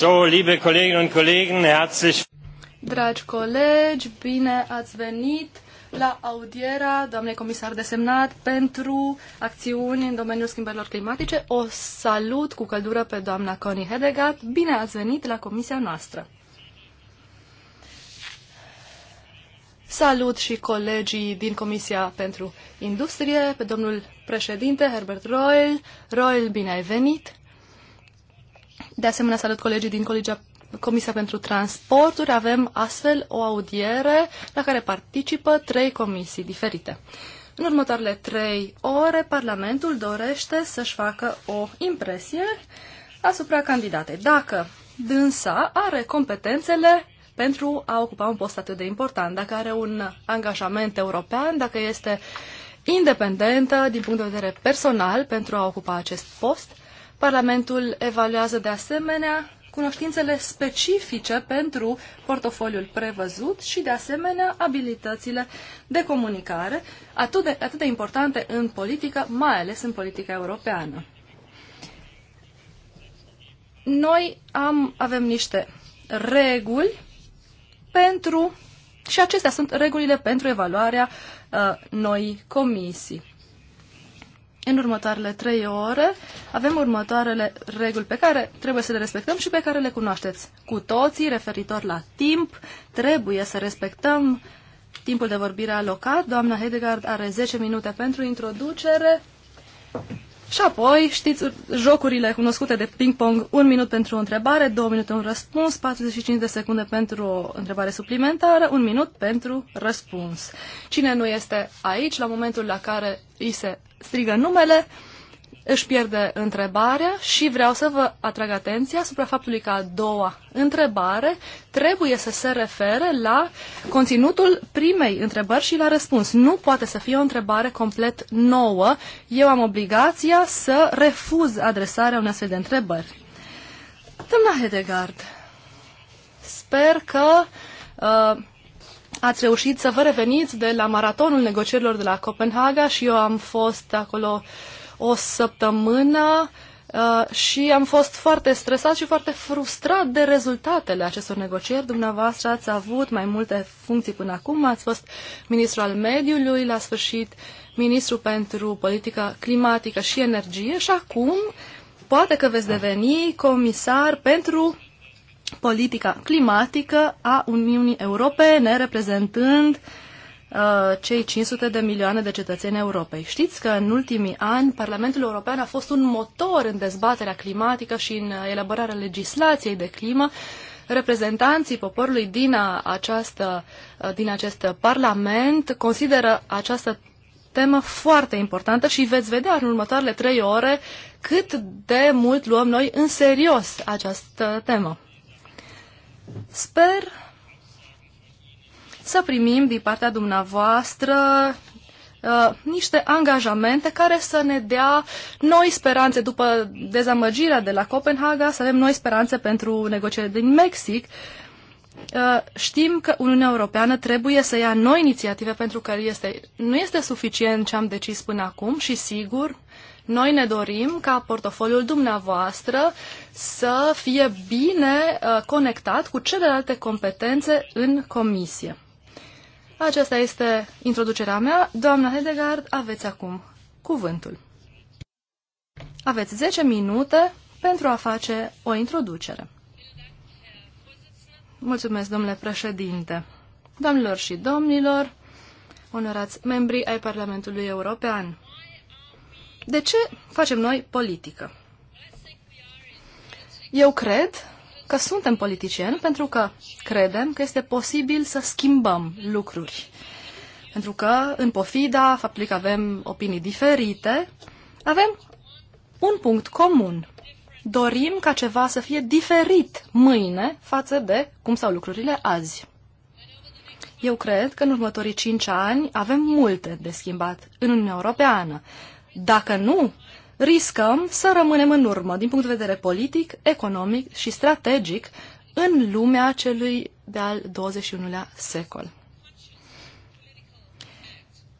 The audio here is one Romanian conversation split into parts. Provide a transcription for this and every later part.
So, liebe Kolleginnen und Kollegen, herzlich Dragi colegi, bine ați venit la audiera doamne comisar desemnat pentru acțiuni în domeniul schimbărilor climatice. O salut cu căldură pe doamna Connie Hedegaard. Bine ați venit la comisia noastră. Salut și colegii din Comisia pentru Industrie, pe domnul președinte Herbert Royal. Royal, bine ai venit! De asemenea, salut colegii din Colegia Comisia pentru Transporturi. Avem astfel o audiere la care participă trei comisii diferite. În următoarele trei ore, Parlamentul dorește să-și facă o impresie asupra candidatei. Dacă dânsa are competențele pentru a ocupa un post atât de important, dacă are un angajament european, dacă este independentă din punct de vedere personal pentru a ocupa acest post Parlamentul evaluează de asemenea cunoștințele specifice pentru portofoliul prevăzut și, de asemenea, abilitățile de comunicare, atât de, atât de importante în politică, mai ales în politica europeană. Noi am, avem niște reguli pentru, și acestea sunt regulile pentru evaluarea uh, noi comisii în următoarele trei ore avem următoarele reguli pe care trebuie să le respectăm și pe care le cunoașteți. Cu toții, referitor la timp, trebuie să respectăm timpul de vorbire alocat. Doamna Hedegaard are 10 minute pentru introducere, și apoi, știți, jocurile cunoscute de ping-pong, un minut pentru o întrebare, două minute un răspuns, 45 de secunde pentru o întrebare suplimentară, un minut pentru răspuns. Cine nu este aici, la momentul la care îi se strigă numele, uh, își pierde întrebarea și vreau să vă atrag atenția asupra faptului că a doua întrebare trebuie să se refere la conținutul primei întrebări și la răspuns. Nu poate să fie o întrebare complet nouă. Eu am obligația să refuz adresarea unei astfel de întrebări. Doamna Hedegard, sper că uh, ați reușit să vă reveniți de la maratonul negocierilor de la Copenhaga și eu am fost acolo uh, o săptămână uh, și am fost foarte stresat și foarte frustrat de rezultatele acestor negocieri. Dumneavoastră ați avut mai multe funcții până acum, ați fost ministru al mediului, la sfârșit ministru pentru politică climatică și energie și acum poate că veți deveni comisar pentru politica climatică a Uniunii Europene, reprezentând uh, Uh, cei 500 de milioane de cetățeni Europei. Știți că în ultimii ani Parlamentul European a fost un motor în dezbaterea climatică și în uh, elaborarea legislației de climă. Reprezentanții poporului din, această, uh, din acest Parlament consideră această temă foarte importantă și veți vedea în următoarele trei ore cât de mult luăm noi în serios această temă. Sper să primim din partea dumneavoastră uh, niște angajamente care să ne dea noi speranțe după dezamăgirea de la Copenhaga, să avem noi speranțe pentru negocierile din Mexic. Uh, știm că Uniunea Europeană trebuie să ia noi inițiative pentru că este, nu este suficient ce am decis până acum și sigur noi ne dorim ca portofoliul dumneavoastră să fie bine uh, conectat cu celelalte competențe în comisie. Aceasta este introducerea mea. Doamna Hedegaard, aveți acum cuvântul. Aveți 10 minute pentru a face o introducere. Mulțumesc, domnule președinte. Doamnelor și domnilor, onorați membri ai Parlamentului European, de ce facem noi politică? Eu cred că suntem politicieni pentru că credem că este posibil să schimbăm lucruri. Pentru că, în pofida faptului că avem opinii diferite, avem un punct comun. Dorim ca ceva să fie diferit mâine față de cum stau lucrurile azi. Eu cred că în următorii cinci ani avem multe de schimbat în Uniunea Europeană. Dacă nu riscăm să rămânem în urmă din punct de vedere politic, economic și strategic în lumea celui de-al 21-lea secol.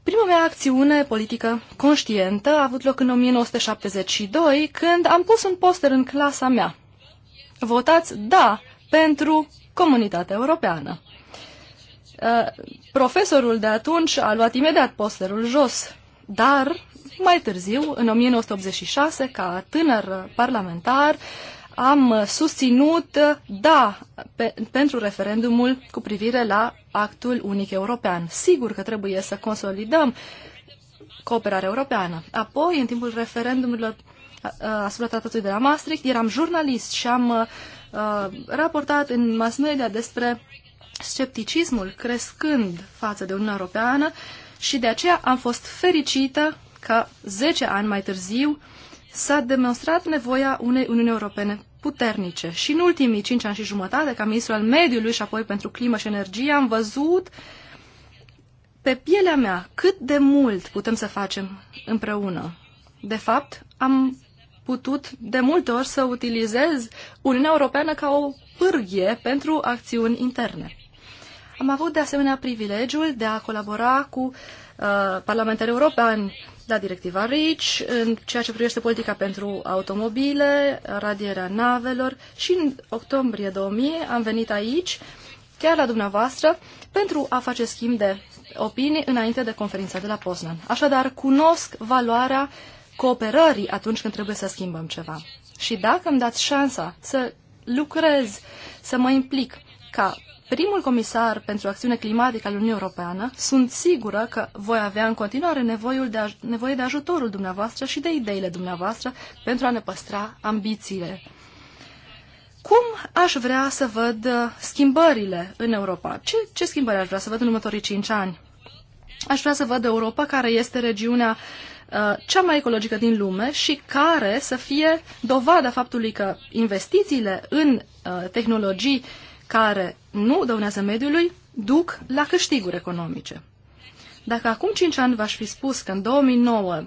Prima mea acțiune politică conștientă a avut loc în 1972, când am pus un poster în clasa mea. Votați da pentru comunitatea europeană. Uh, profesorul de atunci a luat imediat posterul jos, dar mai târziu, în 1986, ca tânăr parlamentar, am susținut da pe, pentru referendumul cu privire la actul unic european. Sigur că trebuie să consolidăm cooperarea europeană. Apoi, în timpul referendumurilor asupra tratatului de la Maastricht, eram jurnalist și am uh, raportat în mass media despre scepticismul crescând față de Uniunea Europeană și de aceea am fost fericită ca 10 ani mai târziu s-a demonstrat nevoia unei Uniuni Europene puternice. Și în ultimii 5 ani și jumătate, ca ministru al mediului și apoi pentru climă și energie, am văzut pe pielea mea cât de mult putem să facem împreună. De fapt, am putut de multe ori să utilizez Uniunea Europeană ca o pârghie pentru acțiuni interne. Am avut de asemenea privilegiul de a colabora cu uh, parlamentarii europeni da directiva RIC, în ceea ce privește politica pentru automobile, radierea navelor și în octombrie 2000 am venit aici, chiar la dumneavoastră, pentru a face schimb de opinii înainte de conferința de la Poznan. Așadar, cunosc valoarea cooperării atunci când trebuie să schimbăm ceva. Și dacă îmi dați șansa să lucrez, să mă implic ca primul comisar pentru acțiune climatică al Uniunii Europeană, sunt sigură că voi avea în continuare nevoiul de aj- nevoie de ajutorul dumneavoastră și de ideile dumneavoastră pentru a ne păstra ambițiile. Cum aș vrea să văd uh, schimbările în Europa? Ce, ce schimbări aș vrea să văd în următorii cinci ani? Aș vrea să văd Europa care este regiunea uh, cea mai ecologică din lume și care să fie dovada faptului că investițiile în uh, tehnologii uh, care nu dăunează mediului duc la câștiguri economice. Dacă acum 5 ani v-aș fi spus că în 2009,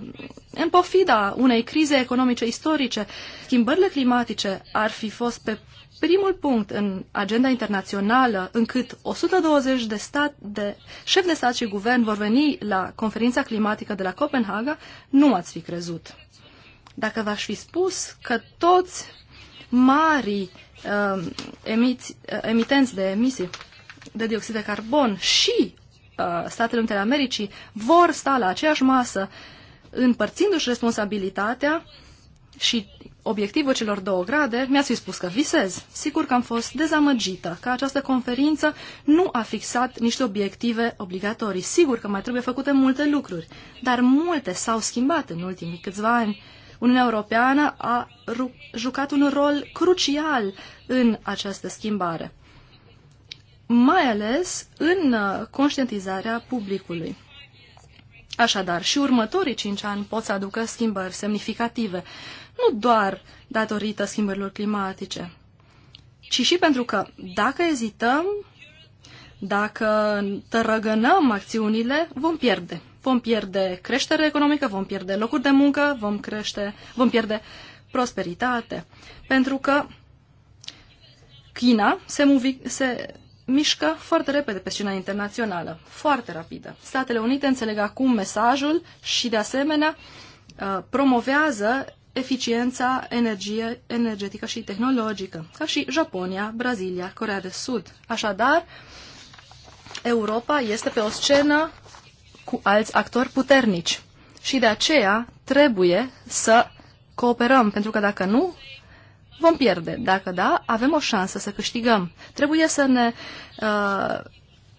în pofida unei crize economice istorice, schimbările climatice ar fi fost pe primul punct în agenda internațională, încât 120 de, stat, de șef de stat și guvern vor veni la conferința climatică de la Copenhaga, nu ați fi crezut. Dacă v-aș fi spus că toți marii Um, emiți, uh, emitenți de emisii de dioxid de carbon și uh, Statele Unite ale Americii vor sta la aceeași masă împărțindu-și responsabilitatea și obiectivul celor două grade, mi-ați fi spus că visez. Sigur că am fost dezamăgită că această conferință nu a fixat niște obiective obligatorii. Sigur că mai trebuie făcute multe lucruri, dar multe s-au schimbat în ultimii câțiva ani. Uniunea Europeană a jucat un rol crucial în această schimbare, mai ales în uh, conștientizarea publicului. Așadar, și următorii cinci ani pot să aducă schimbări semnificative, nu doar datorită schimbărilor climatice, ci și pentru că dacă ezităm, dacă tărăgănăm acțiunile, vom pierde. Vom pierde creștere economică, vom pierde locuri de muncă, vom, crește, vom pierde prosperitate. Pentru că China se, muvi, se mișcă foarte repede pe scena internațională, foarte rapidă. Statele Unite înțeleg acum mesajul și, de asemenea, uh, promovează eficiența energie, energetică și tehnologică, ca și Japonia, Brazilia, Corea de Sud. Așadar, Europa este pe o scenă cu alți actori puternici și de aceea trebuie să cooperăm, pentru că dacă nu, vom pierde. Dacă da, avem o șansă să câștigăm. Trebuie să ne... Uh,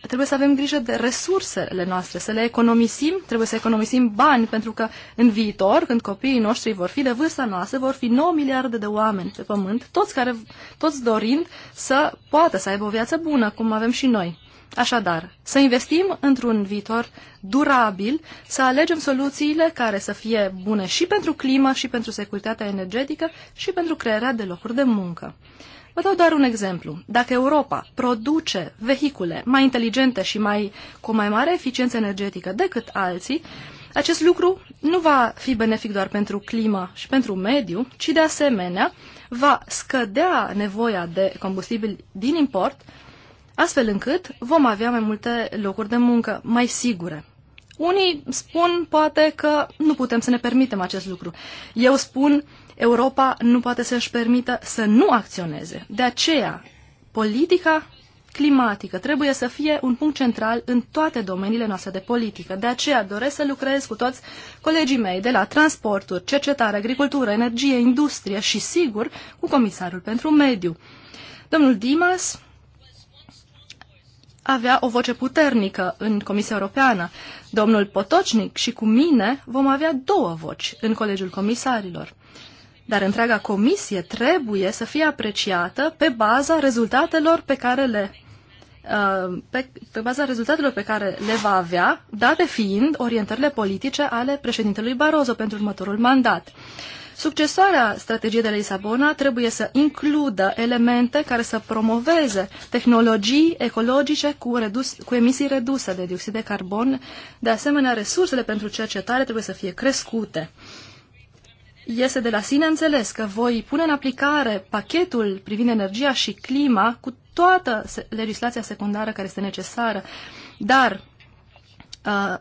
trebuie să avem grijă de resursele noastre, să le economisim, trebuie să economisim bani, pentru că în viitor, când copiii noștri vor fi de vârsta noastră, vor fi 9 miliarde de oameni pe pământ, toți, care, toți dorind să poată să aibă o viață bună, cum avem și noi. Așadar, să investim într-un viitor durabil, să alegem soluțiile care să fie bune și pentru climă, și pentru securitatea energetică, și pentru crearea de locuri de muncă. Vă dau doar un exemplu. Dacă Europa produce vehicule mai inteligente și mai, cu mai mare eficiență energetică decât alții, acest lucru nu va fi benefic doar pentru climă și pentru mediu, ci de asemenea va scădea nevoia de combustibil din import, astfel încât vom avea mai multe locuri de muncă mai sigure. Unii spun poate că nu putem să ne permitem acest lucru. Eu spun Europa nu poate să își permită să nu acționeze. De aceea, politica climatică trebuie să fie un punct central în toate domeniile noastre de politică. De aceea doresc să lucrez cu toți colegii mei de la transporturi, cercetare, agricultură, energie, industrie și, sigur, cu Comisarul pentru Mediu. Domnul Dimas avea o voce puternică în Comisia Europeană. Domnul Potocnic și cu mine vom avea două voci în Colegiul Comisarilor. Dar întreaga comisie trebuie să fie apreciată pe baza rezultatelor pe care le uh, pe, pe baza rezultatelor pe care le va avea, date fiind orientările politice ale președintelui Barroso pentru următorul mandat. Uh, Succesarea strategiei de Lisabona trebuie să includă elemente care să promoveze tehnologii ecologice cu, redus, cu emisii reduse de dioxid de carbon. De asemenea, resursele pentru cercetare trebuie să fie crescute. Este de la sine înțeles că voi pune în aplicare pachetul privind energia și clima cu toată legislația secundară care este necesară, dar uh,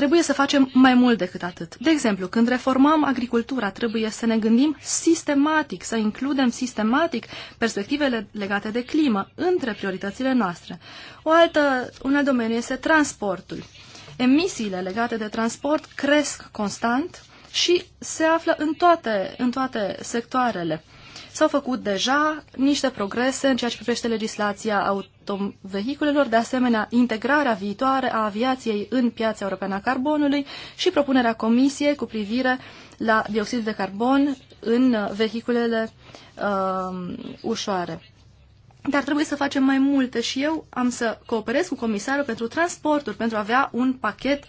trebuie să facem mai mult decât atât. De exemplu, când reformăm agricultura, trebuie să ne gândim sistematic, să includem sistematic perspectivele legate de climă între prioritățile noastre. O altă, un alt domeniu este transportul. Emisiile legate de transport cresc constant și se află în toate, în toate sectoarele. S-au făcut deja niște progrese în ceea ce privește legislația autovehiculelor, de asemenea integrarea viitoare a aviației în piața europeană a carbonului și propunerea Comisiei cu privire la dioxid de carbon în vehiculele uh, ușoare. Dar trebuie să facem mai multe și eu am să cooperez cu comisarul pentru transporturi, pentru a avea un pachet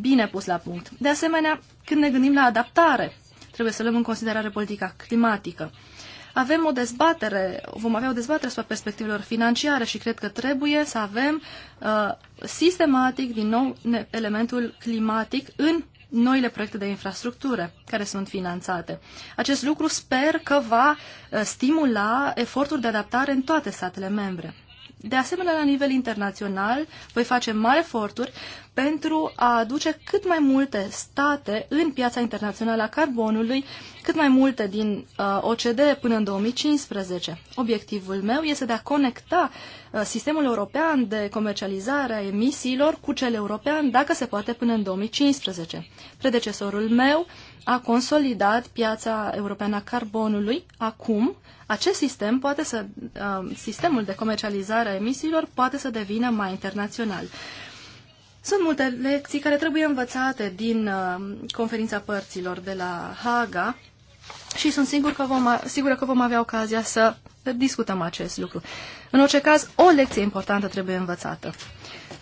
bine pus la punct. De asemenea, când ne gândim la adaptare, Trebuie să luăm în considerare politica climatică. Avem o dezbatere, vom avea o dezbatere asupra perspectivelor financiare și cred că trebuie să avem uh, sistematic, din nou, elementul climatic în noile proiecte de infrastructură care sunt finanțate. Acest lucru sper că va uh, stimula eforturi de adaptare în toate statele membre. De asemenea, la nivel internațional, voi face mari eforturi pentru a aduce cât mai multe state în piața internațională a carbonului, cât mai multe din uh, OCD până în 2015. Obiectivul meu este de a conecta uh, sistemul european de comercializare a emisiilor cu cel european, dacă se poate, până în 2015. Predecesorul meu a consolidat piața europeană a carbonului. Acum, acest sistem poate să, uh, sistemul de comercializare a emisiilor poate să devină mai internațional. Sunt multe lecții care trebuie învățate din uh, conferința părților de la Haga și sunt sigur că vom, sigură că vom avea ocazia să discutăm acest lucru. În orice caz, o lecție importantă trebuie învățată.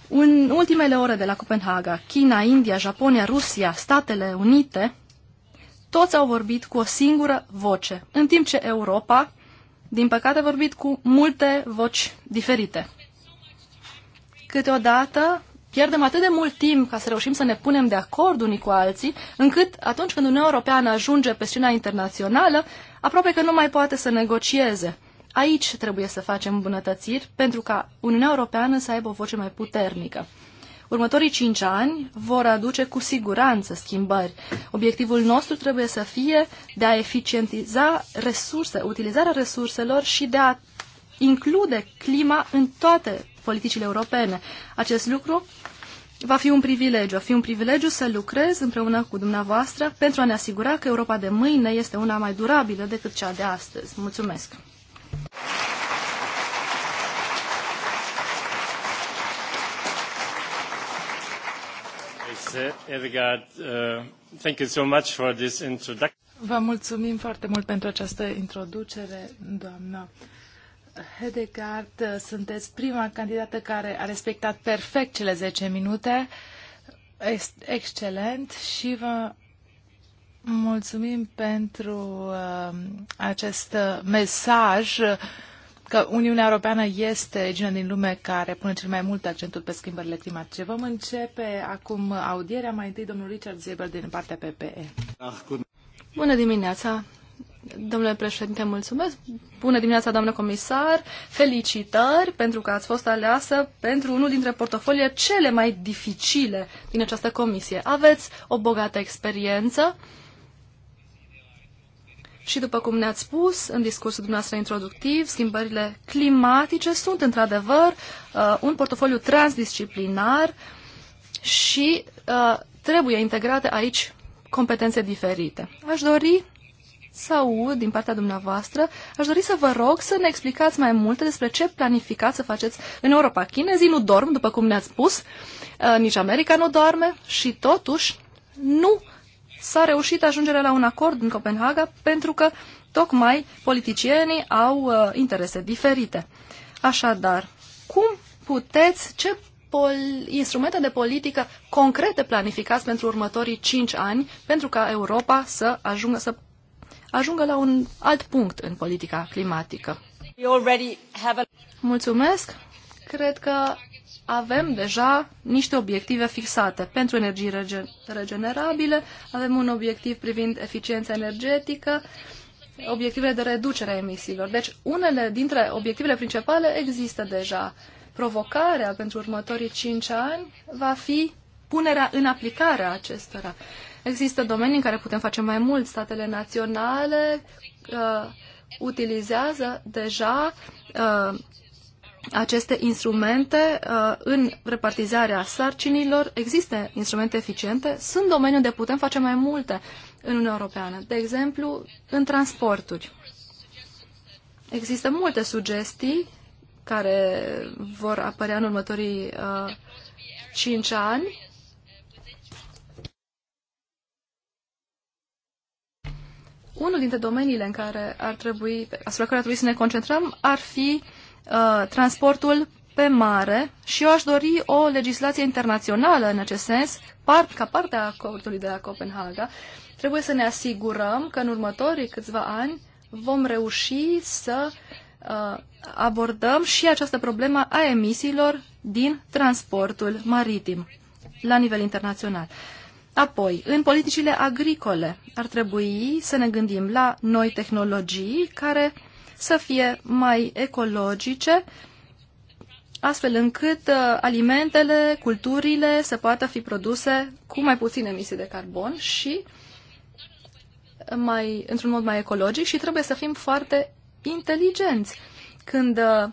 În ultimele ore de la Copenhaga, China, India, Japonia, Rusia, Statele Unite, toți au vorbit cu o singură voce, în timp ce Europa, din păcate, a vorbit cu multe voci diferite. Câteodată pierdem atât de mult timp ca să reușim să ne punem de acord unii cu alții, încât atunci când Uniunea Europeană ajunge pe scena internațională, aproape că nu mai poate să negocieze. Aici trebuie să facem îmbunătățiri pentru ca Uniunea Europeană să aibă o voce mai puternică. Următorii cinci ani vor aduce cu siguranță schimbări. Obiectivul nostru trebuie să fie de a eficientiza resurse, utilizarea resurselor și de a include clima în toate politicile europene. Acest lucru va fi un privilegiu. Va fi un privilegiu să lucrez împreună cu dumneavoastră pentru a ne asigura că Europa de mâine este una mai durabilă decât cea de astăzi. Mulțumesc! Uh, Vă mulțumim foarte mult pentru această introducere, doamnă Hedegaard, sunteți prima candidată care a respectat perfect cele 10 minute. Este excelent și vă mulțumim pentru uh, acest mesaj că Uniunea Europeană este regiunea din lume care pune cel mai mult accentul pe schimbările climatice. Vom începe acum audierea. Mai întâi domnul Richard Zeber din partea PPE. Bună dimineața! Domnule președinte, mulțumesc. Bună dimineața, doamnă comisar. Felicitări pentru că ați fost aleasă pentru unul dintre portofoliile cele mai dificile din această comisie. Aveți o bogată experiență și, după cum ne-ați spus în discursul dumneavoastră introductiv, schimbările climatice sunt, într-adevăr, uh, un portofoliu transdisciplinar și uh, trebuie integrate aici competențe diferite. Aș dori să aud din partea dumneavoastră. Aș dori să vă rog să ne explicați mai multe despre ce planificați să faceți în Europa. Chinezii nu dorm, după cum ne-ați spus, uh, nici America nu doarme și totuși nu s-a reușit ajungerea la un acord în Copenhaga pentru că tocmai politicienii au uh, interese diferite. Așadar, cum puteți, ce instrumente de politică concrete planificați pentru următorii 5 ani pentru ca Europa să ajungă să ajungă la un alt punct în politica climatică. Mulțumesc! Cred că avem deja niște obiective fixate. Pentru energii regenerabile avem un obiectiv privind eficiența energetică, obiectivele de reducere a emisiilor. Deci unele dintre obiectivele principale există deja. Provocarea pentru următorii 5 ani va fi punerea în aplicare a acestora. Există domenii în care putem face mai mult. Statele naționale uh, utilizează deja uh, aceste instrumente uh, în repartizarea sarcinilor. Există instrumente eficiente, sunt domenii unde putem face mai multe în Uniunea Europeană. De exemplu, în transporturi. Există multe sugestii care vor apărea în următorii uh, 5 ani Unul dintre domeniile în care ar trebui, asupra care ar trebui să ne concentrăm ar fi uh, transportul pe mare și eu aș dori o legislație internațională în acest sens, part, ca parte a acordului de la Copenhaga. Trebuie să ne asigurăm că în următorii câțiva ani vom reuși să uh, abordăm și această problemă a emisiilor din transportul maritim la nivel internațional. Apoi, în politicile agricole ar trebui să ne gândim la noi tehnologii care să fie mai ecologice, astfel încât uh, alimentele, culturile să poată fi produse cu mai puține emisii de carbon și mai, într-un mod mai ecologic și trebuie să fim foarte inteligenți când uh,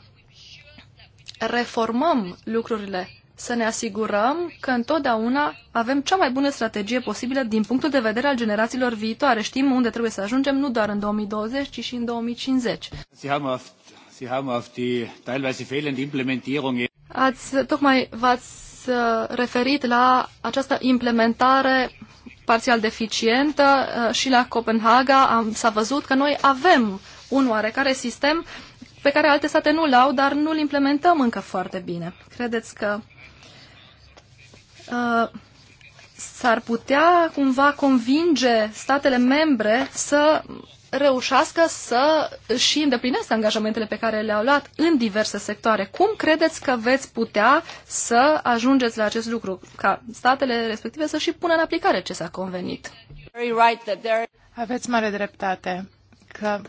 reformăm lucrurile să ne asigurăm că întotdeauna avem cea mai bună strategie posibilă din punctul de vedere al generațiilor viitoare. Știm unde trebuie să ajungem, nu doar în 2020, ci și în 2050. Ați, tocmai v-ați uh, referit la această implementare parțial deficientă uh, și la Copenhaga s-a văzut că noi avem un oarecare sistem pe care alte state nu l-au, dar nu-l implementăm încă foarte bine. Credeți că Uh, s-ar putea cumva convinge statele membre să reușească să și îndeplinească angajamentele pe care le-au luat în diverse sectoare. Cum credeți că veți putea să ajungeți la acest lucru, ca statele respective să și pună în aplicare ce s-a convenit? Aveți mare dreptate că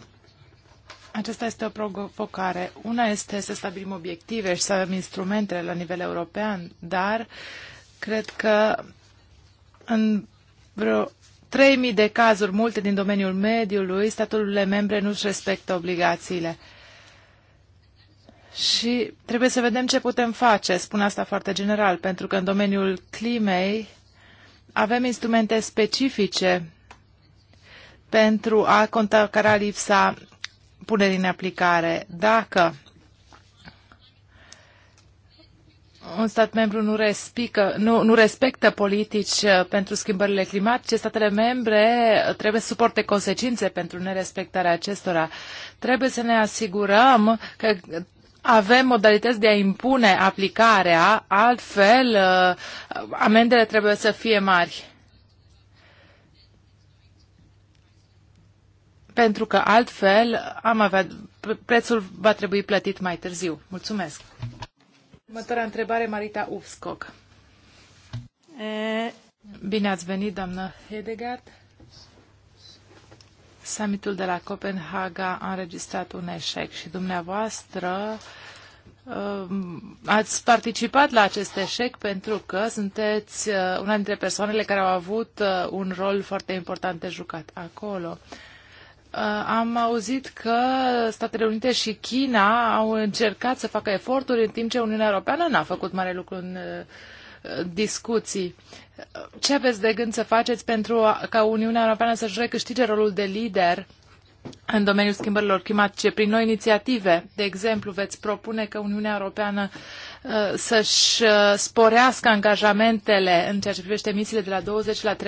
aceasta este o provocare. Una este să stabilim obiective și să avem instrumentele la nivel european, dar uh, Cred că în vreo 3.000 de cazuri, multe din domeniul mediului, statele membre nu-și respectă obligațiile. Și trebuie să vedem ce putem face, spun asta foarte general, pentru că în domeniul climei avem instrumente specifice pentru a contracara lipsa punerii în aplicare. Dacă un stat membru nu, respică, nu, nu respectă politici uh, pentru schimbările climatice, statele membre trebuie să suporte consecințe pentru nerespectarea acestora. Trebuie să ne asigurăm că avem modalități de a impune aplicarea, altfel uh, amendele trebuie să fie mari. Pentru că altfel am avea, prețul va trebui plătit mai târziu. Mulțumesc! Următoarea întrebare, Marita Ufscog. E... Bine ați venit, doamnă Hedegard. Summitul de la Copenhaga a înregistrat un eșec și dumneavoastră um, ați participat la acest eșec pentru că sunteți uh, una dintre persoanele care au avut uh, un rol foarte important de jucat acolo. Uh, am auzit că Statele Unite și China au încercat să facă eforturi în timp ce Uniunea Europeană n-a făcut mare lucru în uh, discuții. Ce aveți de gând să faceți pentru ca Uniunea Europeană să-și recâștige rolul de lider în domeniul schimbărilor climatice prin noi inițiative? De exemplu, veți propune că Uniunea Europeană uh, să-și sporească angajamentele în ceea ce privește emisiile de la 20 la 30%,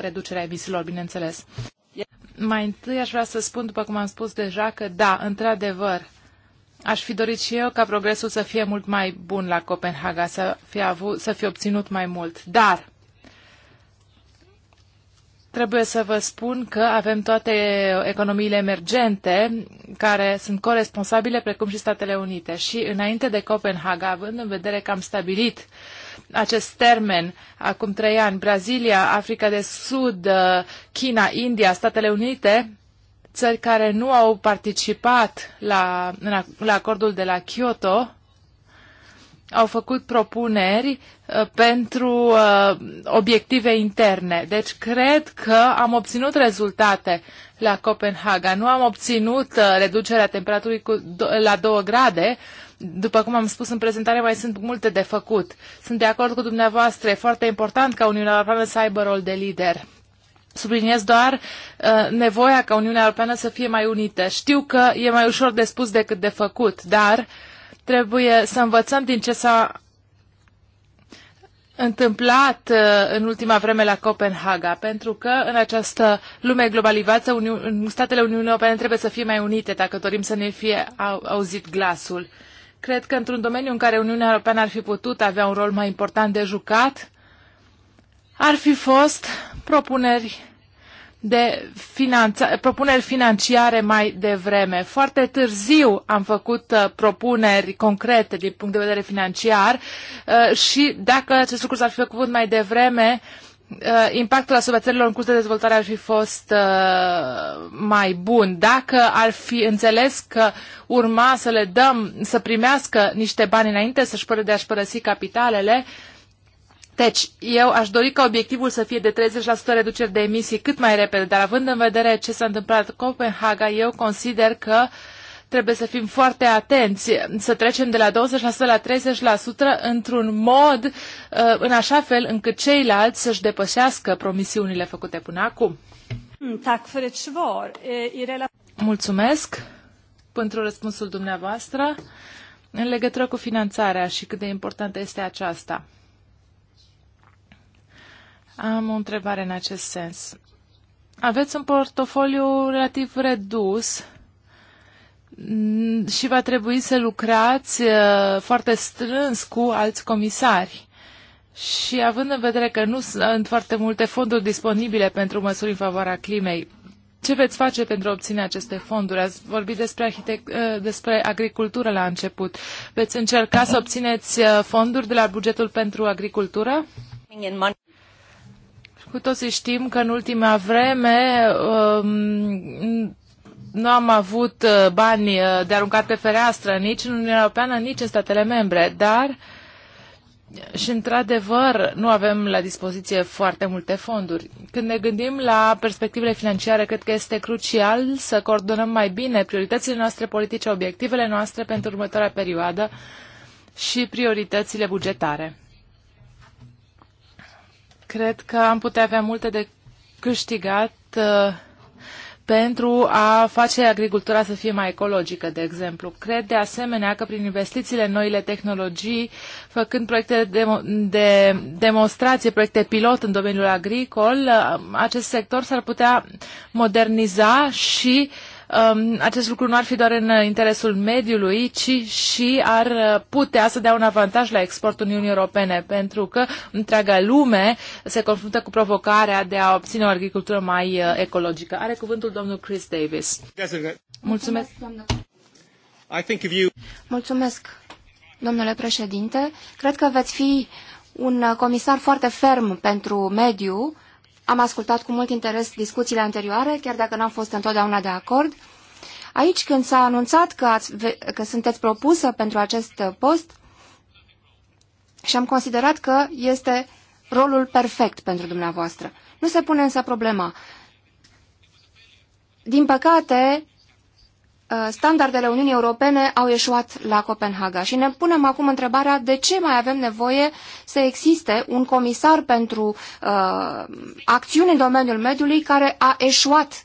reducerea emisiilor, bineînțeles. Mai întâi aș vrea să spun, după cum am spus deja, că da, într-adevăr, aș fi dorit și eu ca progresul să fie mult mai bun la Copenhaga, să fie, avut, să fie obținut mai mult. Dar trebuie să vă spun că avem toate economiile emergente care sunt coresponsabile, precum și Statele Unite. Și înainte de Copenhaga, având în vedere că am stabilit uh, acest termen acum trei ani, Brazilia, Africa de Sud, uh, China, India, Statele Unite, țări care nu au participat la, la acordul de la Kyoto, au făcut propuneri uh, pentru uh, obiective interne. Deci cred că am obținut rezultate la Copenhaga. Nu am obținut reducerea temperaturii cu, la 2 grade, după cum am spus în prezentare, mai sunt multe de făcut. Sunt de acord cu dumneavoastră. E foarte important ca Uniunea Europeană să aibă rol de lider. Subliniez doar uh, nevoia ca Uniunea Europeană să fie mai unită. Știu că e mai ușor de spus decât de făcut, dar trebuie să învățăm din ce s-a întâmplat uh, în ultima vreme la Copenhaga, pentru că în această lume globalizată Uni- statele Uniunii Europene trebuie să fie mai unite dacă dorim să ne fie au- auzit glasul. Cred că într-un domeniu în care Uniunea Europeană ar fi putut avea un rol mai important de jucat, ar fi fost propuneri de finanța, propuneri financiare mai devreme. Foarte târziu am făcut uh, propuneri concrete din punct de vedere financiar uh, și dacă acest lucru s-ar fi făcut mai devreme, uh, Uh, impactul asupra țărilor în curs de dezvoltare ar fi fost uh, mai bun. Dacă ar fi înțeles că urma să le dăm, să primească niște bani înainte să-și pără de a-și părăsi capitalele, deci, eu aș dori ca obiectivul să fie de 30% reduceri de emisii cât mai repede, dar având în vedere ce s-a întâmplat în Copenhaga, eu consider că uh, trebuie să fim foarte atenți, să trecem de la 20% la 30% într-un mod, uh, în așa fel încât ceilalți să-și depășească promisiunile făcute până acum. Mm, Mulțumesc pentru răspunsul dumneavoastră în legătură cu finanțarea și cât de importantă este aceasta. Am o întrebare în acest sens. Aveți un portofoliu relativ redus Mm, și va trebui să lucrați uh, foarte strâns cu alți comisari. Și având în vedere că nu sunt foarte multe fonduri disponibile pentru măsuri în favoarea climei, ce veți face pentru a obține aceste fonduri? Ați vorbit despre, arhitect, uh, despre agricultură la început. Veți încerca să obțineți uh, fonduri de la bugetul pentru agricultură? Cu toții știm că în ultima vreme um, nu am avut uh, bani uh, de aruncat pe fereastră nici în Uniunea Europeană, nici în statele membre, dar uh, și într-adevăr nu avem la dispoziție foarte multe fonduri. Când ne gândim la perspectivele financiare, cred că este crucial să coordonăm mai bine prioritățile noastre politice, obiectivele noastre pentru următoarea perioadă și prioritățile bugetare. Cred că am putea avea multe de câștigat uh, pentru a face agricultura să fie mai ecologică, de exemplu. Cred de asemenea că prin investițiile în noile tehnologii, făcând proiecte de, de demonstrație, proiecte pilot în domeniul agricol, acest sector s-ar putea moderniza și uh, um, acest lucru nu ar fi doar în interesul mediului, ci și ar uh, putea să dea un avantaj la exportul Uniunii Europene, pentru că întreaga lume se confruntă cu provocarea de a obține o agricultură mai uh, ecologică. Are cuvântul domnul Chris Davis. Mulțumesc, Mulțumesc, domnule președinte. Cred că veți fi un uh, comisar foarte ferm pentru mediul. Am ascultat cu mult interes discuțiile anterioare, chiar dacă n-am fost întotdeauna de acord. Aici, când s-a anunțat că, ați, că sunteți propusă pentru acest post, și am considerat că este rolul perfect pentru dumneavoastră. Nu se pune însă problema. Din păcate, Uh, standardele Uniunii Europene au ieșuat la Copenhaga și ne punem acum întrebarea de ce mai avem nevoie să existe un comisar pentru uh, acțiuni în domeniul mediului care a eșuat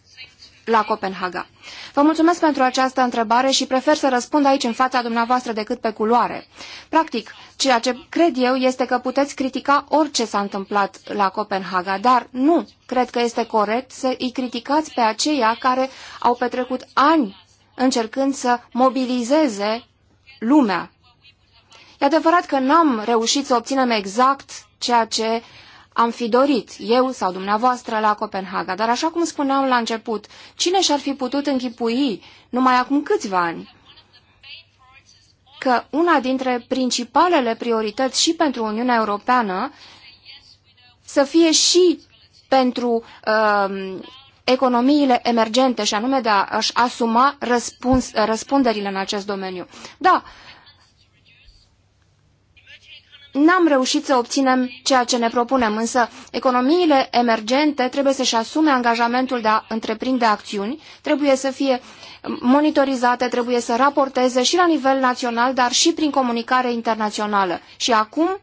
la Copenhaga. Vă mulțumesc pentru această întrebare și prefer să răspund aici în fața dumneavoastră decât pe culoare. Practic, ceea ce cred eu este că puteți critica orice s-a întâmplat la Copenhaga, dar nu cred că este corect să îi criticați pe aceia care au petrecut ani încercând să mobilizeze lumea. E adevărat că n-am reușit să obținem exact ceea ce am fi dorit, eu sau dumneavoastră, la Copenhaga, dar așa cum spuneam la început, cine și-ar fi putut închipui numai acum câțiva ani că una dintre principalele priorități și pentru Uniunea Europeană să fie și pentru uh, economiile emergente și anume de a-și asuma răspuns, răspunderile în acest domeniu. Da, n-am reușit să obținem ceea ce ne propunem, însă economiile emergente trebuie să-și asume angajamentul de a întreprinde acțiuni, trebuie să fie monitorizate, trebuie să raporteze și la nivel național, dar și prin comunicare internațională. Și acum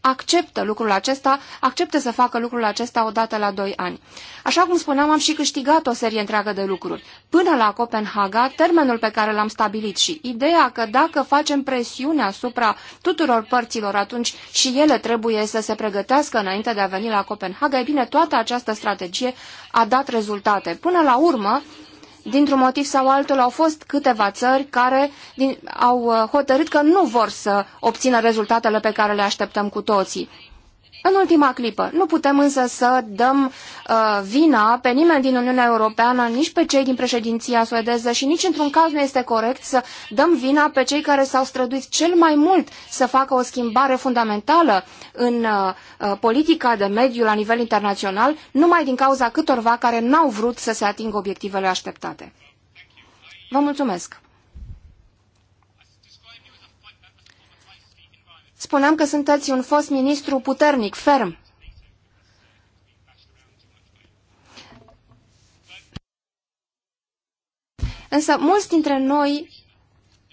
acceptă lucrul acesta, acceptă să facă lucrul acesta odată la doi ani. Așa cum spuneam, am și câștigat o serie întreagă de lucruri. Până la Copenhaga, termenul pe care l-am stabilit și ideea că dacă facem presiune asupra tuturor părților, atunci și ele trebuie să se pregătească înainte de a veni la Copenhaga, e bine, toată această strategie a dat rezultate. Până la urmă, dintr-un motiv sau altul, au fost câteva țări care din, au uh, hotărât că nu vor să obțină rezultatele pe care le așteptăm cu toții în ultima clipă. Nu putem însă să dăm uh, vina pe nimeni din Uniunea Europeană, nici pe cei din președinția suedeză și nici într-un caz nu este corect să dăm vina pe cei care s-au străduit cel mai mult să facă o schimbare fundamentală în uh, uh politica de mediu la nivel internațional, numai din cauza câtorva care n-au vrut să se atingă obiectivele așteptate. Vă mulțumesc! Spuneam că sunteți un fost ministru puternic, ferm. Însă mulți dintre noi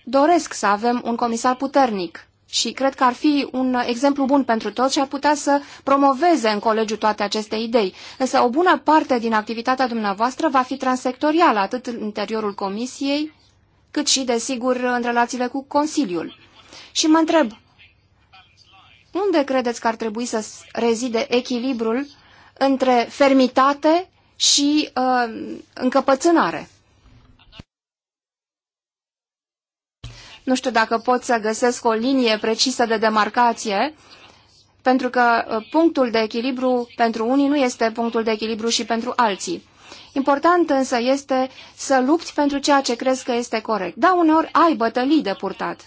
doresc să avem un comisar puternic și cred că ar fi un exemplu bun pentru toți și ar putea să promoveze în colegiu toate aceste idei. Însă o bună parte din activitatea dumneavoastră va fi transectorială, atât în interiorul comisiei, cât și, desigur, în relațiile cu Consiliul. Și mă întreb, unde credeți că ar trebui să rezide echilibrul între fermitate și uh, încăpățânare? Nu știu dacă pot să găsesc o linie precisă de demarcație, pentru că uh, punctul de echilibru pentru unii nu este punctul de echilibru și pentru alții. Important însă este să lupți pentru ceea ce crezi că este corect. Da, uneori ai bătălii de purtat.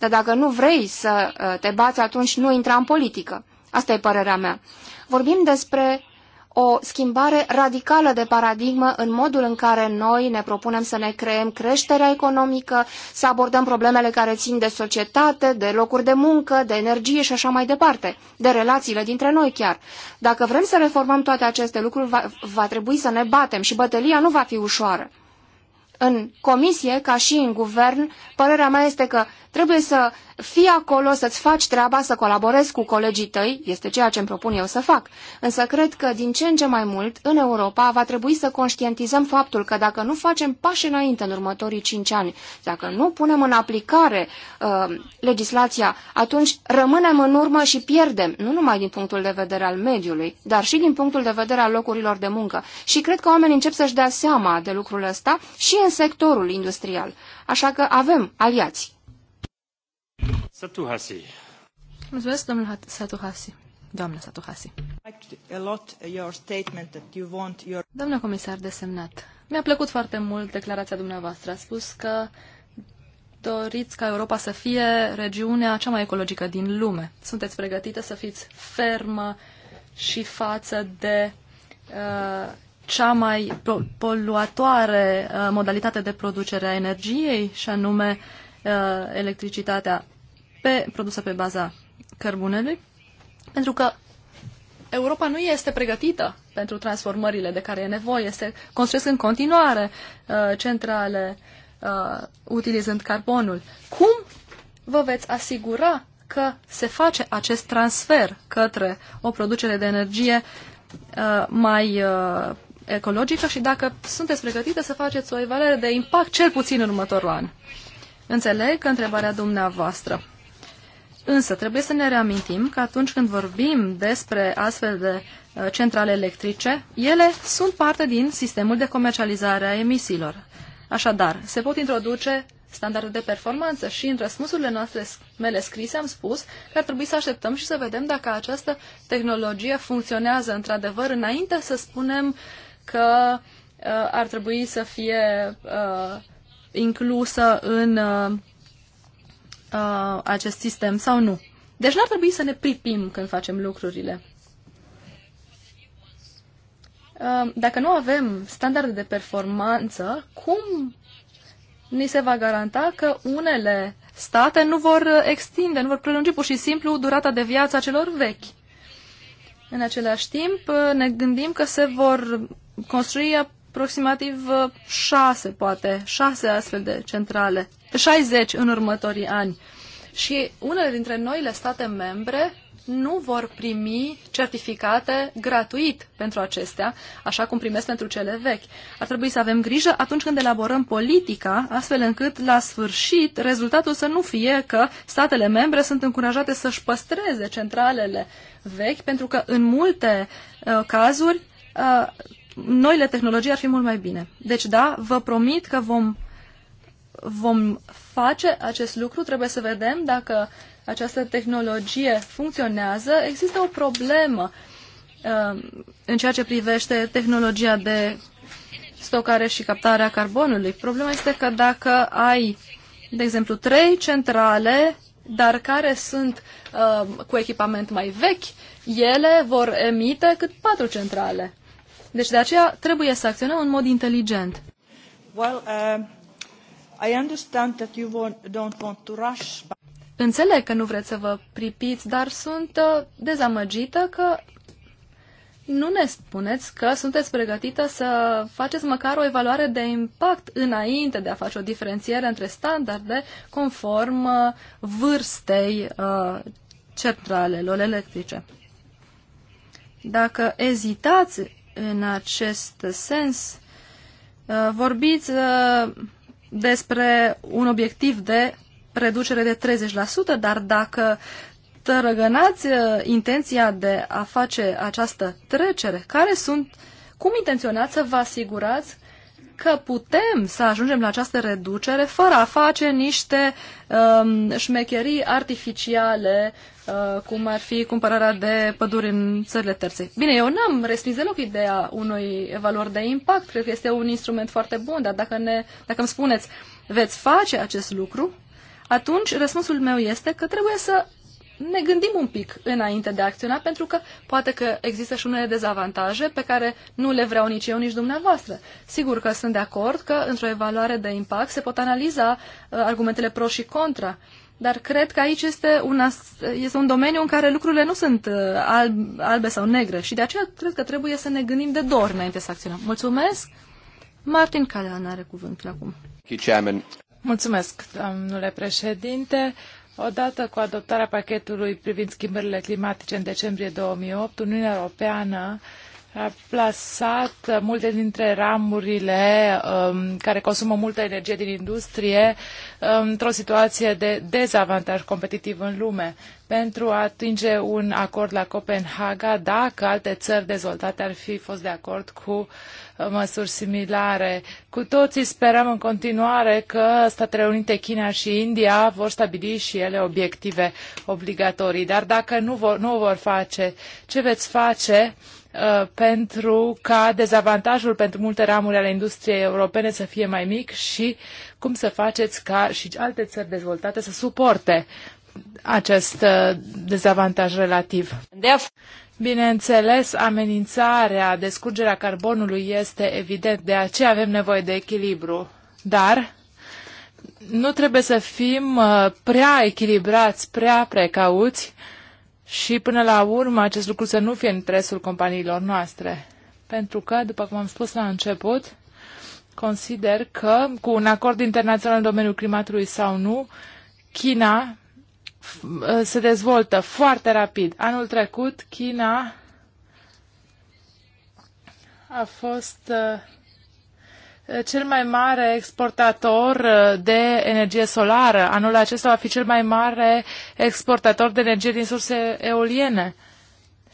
Dar dacă nu vrei să uh, te bați, atunci nu intra în politică. Asta e părerea mea. Vorbim despre o schimbare radicală de paradigmă în modul în care noi ne propunem să ne creăm creșterea economică, să abordăm problemele care țin de societate, de locuri de muncă, de energie și așa mai departe, de relațiile dintre noi chiar. Dacă vrem să reformăm toate aceste lucruri, va, va trebui să ne batem și bătălia nu va fi ușoară. În comisie, ca și în guvern, părerea mea este că Trebuie să fii acolo, să-ți faci treaba, să colaborezi cu colegii tăi, este ceea ce îmi propun eu să fac. Însă cred că din ce în ce mai mult, în Europa, va trebui să conștientizăm faptul că dacă nu facem pași înainte în următorii cinci ani, dacă nu punem în aplicare uh, legislația, atunci rămânem în urmă și pierdem, nu numai din punctul de vedere al mediului, dar și din punctul de vedere al locurilor de muncă. Și cred că oamenii încep să-și dea seama de lucrul ăsta și în sectorul industrial. Așa că avem aliați. Satuhasi. Mulțumesc, domnul Satuhasi. Doamna Satuhasi. Doamna comisar desemnat, mi-a plăcut foarte mult declarația dumneavoastră. A spus că doriți ca Europa să fie regiunea cea mai ecologică din lume. Sunteți pregătită să fiți fermă și față de uh, cea mai poluatoare uh, modalitate de producere a energiei, și anume Uh, electricitatea pe, produsă pe baza cărbunelui, pentru că Europa nu este pregătită pentru transformările de care e nevoie. Se construiesc în continuare uh, centrale uh, utilizând carbonul. Cum vă veți asigura că se face acest transfer către o producere de energie uh, mai uh, ecologică și dacă sunteți pregătită să faceți o evaluare de impact cel puțin în următorul an? Înțeleg întrebarea dumneavoastră. Însă trebuie să ne reamintim că atunci când vorbim despre astfel de uh, centrale electrice, ele sunt parte din sistemul de comercializare a emisiilor. Așadar, se pot introduce standarde de performanță și în răspunsurile noastre mele scrise am spus că ar trebui să așteptăm și să vedem dacă această tehnologie funcționează într-adevăr înainte să spunem că uh, ar trebui să fie uh, inclusă în uh, uh, acest sistem sau nu. Deci n-ar trebui să ne pripim când facem lucrurile. Uh, dacă nu avem standarde de performanță, cum ni se va garanta că unele state nu vor extinde, nu vor prelungi pur și simplu durata de viață a celor vechi? În același timp, uh, ne gândim că se vor construi aproximativ 6, uh, poate, 6 astfel de centrale, 60 în următorii ani. Și unele dintre noile state membre nu vor primi certificate gratuit pentru acestea, așa cum primesc pentru cele vechi. Ar trebui să avem grijă atunci când elaborăm politica, astfel încât, la sfârșit, rezultatul să nu fie că statele membre sunt încurajate să-și păstreze centralele vechi, pentru că, în multe uh, cazuri, uh, noile tehnologii ar fi mult mai bine. Deci da, vă promit că vom, vom face acest lucru, trebuie să vedem dacă această tehnologie funcționează. Există o problemă uh, în ceea ce privește tehnologia de stocare și captare a carbonului. Problema este că dacă ai, de exemplu, trei centrale, dar care sunt uh, cu echipament mai vechi, ele vor emite cât patru centrale. Deci de aceea trebuie să acționăm în mod inteligent. Well, uh, I understand that you don't want to rush. But... Înțeleg că nu vreți să vă pripiți, dar sunt uh, dezamăgită că nu ne spuneți că sunteți pregătită să faceți măcar o evaluare de impact înainte de a face o diferențiere între standarde conform uh, vârstei uh, centralelor electrice. Dacă ezitați în acest sens. Uh, vorbiți uh, despre un obiectiv de reducere de 30%, dar dacă tărăgănați uh, intenția de a face această trecere, care sunt, cum intenționați să vă asigurați că putem să ajungem la această reducere fără a face niște um, șmecherii artificiale, uh, cum ar fi cumpărarea de păduri în țările terțe. Bine, eu n-am respins deloc ideea unui valori de impact, cred că este un instrument foarte bun, dar dacă, ne, dacă îmi spuneți veți face acest lucru, atunci răspunsul meu este că trebuie să ne gândim un pic înainte de a acționa, pentru că poate că există și unele dezavantaje pe care nu le vreau nici eu, nici dumneavoastră. Sigur că sunt de acord că într-o evaluare de impact se pot analiza uh, argumentele pro și contra, dar cred că aici este un, este un domeniu în care lucrurile nu sunt uh, alb, albe sau negre și de aceea cred că trebuie să ne gândim de două ori înainte să acționăm. Mulțumesc! Martin Calean are cuvântul acum. Mulțumesc, domnule președinte. Odată cu adoptarea pachetului privind schimbările climatice în decembrie 2008, Uniunea Europeană a plasat multe dintre ramurile um, care consumă multă energie din industrie um, într-o situație de dezavantaj competitiv în lume pentru a atinge un acord la Copenhaga dacă alte țări dezvoltate ar fi fost de acord cu măsuri similare. Cu toții sperăm în continuare că Statele Unite, China și India vor stabili și ele obiective obligatorii. Dar dacă nu, vor, nu o vor face, ce veți face? Uh, pentru ca dezavantajul pentru multe ramuri ale industriei europene să fie mai mic și cum să faceți ca și alte țări dezvoltate să suporte acest uh, dezavantaj relativ. Bineînțeles, amenințarea de scurgerea carbonului este evident, de aceea avem nevoie de echilibru. Dar nu trebuie să fim uh, prea echilibrați, prea precauți și până la urmă acest lucru să nu fie în interesul companiilor noastre. Pentru că, după cum am spus la început, consider că cu un acord internațional în domeniul climatului sau nu, China se dezvoltă foarte rapid. Anul trecut, China a fost uh, cel mai mare exportator uh, de energie solară. Anul acesta va fi cel mai mare exportator de energie din surse eoliene.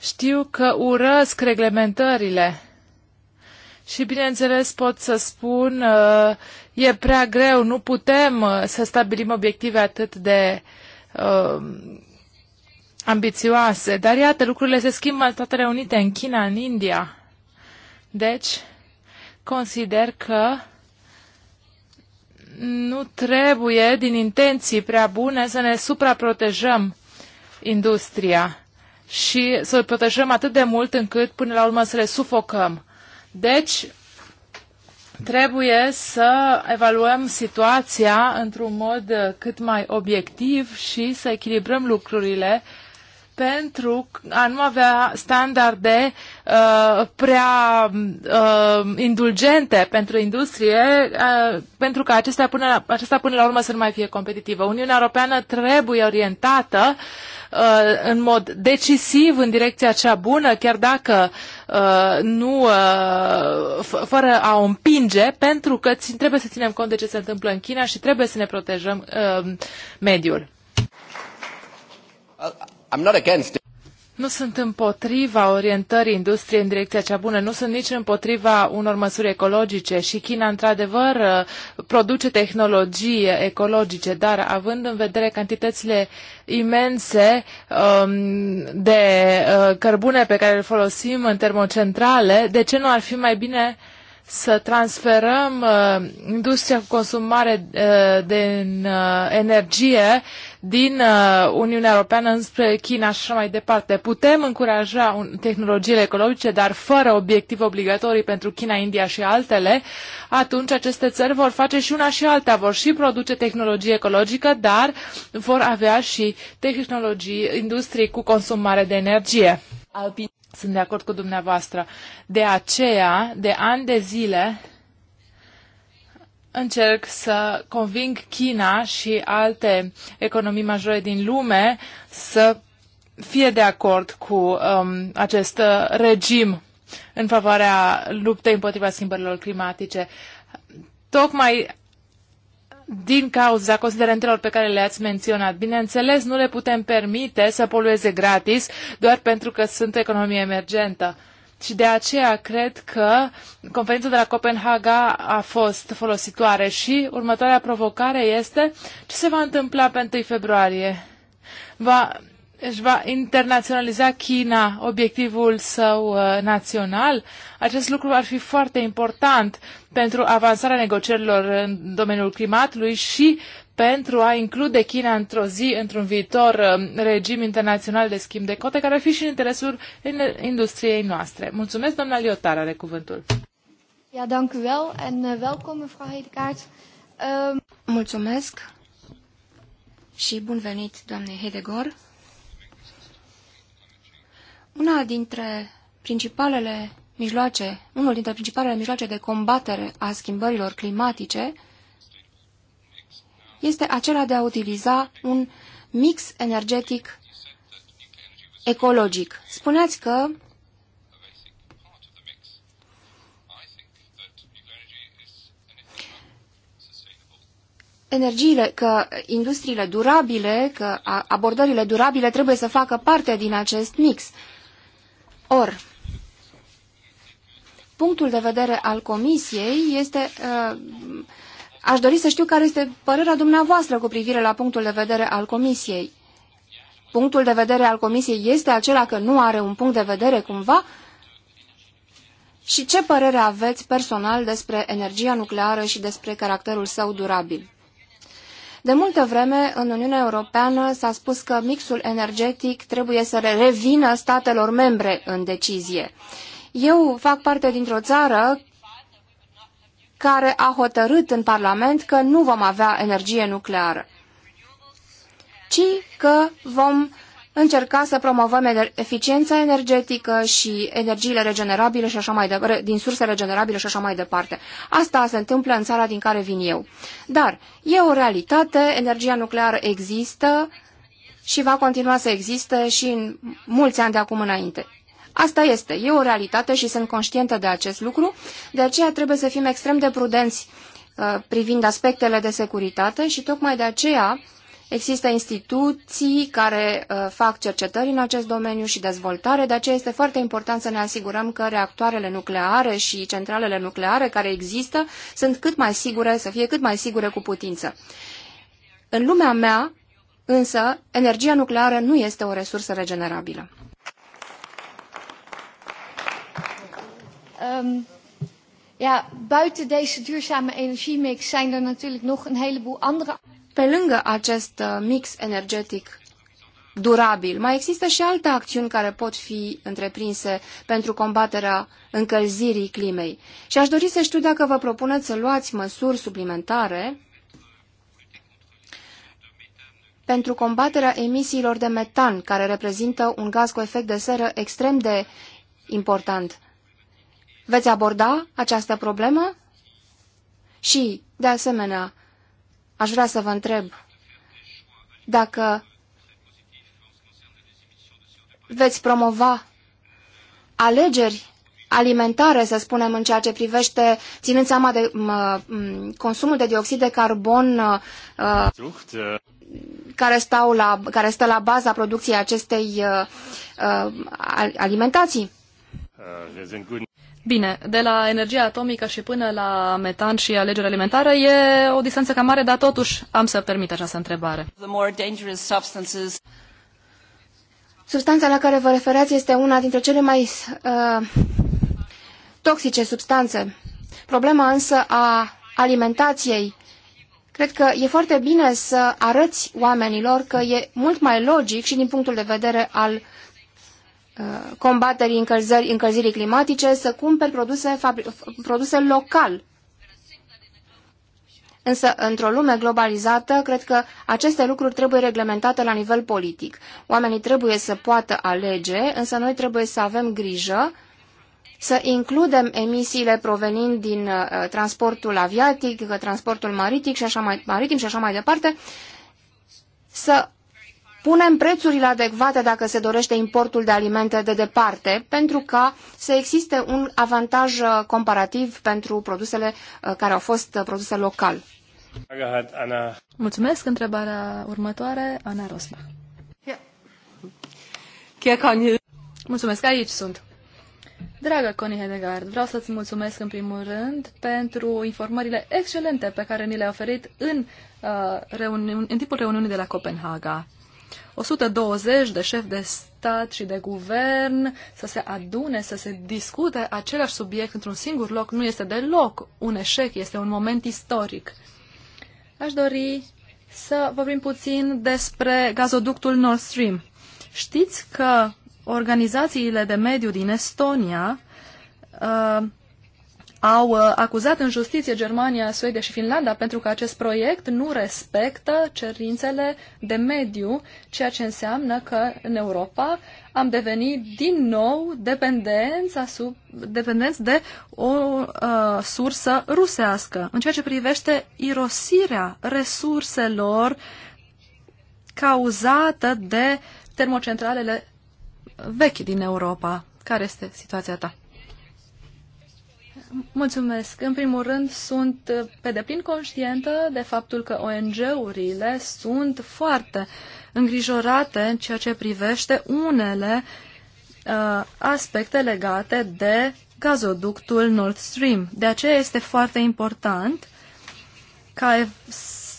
Știu că urăsc reglementările. Și bineînțeles pot să spun, uh, e prea greu, nu putem să stabilim obiective atât de uh, ambițioase. Dar iată, lucrurile se schimbă în Statele Unite, în China, în India. Deci, consider că nu trebuie, din intenții prea bune, să ne supraprotejăm industria și să o protejăm atât de mult încât, până la urmă, să le sufocăm. Deci, Trebuie să evaluăm situația într-un mod cât mai obiectiv și să echilibrăm lucrurile uh, pentru a nu avea standarde uh, prea uh, indulgente pentru industrie, uh, pentru că acestea până, la, acestea până la urmă să nu mai fie competitivă. Uniunea Europeană trebuie orientată uh, în mod decisiv în direcția cea bună, chiar dacă uh, nu uh, fără a o împinge, pentru că trebuie să ținem cont de ce se întâmplă în China și trebuie să ne protejăm uh, mediul. Uh, I'm not against it. Nu sunt împotriva orientării industriei în direcția cea bună, nu sunt nici împotriva unor măsuri ecologice și China, într-adevăr, produce tehnologie ecologice, dar având în vedere cantitățile imense um, de uh, cărbune pe care le folosim în termocentrale, de ce nu ar fi mai bine uh, să transferăm uh, industria cu consumare uh, de uh, energie din uh, Uniunea Europeană înspre China și așa mai departe. Putem încuraja un, tehnologiile ecologice, dar fără obiective obligatorii pentru China, India și altele, atunci aceste țări vor face și una și alta. Vor și produce tehnologie ecologică, dar vor avea și tehnologii, industrii cu consumare de energie. Alpin. Sunt de acord cu dumneavoastră. De aceea, de ani de zile, încerc să conving China și alte economii majore din lume să fie de acord cu um, acest uh, regim în favoarea luptei împotriva schimbărilor climatice. Tocmai din cauza considerentelor pe care le-ați menționat. Bineînțeles, nu le putem permite să polueze gratis doar pentru că sunt economie emergentă. Și de aceea cred că conferința de la Copenhaga a fost folositoare și următoarea provocare este ce se va întâmpla pe 1 februarie. Va, își va internaționaliza China obiectivul său uh, național. Acest lucru ar fi foarte important pentru avansarea negocierilor în domeniul climatului și pentru a include China într-o zi, într-un viitor uh, regim internațional de schimb de cote, care ar fi și în interesul industriei noastre. Mulțumesc, doamna Liotar, are cuvântul. Ja, dank u wel en uh, welkom, mevrouw Um... Mulțumesc și bun venit, doamne Hedegor. Una dintre principalele mijloace, unul dintre principalele mijloace de combatere a schimbărilor climatice este acela de a utiliza un mix energetic ecologic. Spuneați că energiile, că industriile durabile, că abordările durabile trebuie să facă parte din acest mix. Or, punctul de vedere al comisiei este... Uh, aș dori să știu care este părerea dumneavoastră cu privire la punctul de vedere al comisiei. Punctul de vedere al comisiei este acela că nu are un punct de vedere cumva? Și ce părere aveți personal despre energia nucleară și despre caracterul său durabil? De multă vreme, în Uniunea Europeană s-a spus că mixul energetic trebuie să revină statelor membre în decizie. Eu fac parte dintr-o țară care a hotărât în Parlament că nu vom avea energie nucleară, ci că vom încerca să promovăm eficiența energetică și energiile regenerabile și așa mai de, din surse regenerabile și așa mai departe. Asta se întâmplă în țara din care vin eu. Dar e o realitate, energia nucleară există și va continua să existe și în mulți ani de acum înainte. Asta este, e o realitate și sunt conștientă de acest lucru, de aceea trebuie să fim extrem de prudenți uh, privind aspectele de securitate și tocmai de aceea Există instituții care uh, fac cercetări în acest domeniu și dezvoltare, de aceea este foarte important să ne asigurăm că reactoarele nucleare și centralele nucleare care există sunt cât mai sigure, să fie cât mai sigure cu putință. În lumea mea, însă, energia nucleară nu este o resursă regenerabilă. Um, ja, buiten deze duurzame energiemix zijn er natuurlijk nog een heleboel andere... Pe lângă acest uh, mix energetic durabil, mai există și alte acțiuni care pot fi întreprinse pentru combaterea încălzirii climei. Și aș dori să știu dacă vă propuneți să luați măsuri suplimentare pentru combaterea emisiilor de metan, care reprezintă un gaz cu efect de seră extrem de important. Veți aborda această problemă? Și, de asemenea, Aș vrea să vă întreb dacă veți promova alegeri alimentare, să spunem, în ceea ce privește, ținând seama de consumul de dioxid de carbon uh, uh, care, stau la, care stă la baza producției acestei uh, uh alimentații. Uh, Bine, de la energia atomică și până la metan și alegeri alimentară e o distanță cam mare, dar totuși am să permit această întrebare. Substanța la care vă referați este una dintre cele mai uh, toxice substanțe. Problema însă a alimentației. Cred că e foarte bine să arăți oamenilor că e mult mai logic și din punctul de vedere al Uh, combaterii încălzării, încălzirii climatice, să cumperi produse, produse local. Însă, într-o lume globalizată, cred că aceste lucruri trebuie reglementate la nivel politic. Oamenii trebuie să poată alege, însă noi trebuie să avem grijă să includem emisiile provenind din uh, transportul aviatic, transportul maritic și așa mai, maritim și așa mai departe, să punem prețurile adecvate dacă se dorește importul de alimente de departe, pentru ca să existe un avantaj uh, comparativ pentru produsele uh, care au fost uh, produse local. Mulțumesc. Întrebarea următoare, Ana Rosma. Mulțumesc, aici sunt. Dragă Connie Hedegaard, vreau să-ți mulțumesc în primul rând pentru informările excelente pe care ni le-ai oferit în, uh, reuni- în timpul reuniunii de la Copenhaga. 120 de șefi de stat și de guvern să se adune, să se discute același subiect într-un singur loc nu este deloc un eșec, este un moment istoric. Aș dori să vorbim puțin despre gazoductul Nord Stream. Știți că organizațiile de mediu din Estonia uh, au uh, acuzat în justiție Germania, Suedia și Finlanda pentru că acest proiect nu respectă cerințele de mediu, ceea ce înseamnă că în Europa am devenit din nou dependenți, asub, dependenți de o uh, sursă rusească. În ceea ce privește irosirea resurselor cauzată de termocentralele vechi din Europa. Care este situația ta? Mulțumesc. În primul rând, sunt pe deplin conștientă de faptul că ONG-urile sunt foarte îngrijorate în ceea ce privește unele uh, aspecte legate de gazoductul Nord Stream. De aceea este foarte important ca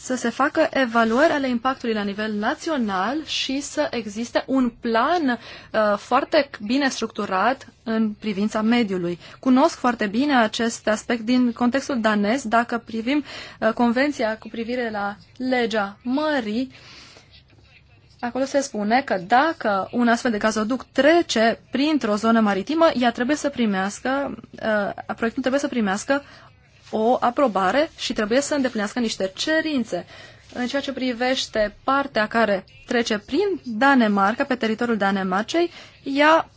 să se facă evaluări ale impactului la nivel național și să existe un plan uh, foarte bine structurat în privința mediului. Cunosc foarte bine acest aspect din contextul danez. Dacă privim uh, convenția cu privire la legea mării, Acolo se spune că dacă un astfel de gazoduc trece printr-o zonă maritimă, ea trebuie să primească, uh, proiectul trebuie să primească o aprobare și trebuie să îndeplinească niște cerințe. În ceea ce privește partea care trece prin Danemarca, pe teritoriul Danemarcei, ea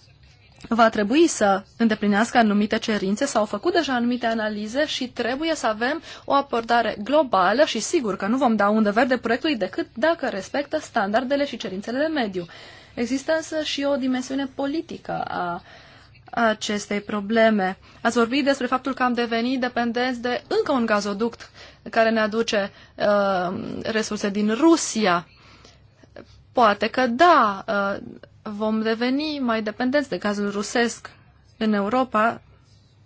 va trebui să îndeplinească anumite cerințe, s-au făcut deja anumite analize și trebuie să avem o abordare globală și sigur că nu vom da unde verde proiectului decât dacă respectă standardele și cerințele de mediu. Există însă și o dimensiune politică a acestei probleme. Ați vorbit despre faptul că am devenit dependenți de încă un gazoduct care ne aduce uh, resurse din Rusia. Poate că da, uh, vom deveni mai dependenți de gazul rusesc în Europa,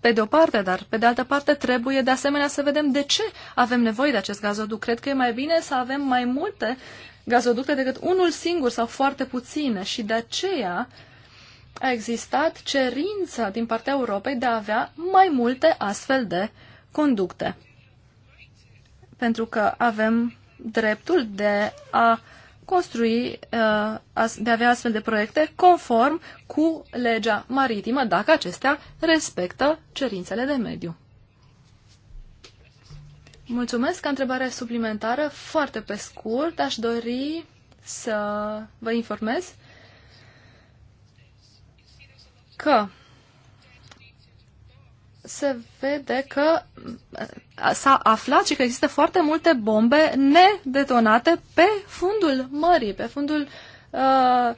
pe de o parte, dar pe de altă parte trebuie de asemenea să vedem de ce avem nevoie de acest gazoduct. Cred că e mai bine să avem mai multe gazoducte decât unul singur sau foarte puține și de aceea uh, a existat cerința din partea Europei de a avea mai multe astfel de conducte. Pentru că avem dreptul de a construi, uh, de a avea astfel de proiecte conform cu legea maritimă, dacă acestea respectă cerințele de mediu. Mulțumesc. întrebarea întrebare suplimentară, foarte pe scurt, aș dori să vă informez că se vede că uh, s-a aflat și că există foarte multe bombe nedetonate pe fundul mării, pe fundul uh,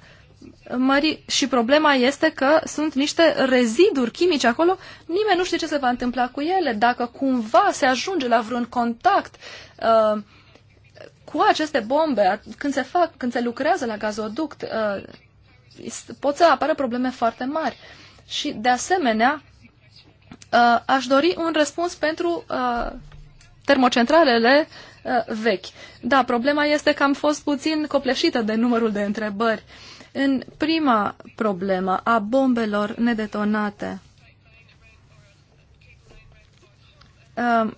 mării și problema este că sunt niște reziduri chimice acolo, nimeni nu știe ce se va întâmpla cu ele, dacă cumva se ajunge la vreun contact uh, cu aceste bombe, când se fac, când se lucrează la gazoduct, uh, pot să apară probleme foarte mari. Și, de asemenea, uh, aș dori un răspuns pentru uh, termocentralele uh, vechi. Da, problema este că am fost puțin copleșită de numărul de întrebări. În prima problemă a bombelor nedetonate, um,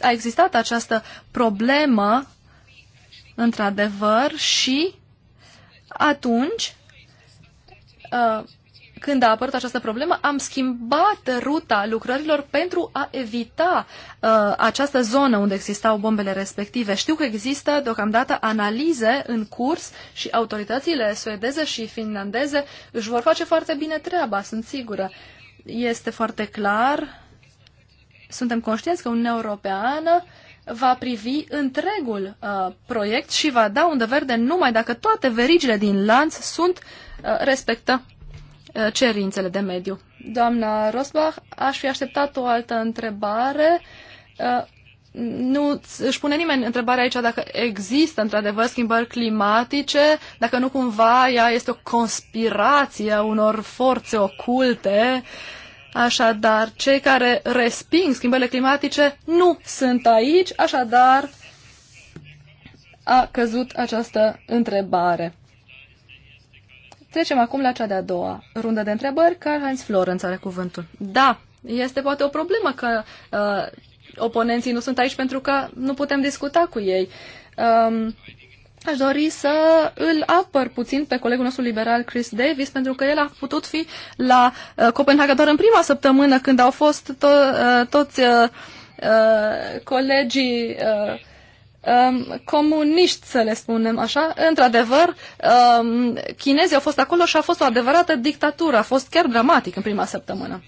a existat această problemă, într-adevăr, și atunci, uh, când a apărut această problemă, am schimbat ruta lucrărilor pentru a evita uh, această zonă unde existau bombele respective. Știu că există deocamdată analize în curs și autoritățile suedeze și finlandeze își vor face foarte bine treaba, sunt sigură. Este foarte clar, suntem conștienți că Uniunea Europeană uh, va privi întregul uh, proiect și va da undă verde numai dacă toate verigile din lanț sunt uh, respectă uh, cerințele de mediu. Doamna Rosbach, aș fi așteptat o altă întrebare. Uh, nu își pune nimeni întrebarea aici dacă există într-adevăr schimbări climatice, dacă nu cumva ea este o conspirație a unor forțe oculte uh, Așadar, cei care resping schimbările climatice nu sunt aici, așadar a căzut această întrebare. Trecem acum la cea de-a doua rundă de întrebări. Karl-Heinz Florenz are cuvântul. Da, este poate o problemă că uh, oponenții nu sunt aici pentru că nu putem discuta cu ei. Um, aș dori să îl apăr puțin pe colegul nostru liberal Chris Davis, pentru că el a putut fi la uh, Copenhaga doar în prima săptămână, când au fost to- uh, toți uh, uh, colegii uh, um, comuniști, să le spunem așa. Într-adevăr, um, chinezii au fost acolo și a fost o adevărată dictatură. A fost chiar dramatic în prima săptămână.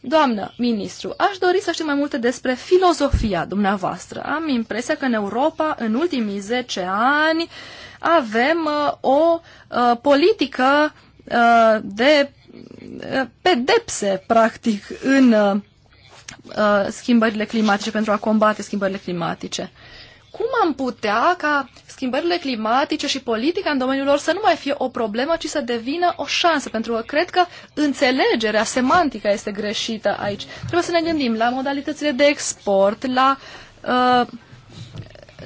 Doamnă ministru, aș dori să știu mai multe despre filozofia dumneavoastră. Am impresia că în Europa, în ultimii 10 ani, avem uh, o uh, politică uh, de uh, pedepse, practic, în uh, uh schimbările climatice, pentru a combate schimbările climatice cum am putea ca schimbările climatice și politica în domeniul lor să nu mai fie o problemă, ci să devină o șansă? Pentru că cred că înțelegerea semantică este greșită aici. Trebuie să ne gândim la modalitățile de export, la, uh,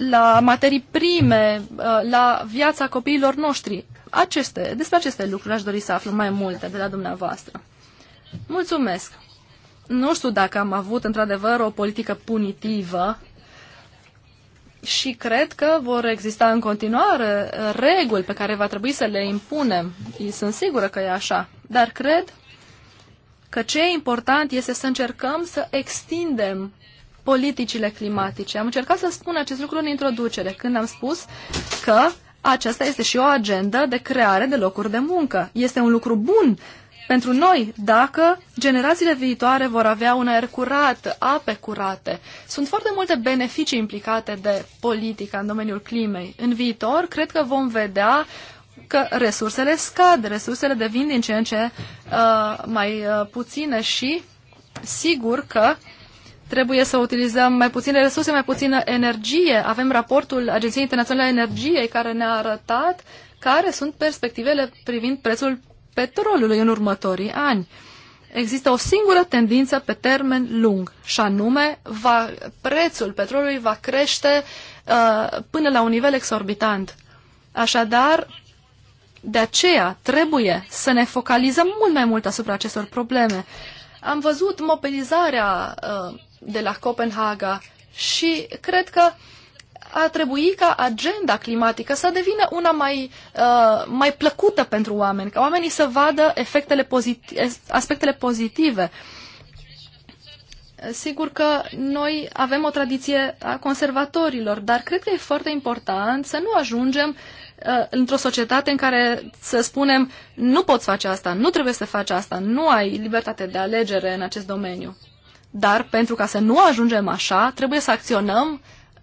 la materii prime, uh, la viața copiilor noștri. Aceste, despre aceste lucruri aș dori să aflu mai multe de la dumneavoastră. Mulțumesc! Nu știu dacă am avut într-adevăr o politică punitivă și cred că vor exista în continuare uh, reguli pe care va trebui să le impunem. Sunt sigură că e așa. Dar cred că ce e important este să încercăm să extindem politicile climatice. Am încercat să spun acest lucru în introducere, când am spus că aceasta este și o agendă de creare de locuri de muncă. Este un lucru bun pentru noi dacă generațiile viitoare vor avea un aer curat, ape curate. Sunt foarte multe beneficii implicate de politica în domeniul climei. În viitor, cred că vom vedea că resursele scad, resursele devin din ce în ce uh, mai uh, puține și sigur că trebuie să utilizăm mai puține resurse, mai puțină energie. Avem raportul Agenției Internaționale a Energiei care ne-a arătat care sunt perspectivele privind prețul petrolului în următorii ani. Există o singură tendință pe termen lung și anume va, prețul petrolului va crește uh, până la un nivel exorbitant. Așadar, de aceea trebuie să ne focalizăm mult mai mult asupra acestor probleme. Am văzut mobilizarea uh, de la Copenhaga și cred că uh, ar trebui ca agenda climatică să devină una mai, uh, mai plăcută pentru oameni, ca oamenii să vadă efectele pozitive, aspectele pozitive. Sigur că noi avem o tradiție a conservatorilor, dar cred că e foarte important să nu ajungem uh, într-o societate în care să spunem nu poți face asta, nu trebuie să faci asta, nu ai libertate de alegere în acest domeniu. Dar pentru ca să nu ajungem așa, trebuie să acționăm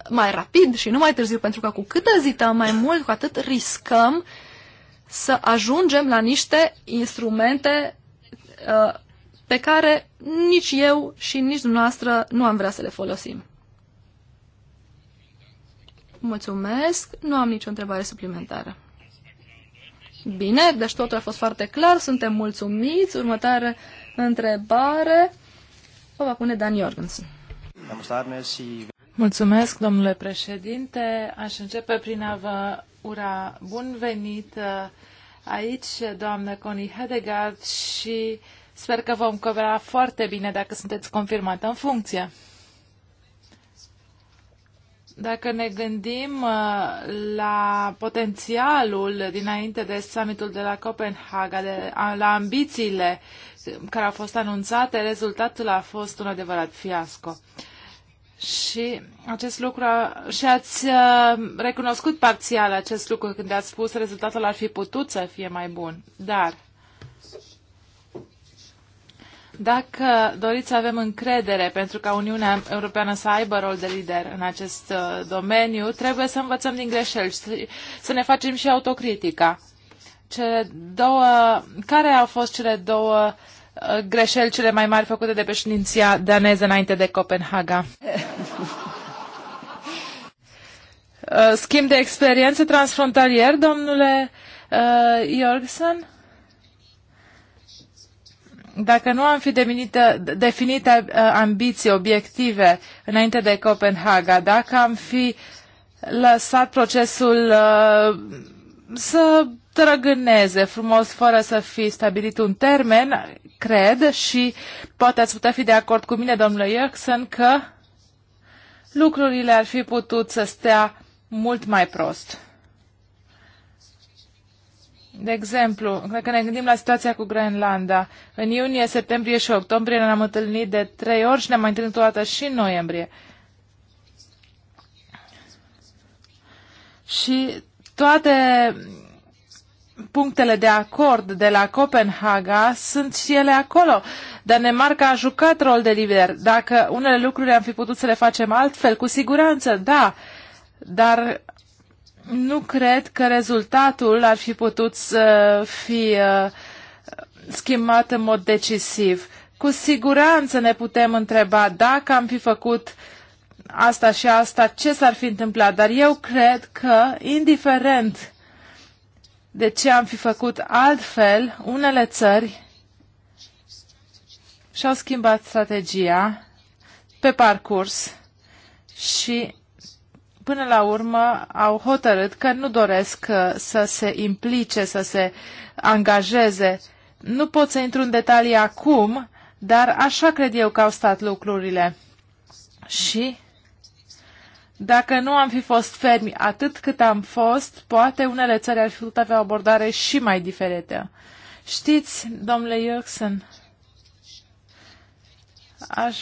mai rapid și nu mai târziu, pentru că cu cât ezităm mai mult, cu atât riscăm să ajungem la niște instrumente uh, pe care nici eu și nici dumneavoastră nu am vrea să le folosim. Mulțumesc, nu am nicio întrebare suplimentară. Bine, deci totul a fost foarte clar, suntem mulțumiți. Următoare întrebare o va pune Dan Jorgensen. Mulțumesc, domnule președinte. Aș începe prin a vă ura bun venit uh, aici, doamnă Connie Hedegaard, și sper că vom coopera foarte bine dacă sunteți confirmată în funcție. Dacă ne gândim uh, la potențialul dinainte de summitul de la Copenhaga, de, la ambițiile care au fost anunțate, rezultatul a fost un adevărat fiasco. Uh, și acest lucru a, și ați uh, recunoscut parțial acest lucru când ați spus rezultatul ar fi putut să fie mai bun. Dar dacă doriți să avem încredere pentru ca Uniunea Europeană să aibă rol de lider în acest uh, domeniu, trebuie să învățăm din greșeli și să ne facem și autocritica. Cele două, care au fost cele două uh, Uh, greșeli cele mai mari făcute de președinția daneză înainte de Copenhaga? Uh, schimb de experiențe transfrontalier, domnule uh, Jorgensen? Dacă nu am fi definite, definite uh, ambiții, obiective înainte de Copenhaga, dacă am fi lăsat procesul uh, să trăgâneze frumos fără să fi stabilit un termen, cred, și poate ați putea fi de acord cu mine, domnule Jackson, că lucrurile ar fi putut să stea mult mai prost. De exemplu, cred că ne gândim la situația cu Groenlanda. În iunie, septembrie și octombrie ne-am întâlnit de trei ori și ne-am mai întâlnit o dată și în noiembrie. Și toate punctele de acord de la Copenhaga sunt și ele acolo. Danemarca a jucat rol de lider. Dacă unele lucruri am fi putut să le facem altfel, cu siguranță, da, dar nu cred că rezultatul ar fi putut să fie uh, schimbat în mod decisiv. Cu siguranță ne putem întreba dacă am fi făcut uh, asta și asta, ce s-ar fi întâmplat. Dar eu cred că, indiferent de ce am fi făcut altfel, unele țări și-au schimbat strategia pe parcurs și până la urmă au hotărât că nu doresc uh, să se implice, să se angajeze. Nu pot să intru în detalii acum, dar așa cred eu că au stat lucrurile. Și dacă nu am fi fost fermi atât cât am fost, poate unele țări ar fi putut avea o abordare și mai diferită. Știți, domnule Iurgsen, aș,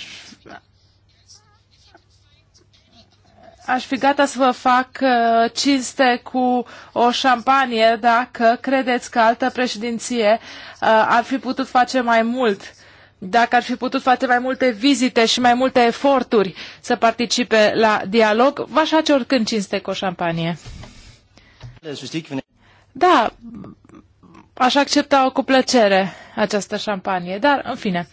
aș fi gata să vă fac uh, cinste cu o șampanie dacă credeți că altă președinție uh, ar fi putut face mai mult dacă ar fi putut face mai multe vizite și mai multe eforturi să participe la dialog, v-aș face oricând cinste cu o șampanie. Da, aș accepta-o cu plăcere, această șampanie, dar, în fine,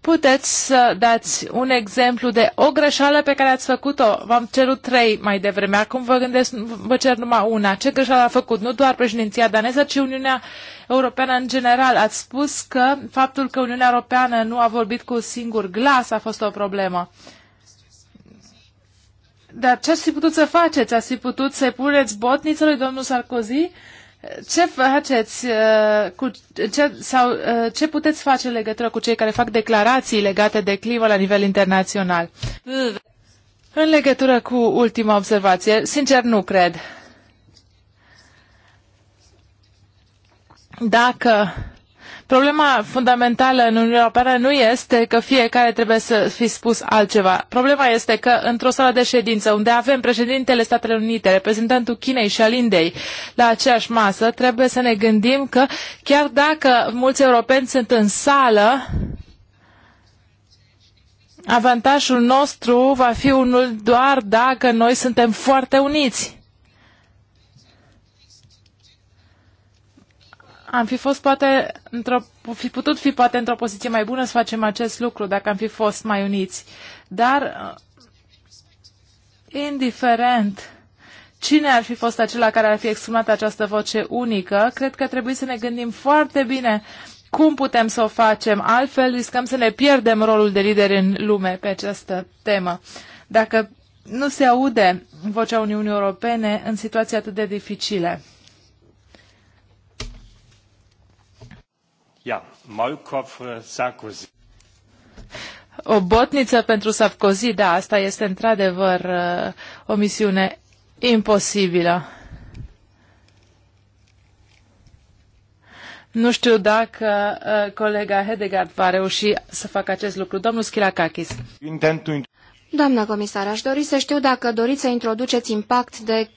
Puteți să dați un exemplu de o greșeală pe care ați făcut-o? V-am cerut trei mai devreme, acum vă gândesc, vă cer numai una. Ce greșeală a făcut nu doar președinția daneză, ci Uniunea Europeană în general? Ați spus că faptul că Uniunea Europeană nu a vorbit cu singur glas a fost o problemă. Dar ce ați fi putut să faceți? Ați fi putut să i puneți botniță lui domnul Sarkozy? Ce faceți uh, cu ce, sau uh, ce puteți face în legătură cu cei care fac declarații legate de climă la nivel internațional? În legătură cu ultima observație, sincer nu cred. Dacă Problema fundamentală în Uniunea Europeană nu este că fiecare trebuie să fi spus altceva. Problema este că într-o sală de ședință unde avem președintele Statelor Unite, reprezentantul Chinei și al Indei la aceeași masă, trebuie să ne gândim că chiar dacă mulți europeni sunt în sală, avantajul nostru va fi unul doar dacă noi suntem foarte uniți am fi fost poate într-o, fi putut fi poate într-o poziție mai bună să facem acest lucru dacă am fi fost mai uniți. Dar, uh, indiferent cine ar fi fost acela care ar fi exprimat această voce unică, cred că trebuie să ne gândim foarte bine cum putem să o facem, altfel riscăm să ne pierdem rolul de lider în lume pe această temă. Dacă nu se aude vocea Uniunii Europene în situații atât de dificile. Eh, o botniță pentru Sarkozy, da, asta este într-adevăr eh, o misiune imposibilă. Nu știu dacă uh, colega Hedegaard va reuși să facă acest lucru. Domnul Schilakakis. Doamna comisar, aș dori să știu dacă doriți să introduceți impact de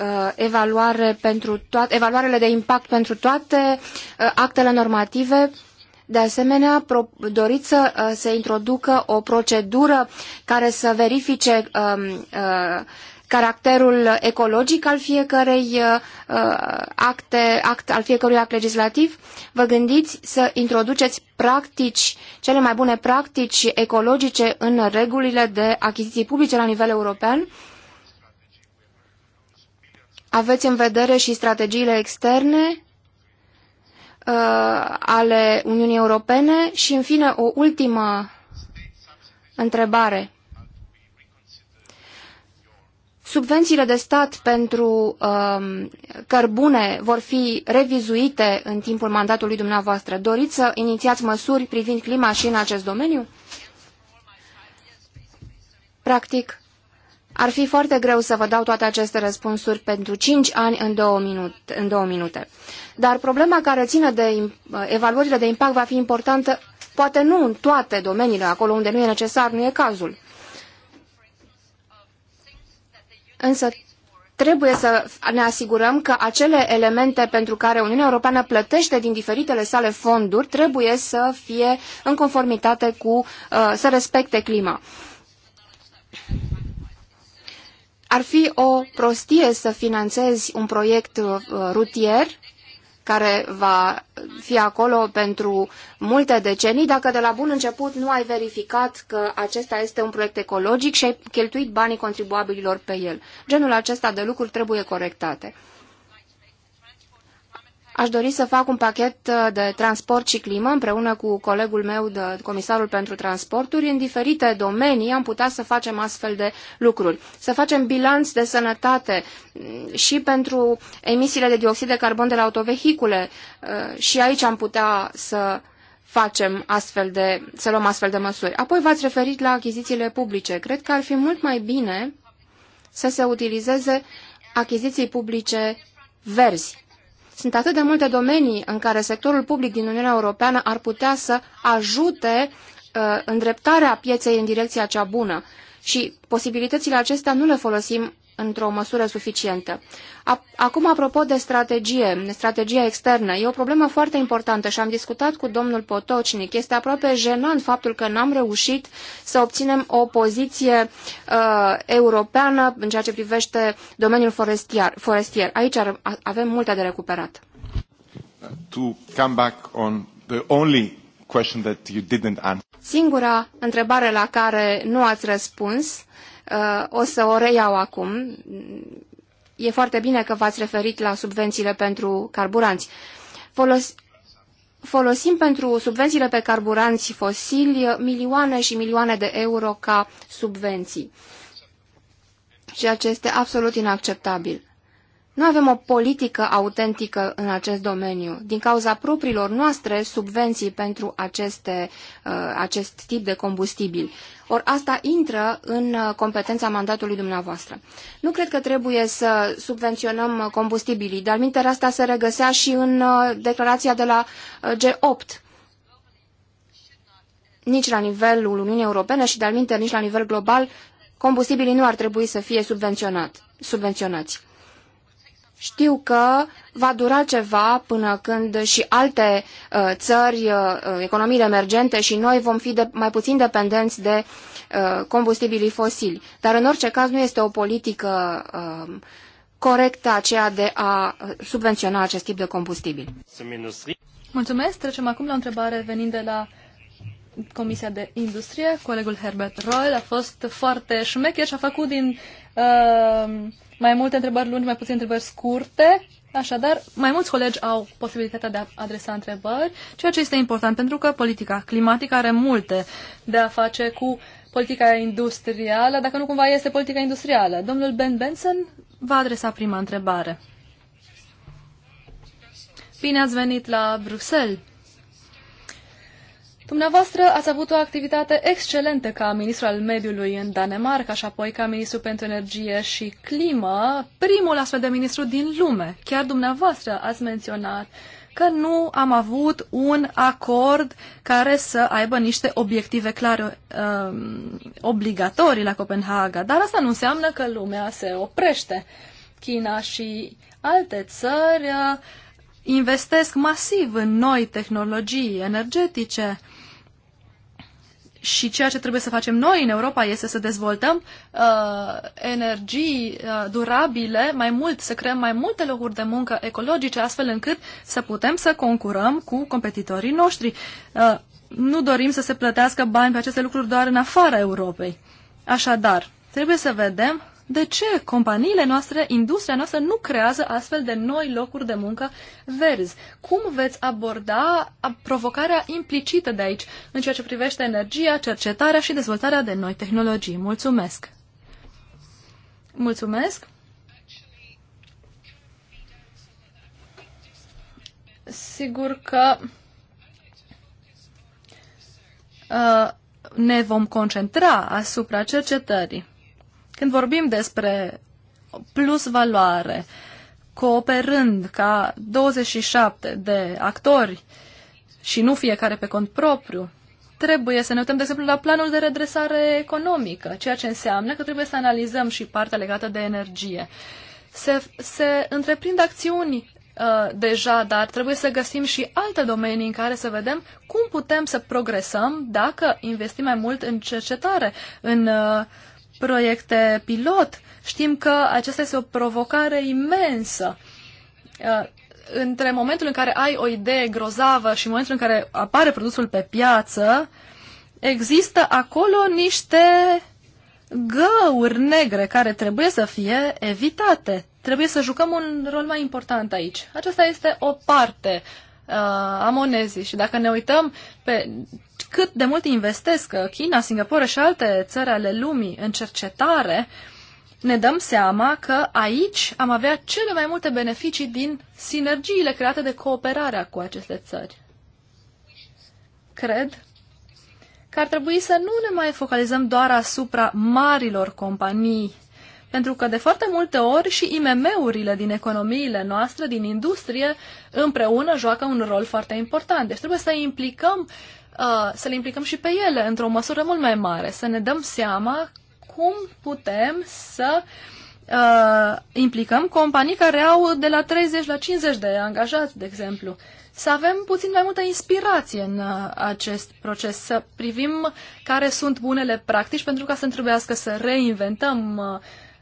Uh, evaluare pentru evaluarele de impact pentru toate uh, actele normative. De asemenea, doriți să uh, se introducă o procedură care să verifice um, caracterul ecologic al fiecărei acte, act, al fiecărui act legislativ? Vă gândiți să introduceți practici, cele mai bune practici ecologice în regulile de achiziții publice la nivel european? Aveți în vedere și strategiile externe uh, ale Uniunii Europene? Și, în fine, o ultimă întrebare. Subvențiile de stat pentru um, cărbune vor fi revizuite în timpul mandatului dumneavoastră. Doriți să inițiați măsuri privind clima și în acest domeniu? Practic, ar fi foarte greu să vă dau toate aceste răspunsuri pentru 5 ani în 2 minute. minute. Dar problema care ține de evaluările de impact va fi importantă, poate nu în toate domeniile, acolo unde nu e necesar, nu e cazul. Însă trebuie să ne asigurăm că acele elemente pentru care Uniunea Europeană plătește din diferitele sale fonduri trebuie să fie în conformitate cu, uh, să respecte clima. Ar fi o prostie să finanțezi un proiect uh, rutier care va fi acolo pentru multe decenii, dacă de la bun început nu ai verificat că acesta este un proiect ecologic și ai cheltuit banii contribuabililor pe el. Genul acesta de lucruri trebuie corectate. Aș dori să fac un pachet uh, de transport și climă împreună cu colegul meu, de, comisarul pentru transporturi. În diferite domenii am putea să facem astfel de lucruri. Să facem bilanț de sănătate mm, și pentru emisiile de dioxid de carbon de la autovehicule. Uh, și aici am putea să facem astfel de, să luăm astfel de măsuri. Apoi v-ați referit la achizițiile publice. Cred că ar fi mult mai bine să se utilizeze achiziții publice verzi sunt atât de multe domenii în care sectorul public din Uniunea Europeană ar putea să ajute uh, îndreptarea pieței în direcția cea bună și posibilitățile acestea nu le folosim într-o măsură suficientă. Acum, apropo de strategie, strategia externă, e o problemă foarte importantă și am discutat cu domnul Potocnic. Este aproape jenant faptul că n-am reușit să obținem o poziție uh, europeană în ceea ce privește domeniul forestier. forestier. Aici ar, avem multe de recuperat. To come back on the only question that you didn't answer. Singura întrebare la care nu ați răspuns Uh, o să o reiau acum. E foarte bine că v-ați referit la subvențiile pentru carburanți. Folos folosim pentru subvențiile pe carburanți fosili milioane și milioane de euro ca subvenții. Ceea ce este absolut inacceptabil. Nu avem o politică autentică în acest domeniu. Din cauza propriilor noastre subvenții pentru aceste, uh, acest tip de combustibil. Or, asta intră în uh, competența mandatului dumneavoastră. Nu cred că trebuie să subvenționăm combustibilii, dar mintea asta se regăsea și în uh, declarația de la G8 nici la nivelul Uniunii Europene și, de-al nici la nivel global, combustibilii nu ar trebui să fie subvenționat, subvenționați. Știu că va dura ceva până când și alte uh, țări, uh, uh, economiile emergente și noi vom fi de, mai puțin dependenți de uh, combustibilii fosili. Dar în orice caz nu este o politică uh, corectă aceea de a uh, subvenționa acest tip de combustibil. Mulțumesc. Trecem acum la o întrebare venind de la Comisia de Industrie. Colegul Herbert Royal a fost foarte șmecher și a făcut din... Uh, mai multe întrebări lungi, mai puține întrebări scurte. Așadar, mai mulți colegi au posibilitatea de a adresa întrebări, ceea ce este important pentru că politica climatică are multe de a face cu politica industrială, dacă nu cumva este politica industrială. Domnul Ben Benson va adresa prima întrebare. Bine ați venit la Bruxelles! Dumneavoastră ați avut o activitate excelentă ca ministru al mediului în Danemarca și apoi ca ministru pentru energie și climă, primul astfel de ministru din lume. Chiar dumneavoastră ați menționat că nu am avut un acord care să aibă niște obiective clare um, obligatorii la Copenhaga, dar asta nu înseamnă că lumea se oprește. China și alte țări uh, investesc masiv în noi tehnologii energetice. Uh, și ceea ce trebuie să facem noi în Europa este să dezvoltăm uh, energii uh, durabile mai mult, să creăm mai multe locuri de muncă ecologice, astfel încât să putem să concurăm cu competitorii noștri. Uh, nu dorim să se plătească bani pe aceste lucruri doar în afara Europei. Așadar, trebuie să vedem de ce companiile noastre, industria noastră nu creează astfel de noi locuri de muncă verzi? Cum veți aborda provocarea implicită de aici în ceea ce privește energia, cercetarea și dezvoltarea de noi tehnologii? Mulțumesc! Mulțumesc! Sigur că uh, ne vom concentra asupra cercetării. Când vorbim despre plus valoare, cooperând ca 27 de actori și nu fiecare pe cont propriu, trebuie să ne uităm, de exemplu, la planul de redresare economică, ceea ce înseamnă că trebuie să analizăm și partea legată de energie. Se, se întreprind acțiuni uh, deja, dar trebuie să găsim și alte domenii în care să vedem cum putem să progresăm dacă investim mai mult în cercetare, în uh, proiecte pilot. Știm că aceasta este o provocare imensă. Uh, între momentul în care ai o idee grozavă și momentul în care apare produsul pe piață, există acolo niște găuri negre care trebuie să fie evitate. Trebuie să jucăm un rol mai important aici. Aceasta este o parte uh, amonezii. Și dacă ne uităm pe cât de mult investesc uh, China, Singapore și alte țări ale lumii în cercetare, ne dăm seama că aici am avea cele mai multe beneficii din sinergiile create de cooperarea cu aceste țări. Cred că ar trebui să nu ne mai focalizăm doar asupra marilor companii pentru că de foarte multe ori și IMM-urile din economiile noastre, din industrie, împreună joacă un rol foarte important. Deci trebuie să implicăm, uh, să le implicăm și pe ele într-o măsură mult mai mare, să ne dăm seama cum putem să uh, implicăm companii care au de la 30 la 50 de angajați, de exemplu să avem puțin mai multă inspirație în uh, acest proces, să privim care sunt bunele practici pentru ca să trebuiască să reinventăm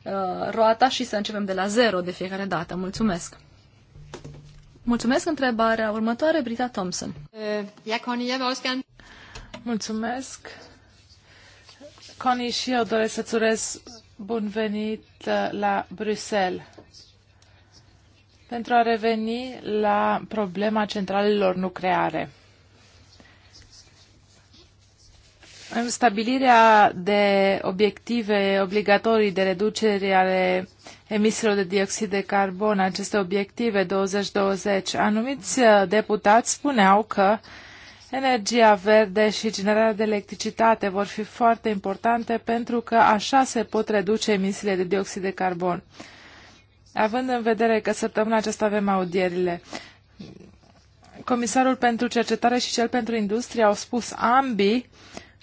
Uh, roata și să începem de la zero de fiecare dată. Mulțumesc! Mulțumesc întrebarea următoare, Brita Thompson. Eh, Mulțumesc! Connie și eu doresc să-ți urez bun venit uh, la Bruxelles. Pentru a reveni la problema centralelor nucleare. În stabilirea de obiective obligatorii de reducere ale emisiilor de dioxid de carbon, aceste obiective 2020, anumiți uh, deputați spuneau că energia verde și generarea de electricitate vor fi foarte importante pentru că așa se pot reduce emisiile de dioxid de carbon. Având în vedere că săptămâna aceasta avem audierile, Comisarul pentru Cercetare și cel pentru Industrie au spus ambii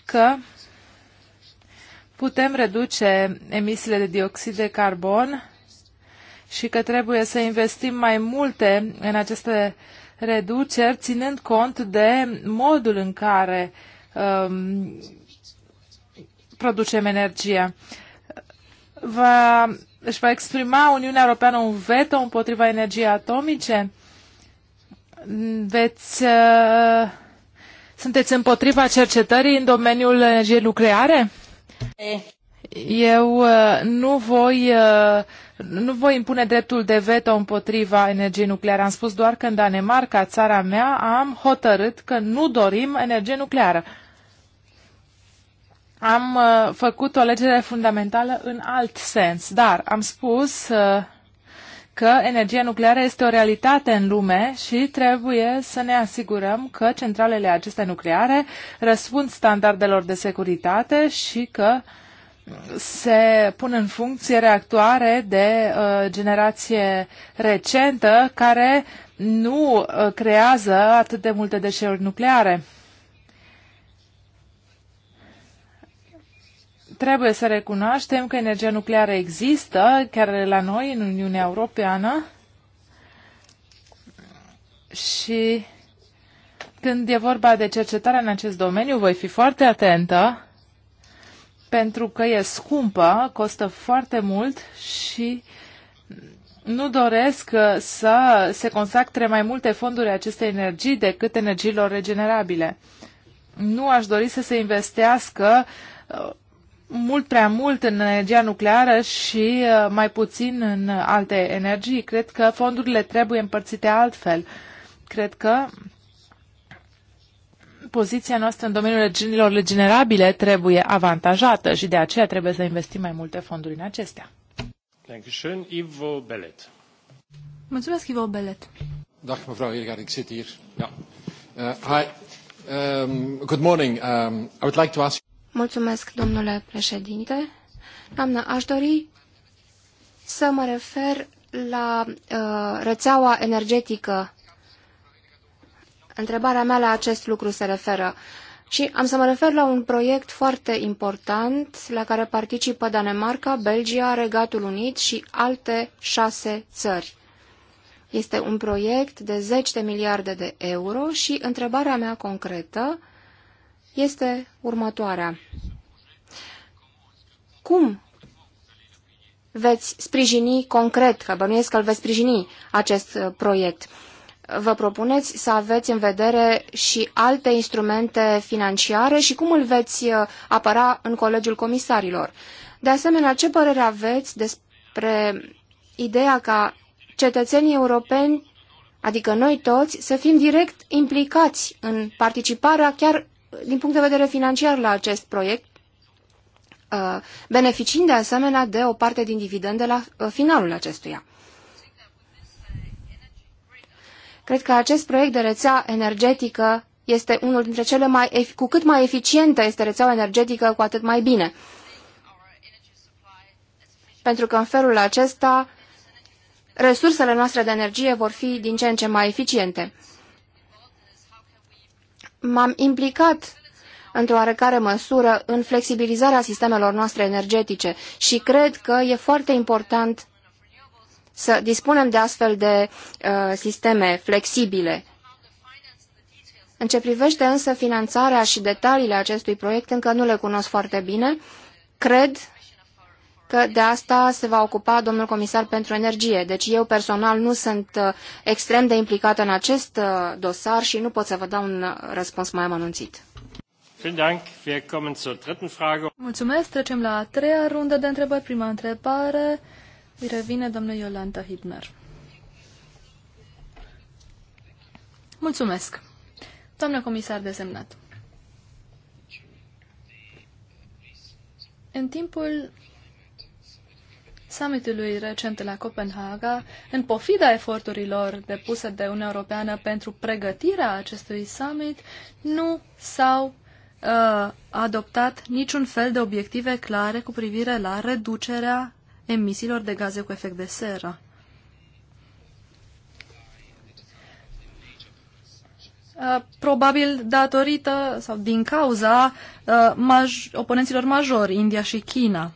că putem reduce emisiile de dioxid de carbon și că trebuie să investim mai multe în aceste reduceri, ținând cont de modul în care um, producem energia. Va, își va exprima Uniunea Europeană un veto împotriva energiei atomice? Veți uh, sunteți împotriva cercetării în domeniul energiei nucleare? Eu uh, nu voi, uh, nu voi impune dreptul de veto împotriva energiei nucleare. Am spus doar că în Danemarca, țara mea, am hotărât că nu dorim energie nucleară. Am uh, făcut o alegere fundamentală în alt sens, dar am spus că energia nucleară este o realitate în lume și trebuie să ne asigurăm că centralele acestea nucleare răspund standardelor de securitate și că se pun în funcție reactoare de uh, generație recentă care nu uh, creează atât de multe deșeuri nucleare. trebuie să recunoaștem că energia nucleară există, chiar la noi, în Uniunea Europeană. Și când e vorba de cercetarea în acest domeniu, voi fi foarte atentă, pentru că e scumpă, costă foarte mult și nu doresc să se consacre mai multe fonduri aceste energii decât energiilor regenerabile. Nu aș dori să se investească mult prea mult în energia nucleară și uh, mai puțin în alte energii. Cred că fondurile trebuie împărțite altfel. Cred că poziția noastră în domeniul regiunilor regenerabile trebuie avantajată și de aceea trebuie să investim mai multe fonduri în acestea. Ivo Mulțumesc, Ivo Belet. Dag, mevrouw Heergaard, ik zit hier. Ja. Uh, hi. Um, good morning. Um, I would like to ask... Mulțumesc, domnule președinte. Doamnă, aș dori să mă refer la uh, rețeaua energetică. Întrebarea mea la acest lucru se referă. Și am să mă refer la un proiect foarte important la care participă Danemarca, Belgia, Regatul Unit și alte șase țări. Este un proiect de zeci de miliarde de euro și întrebarea mea concretă este următoarea. Cum veți sprijini concret, că bănuiesc că îl veți sprijini acest uh, proiect? Vă propuneți să aveți în vedere și alte instrumente financiare și cum îl veți uh, apăra în Colegiul Comisarilor? De asemenea, ce părere aveți despre ideea ca cetățenii europeni, adică noi toți, să fim direct implicați în participarea chiar din punct de vedere financiar la acest proiect, uh, beneficiind de asemenea de o parte din dividende la uh, finalul acestuia. Cred că acest proiect de rețea energetică este unul dintre cele mai... Cu cât mai eficientă este rețeaua energetică, cu atât mai bine. Pentru că în felul acesta, resursele noastre de energie vor fi din ce în ce mai eficiente m-am implicat într-o oarecare măsură în flexibilizarea sistemelor noastre energetice și cred că e foarte important să dispunem de astfel de uh, sisteme flexibile. În ce privește însă finanțarea și detaliile acestui proiect, încă nu le cunosc foarte bine. Cred că de asta se va ocupa domnul comisar pentru energie. Deci eu personal nu sunt uh, extrem de implicat în acest uh, dosar și nu pot să vă dau un uh, răspuns mai amănunțit. Mulțumesc. Trecem la a treia rundă de întrebări. Prima întrebare îi revine domnul Iolanta Hibner. Mulțumesc. Doamnă comisar desemnat. În timpul summitului recent la Copenhaga, în pofida eforturilor depuse de Uniunea Europeană pentru pregătirea acestui summit, nu s-au uh, adoptat niciun fel de obiective clare cu privire la reducerea emisiilor de gaze cu efect de seră. Uh, probabil datorită sau din cauza uh, maj- oponenților majori, India și China.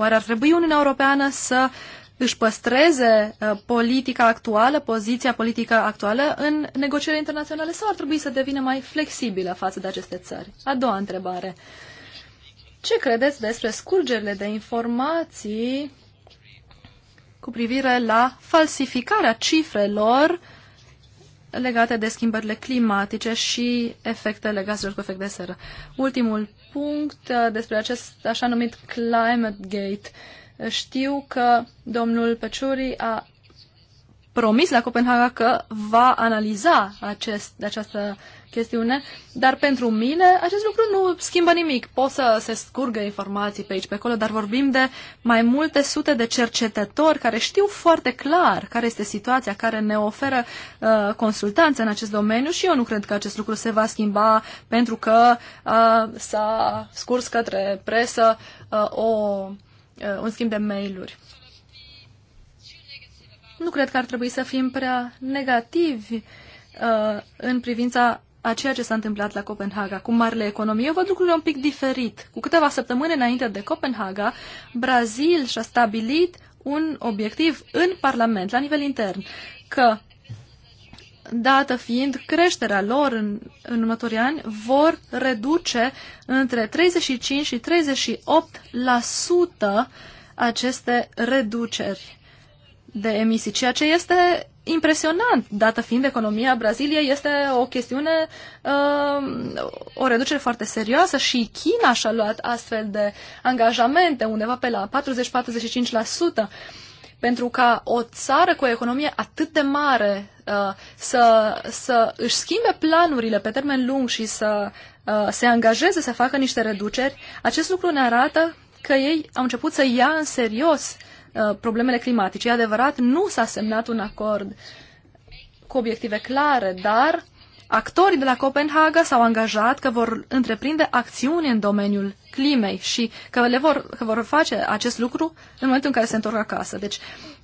Oare ar trebui Uniunea Europeană să își păstreze uh, politica actuală, poziția politică actuală în negocierile internaționale sau ar trebui să devină mai flexibilă față de aceste țări? A doua întrebare. Ce credeți despre scurgerile de informații cu privire la falsificarea cifrelor legate de schimbările climatice și efectele gazelor cu efect de seră. Ultimul punct uh, despre acest așa numit Climate Gate. Știu că domnul Peciuri a promis la Copenhaga că va analiza acest, această chestiune, dar pentru mine acest lucru nu schimbă nimic. Pot să se scurgă informații pe aici, pe acolo, dar vorbim de mai multe sute de cercetători care știu foarte clar care este situația, care ne oferă uh, consultanță în acest domeniu și eu nu cred că acest lucru se va schimba pentru că uh, s-a scurs către presă uh, o, uh, un schimb de mail-uri nu cred că ar trebui să fim prea negativi uh, în privința a ceea ce s-a întâmplat la Copenhaga cu marile economii. Eu văd lucrurile un pic diferit. Cu câteva săptămâni înainte de Copenhaga, Brazil și-a stabilit un obiectiv în Parlament, la nivel intern, că dată fiind creșterea lor în, în următorii ani, vor reduce între 35 și 38% aceste reduceri de emisii, ceea ce este impresionant, dată fiind economia Braziliei, este o chestiune, uh, o reducere foarte serioasă și China și-a luat astfel de angajamente, undeva pe la 40-45%, pentru ca o țară cu o economie atât de mare uh, să, să își schimbe planurile pe termen lung și să uh, se angajeze să facă niște reduceri, acest lucru ne arată că ei au început să ia în serios Uh, problemele climatice. E adevărat, nu s-a semnat un acord cu obiective clare, dar actorii de la Copenhaga s-au angajat că vor întreprinde acțiuni în domeniul climei și că, le vor, că vor face acest lucru în momentul în care se întorc acasă. Deci,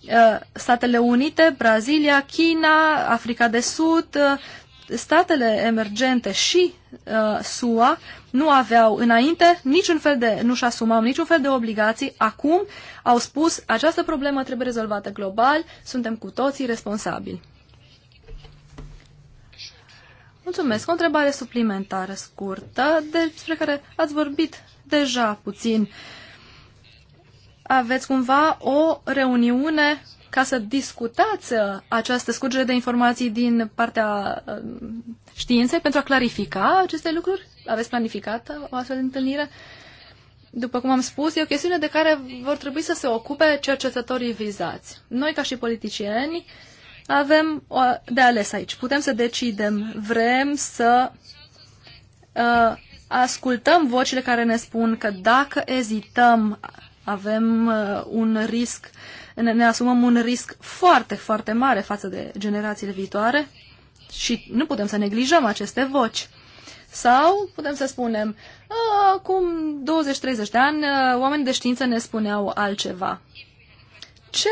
uh, Statele Unite, Brazilia, China, Africa de Sud, uh, statele emergente și uh, SUA nu aveau înainte niciun fel de, nu-și asumau niciun fel de obligații, acum au spus această problemă trebuie rezolvată global, suntem cu toții responsabili. Mulțumesc. O întrebare suplimentară scurtă despre care ați vorbit deja puțin. Aveți cumva o reuniune ca să discutați uh, această scurgere de informații din partea uh, științei pentru a clarifica aceste lucruri? Aveți planificată uh, o astfel de întâlnire? După cum am spus, e o chestiune de care vor trebui să se ocupe cercetătorii vizați. Noi, ca și politicieni, avem de ales aici. Putem să decidem, vrem să uh, ascultăm vocile care ne spun că dacă ezităm, avem uh, un risc uh, ne asumăm un risc foarte, foarte mare față de generațiile viitoare și nu putem să neglijăm aceste voci. Sau putem să spunem, acum 20-30 de ani, oameni de știință ne spuneau altceva. Ce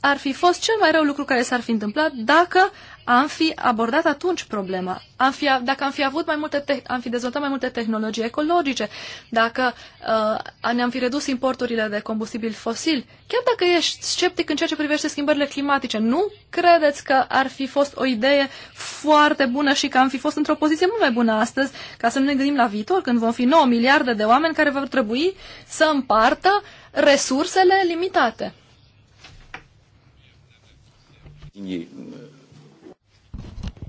ar fi fost cel mai rău lucru care s-ar fi întâmplat dacă am fi abordat atunci problema. Am fi, dacă am fi avut mai multe, am fi dezvoltat mai multe tehnologii ecologice, dacă uh, ne-am fi redus importurile de combustibil fosil, chiar dacă ești sceptic în ceea ce privește schimbările climatice, nu credeți că ar fi fost o idee foarte bună și că am fi fost într-o poziție mult mai bună astăzi ca să ne gândim la viitor, când vom fi 9 miliarde de oameni care vor trebui să împartă resursele limitate.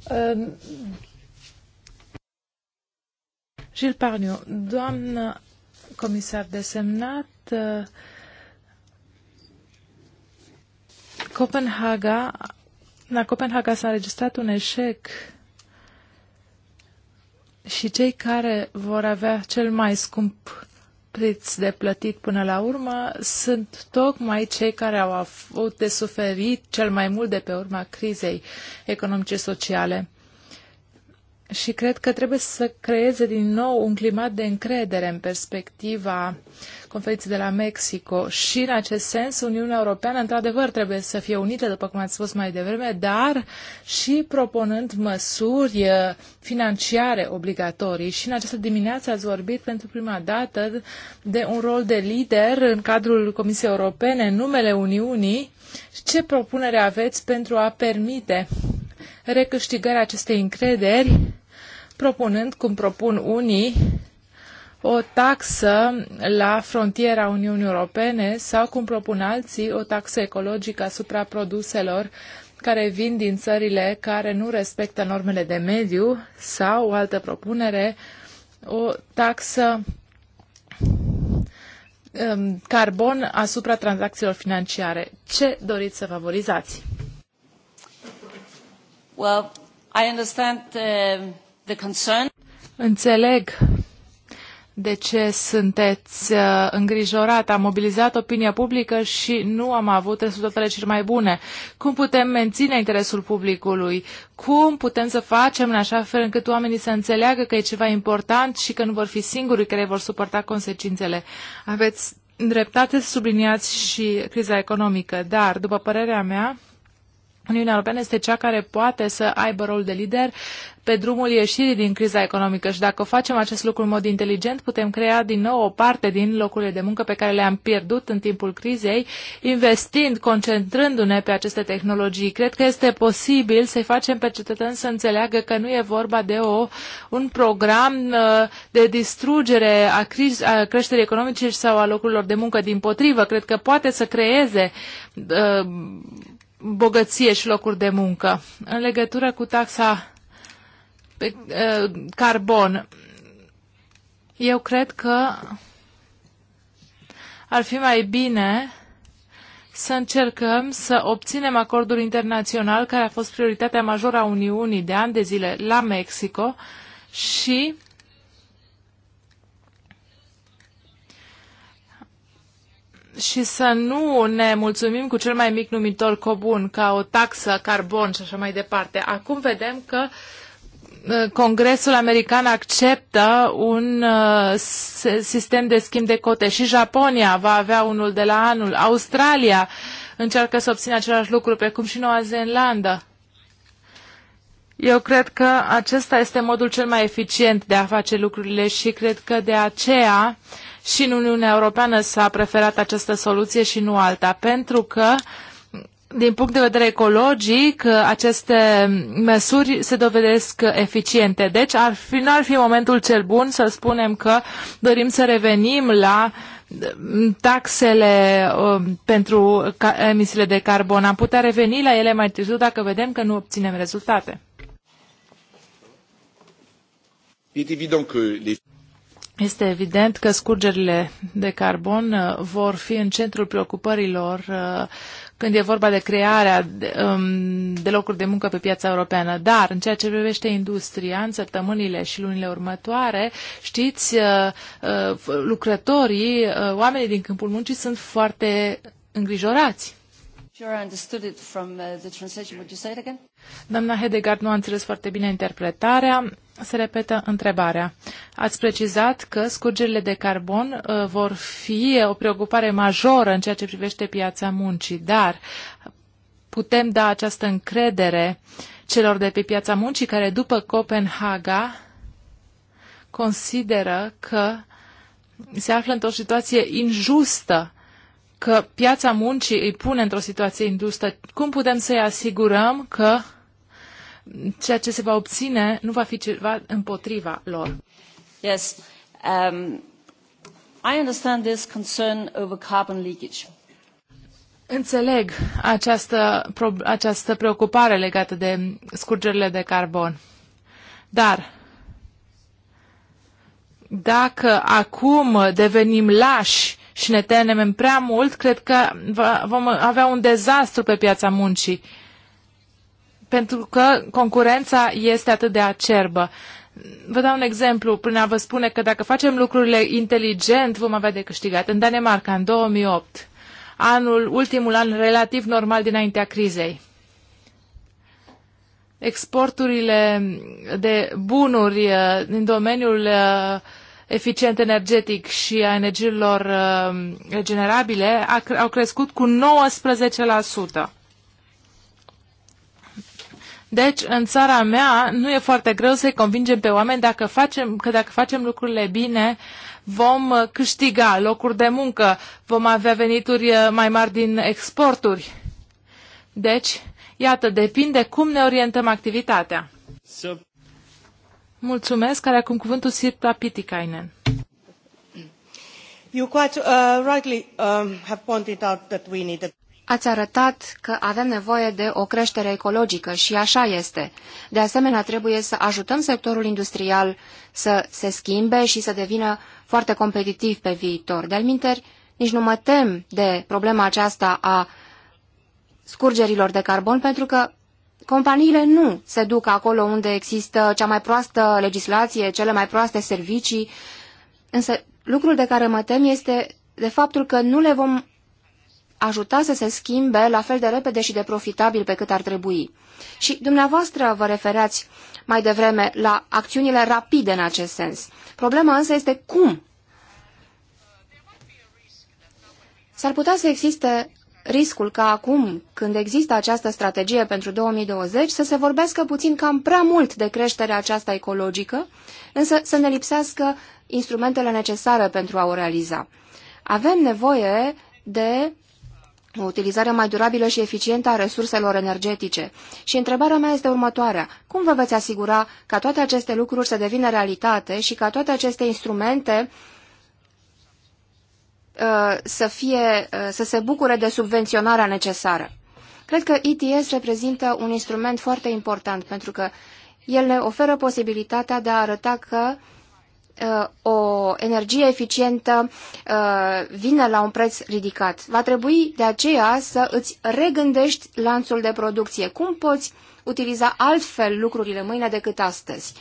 Ehm, Gilles Parniu, doamnă comisar desemnat, eh, Copenhaga, la Copenhaga s-a înregistrat un eșec și cei care vor avea cel mai scump preț de plătit până la urmă sunt tocmai cei care au avut de suferit cel mai mult de pe urma crizei economice sociale și cred că trebuie să creeze din nou un climat de încredere în perspectiva conferinței de la Mexico și în acest sens Uniunea Europeană într-adevăr trebuie să fie unită, după cum ați spus mai devreme, dar și propunând măsuri eh, financiare obligatorii și în această dimineață ați vorbit pentru prima dată de un rol de lider în cadrul Comisiei Europene în numele Uniunii. Ce propunere aveți pentru a permite recâștigarea acestei încrederi propunând, cum propun unii, o taxă la frontiera Uniunii Europene sau, cum propun alții, o taxă ecologică asupra produselor care vin din țările care nu respectă normele de mediu sau, o altă propunere, o taxă um, carbon asupra tranzacțiilor financiare. Ce doriți să favorizați? Well, I understand uh, Înțeleg de ce sunteți uh, îngrijorat. Am mobilizat opinia publică și nu am avut rezultatele cele mai bune. Cum putem menține interesul publicului? Cum putem să facem în așa fel încât oamenii să înțeleagă că e ceva important și că nu vor fi singurii care vor suporta consecințele? Aveți dreptate să subliniați și criza economică, dar, după părerea mea, Uniunea Europeană este cea care poate să aibă rol de lider pe drumul ieșirii din criza economică și dacă facem acest lucru în mod inteligent, putem crea din nou o parte din locurile de muncă pe care le-am pierdut în timpul crizei, investind, concentrându-ne pe aceste tehnologii. Cred că este posibil să-i facem pe cetățeni să înțeleagă că nu e vorba de o, un program uh, de distrugere a, criz, a creșterii economice sau a locurilor de muncă. Din potrivă, cred că poate să creeze uh, bogăție și locuri de muncă. În legătură cu taxa carbon. Eu cred că ar fi mai bine să încercăm să obținem acordul internațional care a fost prioritatea majoră a Uniunii de ani de zile la Mexico și și să nu ne mulțumim cu cel mai mic numitor comun, ca o taxă carbon și așa mai departe. Acum vedem că uh, Uh, Congresul american acceptă un uh, sistem de schimb de cote și Japonia va avea unul de la anul. Australia încearcă să obțină același lucru, precum și Noua Zeelandă. Eu cred că acesta este modul cel mai eficient de a face lucrurile și cred că de aceea și în Uniunea Europeană s-a preferat această soluție și nu alta, pentru că uh, din punct de vedere ecologic, aceste măsuri se dovedesc eficiente. Deci ar fi, nu ar fi momentul cel bun să spunem că dorim să revenim la mm, taxele um, pentru emisiile de carbon. Am putea reveni la ele mai târziu dacă vedem că nu obținem rezultate. Este evident că scurgerile de carbon uh, vor fi în centrul preocupărilor uh, când e vorba de crearea um, de locuri de muncă pe piața europeană. Dar, în ceea ce privește industria, în săptămânile și lunile următoare, știți, uh, uh, lucrătorii, uh, oamenii din câmpul muncii sunt foarte îngrijorați. Doamna Hedegaard nu a înțeles foarte bine interpretarea. Se repetă întrebarea. Ați precizat că scurgerile de carbon uh, vor fi o preocupare majoră în ceea ce privește piața muncii, dar putem da această încredere celor de pe piața muncii care după Copenhaga consideră că se află într-o situație injustă, că piața muncii îi pune într-o situație injustă. Cum putem să-i asigurăm că ceea ce se va obține nu va fi ceva împotriva lor. Yes. Um, I understand this concern over carbon leakage. Înțeleg această, această preocupare legată de scurgerile de carbon. Dar dacă acum devenim lași și ne temem prea mult, cred că vom avea un dezastru pe piața muncii pentru că concurența este atât de acerbă. Vă dau un exemplu prin a vă spune că dacă facem lucrurile inteligent, vom avea de câștigat. În Danemarca, în 2008, anul, ultimul an relativ normal dinaintea crizei, exporturile de bunuri uh, din domeniul uh, eficient energetic și a energiilor uh, regenerabile au crescut cu 19%. Deci, în țara mea, nu e foarte greu să-i convingem pe oameni dacă facem, că dacă facem lucrurile bine, vom câștiga locuri de muncă, vom avea venituri eh, mai mari din exporturi. Deci, iată, depinde cum ne orientăm activitatea. Mulțumesc, care acum cuvântul Sirta Pitikainen. You quite uh, rightly um, have pointed out that we need a Ați arătat că avem nevoie de o creștere ecologică și așa este. De asemenea, trebuie să ajutăm sectorul industrial să se schimbe și să devină foarte competitiv pe viitor. De-al nici nu mă tem de problema aceasta a scurgerilor de carbon, pentru că companiile nu se duc acolo unde există cea mai proastă legislație, cele mai proaste servicii, însă lucrul de care mă tem este de faptul că nu le vom ajuta să se schimbe la fel de repede și de profitabil pe cât ar trebui. Și dumneavoastră vă refereați mai devreme la acțiunile rapide în acest sens. Problema însă este cum. S-ar putea să existe riscul ca acum, când există această strategie pentru 2020, să se vorbească puțin cam prea mult de creșterea aceasta ecologică, însă să ne lipsească instrumentele necesare pentru a o realiza. Avem nevoie de o utilizare mai durabilă și eficientă a resurselor energetice. Și întrebarea mea este următoarea. Cum vă veți asigura ca toate aceste lucruri să devină realitate și ca toate aceste instrumente uh, să, fie, uh, să se bucure de subvenționarea necesară? Cred că ETS reprezintă un instrument foarte important pentru că el ne oferă posibilitatea de a arăta că uh, Uh, o energie eficientă uh, vine la un preț ridicat. Va trebui de aceea să îți regândești lanțul de producție. Cum poți utiliza altfel lucrurile mâine decât astăzi?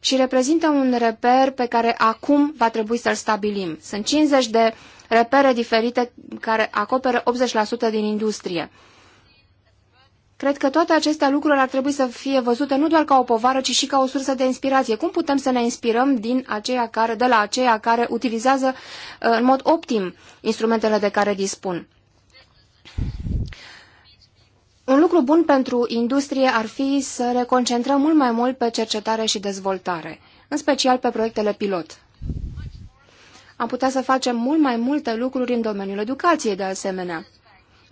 Și reprezintă un reper pe care acum va trebui să-l stabilim. Sunt 50 de repere diferite care acoperă 80% din industrie. Cred că toate aceste lucruri ar trebui să fie văzute nu doar ca o povară, ci și ca o sursă de inspirație. Cum putem să ne inspirăm din aceia care, de la aceia care utilizează uh, în mod optim instrumentele de care dispun? Un lucru bun pentru industrie ar fi să ne concentrăm mult mai mult pe cercetare și dezvoltare, în special pe proiectele pilot. Am putea să facem mult mai multe lucruri în domeniul educației, de asemenea.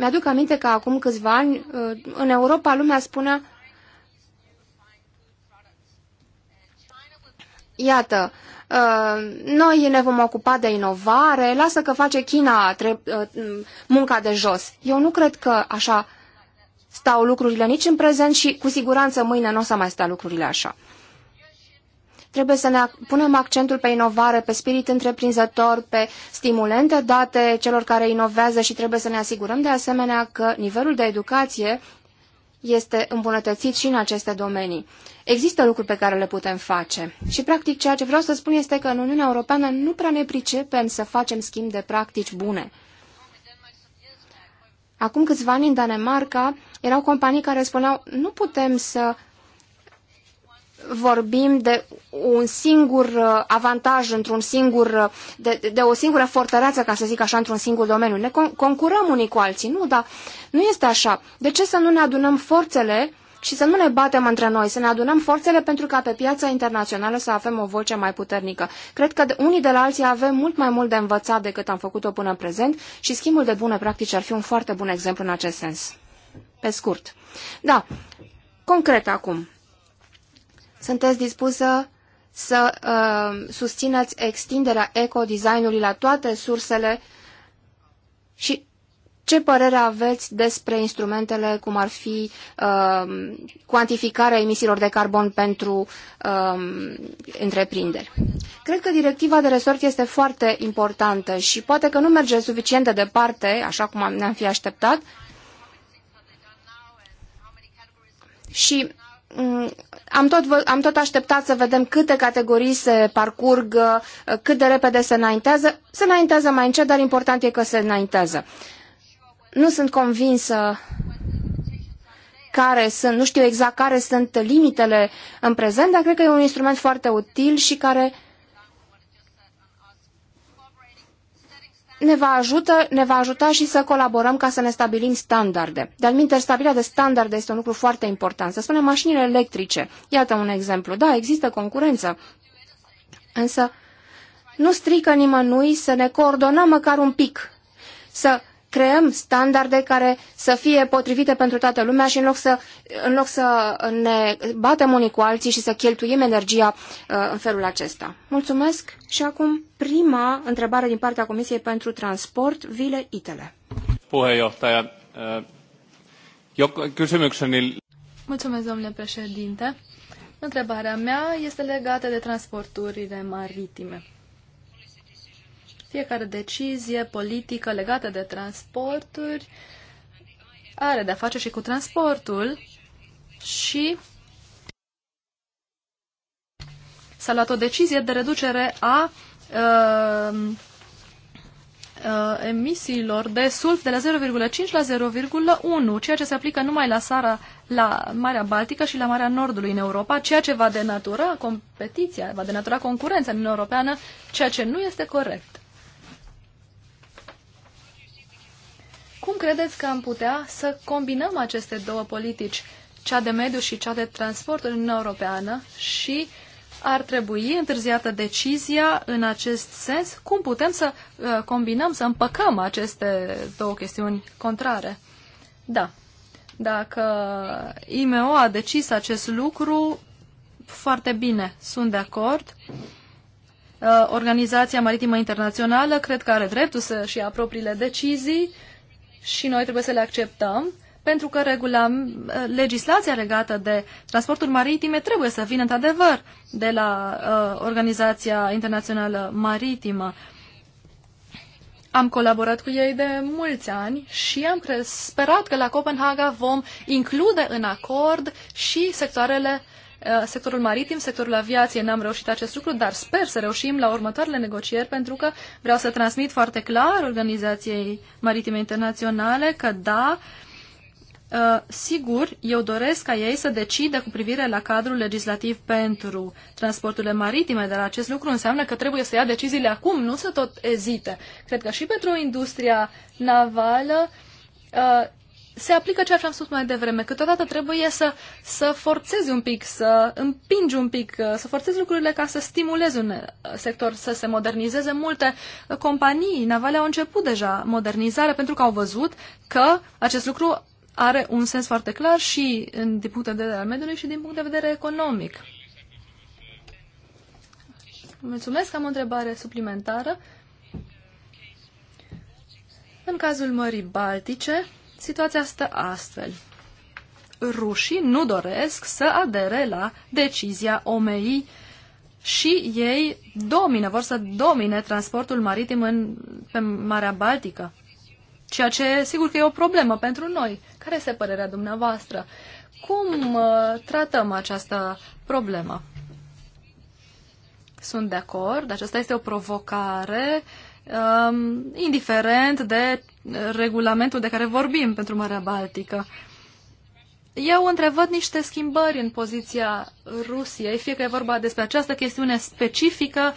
Mi-aduc aminte că acum câțiva ani uh, în Europa lumea spunea Iată, uh, noi ne vom ocupa de inovare, lasă că face China uh, munca de jos. Eu nu cred că așa stau lucrurile nici în prezent și cu siguranță mâine nu o să mai sta lucrurile așa. Trebuie să ne punem accentul pe inovare, pe spirit întreprinzător, pe stimulente date celor care inovează și trebuie să ne asigurăm de asemenea că nivelul de educație este îmbunătățit și în aceste domenii. Există lucruri pe care le putem face. Și, practic, ceea ce vreau să spun este că în Uniunea Europeană nu prea ne pricepem să facem schimb de practici bune. Acum câțiva ani în Danemarca erau companii care spuneau nu putem să vorbim de un singur uh, avantaj într-un singur, uh, de, de o singură fortăreață, ca să zic așa, într-un singur domeniu. Ne con concurăm unii cu alții, nu? Dar nu este așa. De ce să nu ne adunăm forțele și să nu ne batem între noi, să ne adunăm forțele pentru ca pe piața internațională să avem o voce mai puternică. Cred că de unii de la alții avem mult mai mult de învățat decât am făcut-o până în prezent și schimbul de bune practici ar fi un foarte bun exemplu în acest sens. Pe scurt. Da, concret acum. Sunteți dispusă să uh, susțineți extinderea designului la toate sursele și ce părere aveți despre instrumentele cum ar fi uh, cuantificarea emisiilor de carbon pentru uh, întreprinderi? Cred că directiva de resort este foarte importantă și poate că nu merge suficient de departe, așa cum ne-am fi așteptat. Și Mm, am tot, am tot așteptat să vedem câte categorii se parcurg, uh, cât de repede se înaintează. Se înaintează mai încet, dar important e că se înaintează. Nu sunt convinsă care sunt, nu știu exact care sunt limitele în prezent, dar cred că e un instrument foarte util și care uh, ne va, ajută, ne va ajuta și să colaborăm ca să ne stabilim standarde. De minte, stabilirea de standarde este un lucru foarte important. Să spunem mașinile electrice. Iată un exemplu. Da, există concurență, însă nu strică nimănui să ne coordonăm măcar un pic, să creăm standarde care să fie potrivite pentru toată lumea și în loc să, în loc să ne batem unii cu alții și să cheltuim energia uh, în felul acesta. Mulțumesc și acum prima întrebare din partea Comisiei pentru Transport, Vile Itele. Uh, Mulțumesc, domnule președinte. Întrebarea mea este legată de transporturile maritime. Fiecare decizie politică legată de transporturi are de-a face și cu transportul și s-a luat o decizie de reducere a uh, uh, emisiilor de sulf de la 0,5 la 0,1, ceea ce se aplică numai la Sara, la Marea Baltică și la Marea Nordului în Europa, ceea ce va denatura competiția, va denatura concurența în Europeană, ceea ce nu este corect. Cum credeți că am putea să combinăm aceste două politici, cea de mediu și cea de transport în Uniunea Europeană și ar trebui întârziată decizia în acest sens? Cum putem să uh, combinăm, să împăcăm aceste două chestiuni contrare? Da. Dacă IMO a decis acest lucru, foarte bine, sunt de acord. Uh, Organizația Maritimă Internațională cred că are dreptul să-și ia propriile decizii și noi trebuie să le acceptăm, pentru că regula, eh, legislația legată de transporturi maritime trebuie să vină într-adevăr de la uh, Organizația Internațională Maritimă. Am colaborat cu ei de mulți ani și am sperat că la Copenhaga vom include în acord și sectoarele uh, Eh, sectorul maritim, sectorul aviației n-am reușit acest lucru, dar sper să reușim la următoarele negocieri pentru că vreau să transmit foarte clar Organizației Maritime Internaționale că da, eh, sigur, eu doresc ca ei să decidă cu privire la cadrul legislativ pentru transporturile maritime, dar acest lucru înseamnă că trebuie să ia deciziile acum, nu să tot ezite. Cred că și pentru industria navală eh, se aplică ceea ce am spus mai devreme. Câteodată trebuie să, să forțezi un pic, să împingi un pic, uh, să forțezi lucrurile ca să stimulezi un uh, sector să se modernizeze. Multe uh, companii navale au început deja modernizarea pentru că au văzut că acest lucru are un sens foarte clar și din punct de vedere al mediului și din punct de vedere economic. Mulțumesc, am o întrebare suplimentară. În cazul Mării Baltice, Situația stă astfel. Rușii nu doresc să adere la decizia OMEI și ei domină, vor să domine transportul maritim în, pe Marea Baltică. Ceea ce sigur că e o problemă pentru noi. Care este părerea dumneavoastră? Cum uh, tratăm această problemă? Sunt de acord, aceasta este o provocare uh, um, indiferent de regulamentul de care vorbim pentru Marea Baltică. Eu întrevăd niște schimbări în poziția Rusiei, fie că e vorba despre această chestiune specifică,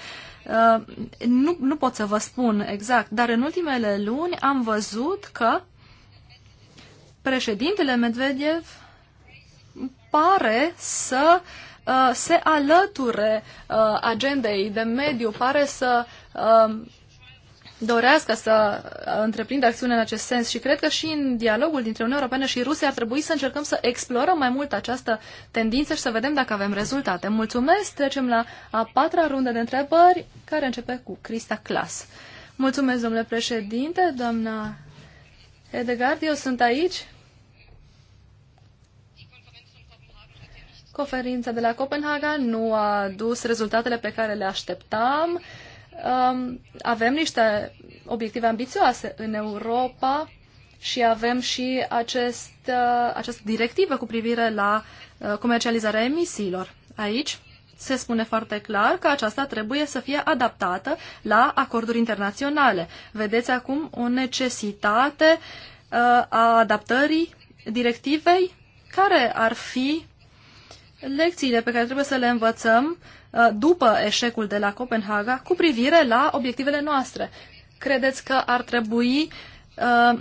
uh, nu, nu pot să vă spun exact, dar în ultimele luni am văzut că președintele Medvedev pare să uh, se alăture uh, agendei de mediu, pare să dorească să uh, întreprindă acțiune în acest sens și cred că și în dialogul dintre Uniunea Europeană și Rusia ar trebui să încercăm să explorăm mai mult această tendință și să vedem dacă avem rezultate. Mulțumesc! Trecem la a patra rundă de întrebări, care începe cu Crista Clas. Mulțumesc, domnule președinte, doamna Edegard, eu sunt aici. Conferința de la Copenhaga nu a dus rezultatele pe care le așteptam um, avem niște obiective ambițioase în Europa și avem și acest, uh, această directivă cu privire la uh, comercializarea emisiilor. Aici se spune foarte clar că aceasta trebuie să fie adaptată la acorduri internaționale. Vedeți acum o necesitate uh, a adaptării directivei care ar fi lecțiile pe care trebuie să le învățăm uh, după eșecul de la Copenhaga cu privire la obiectivele noastre. Credeți că ar trebui uh,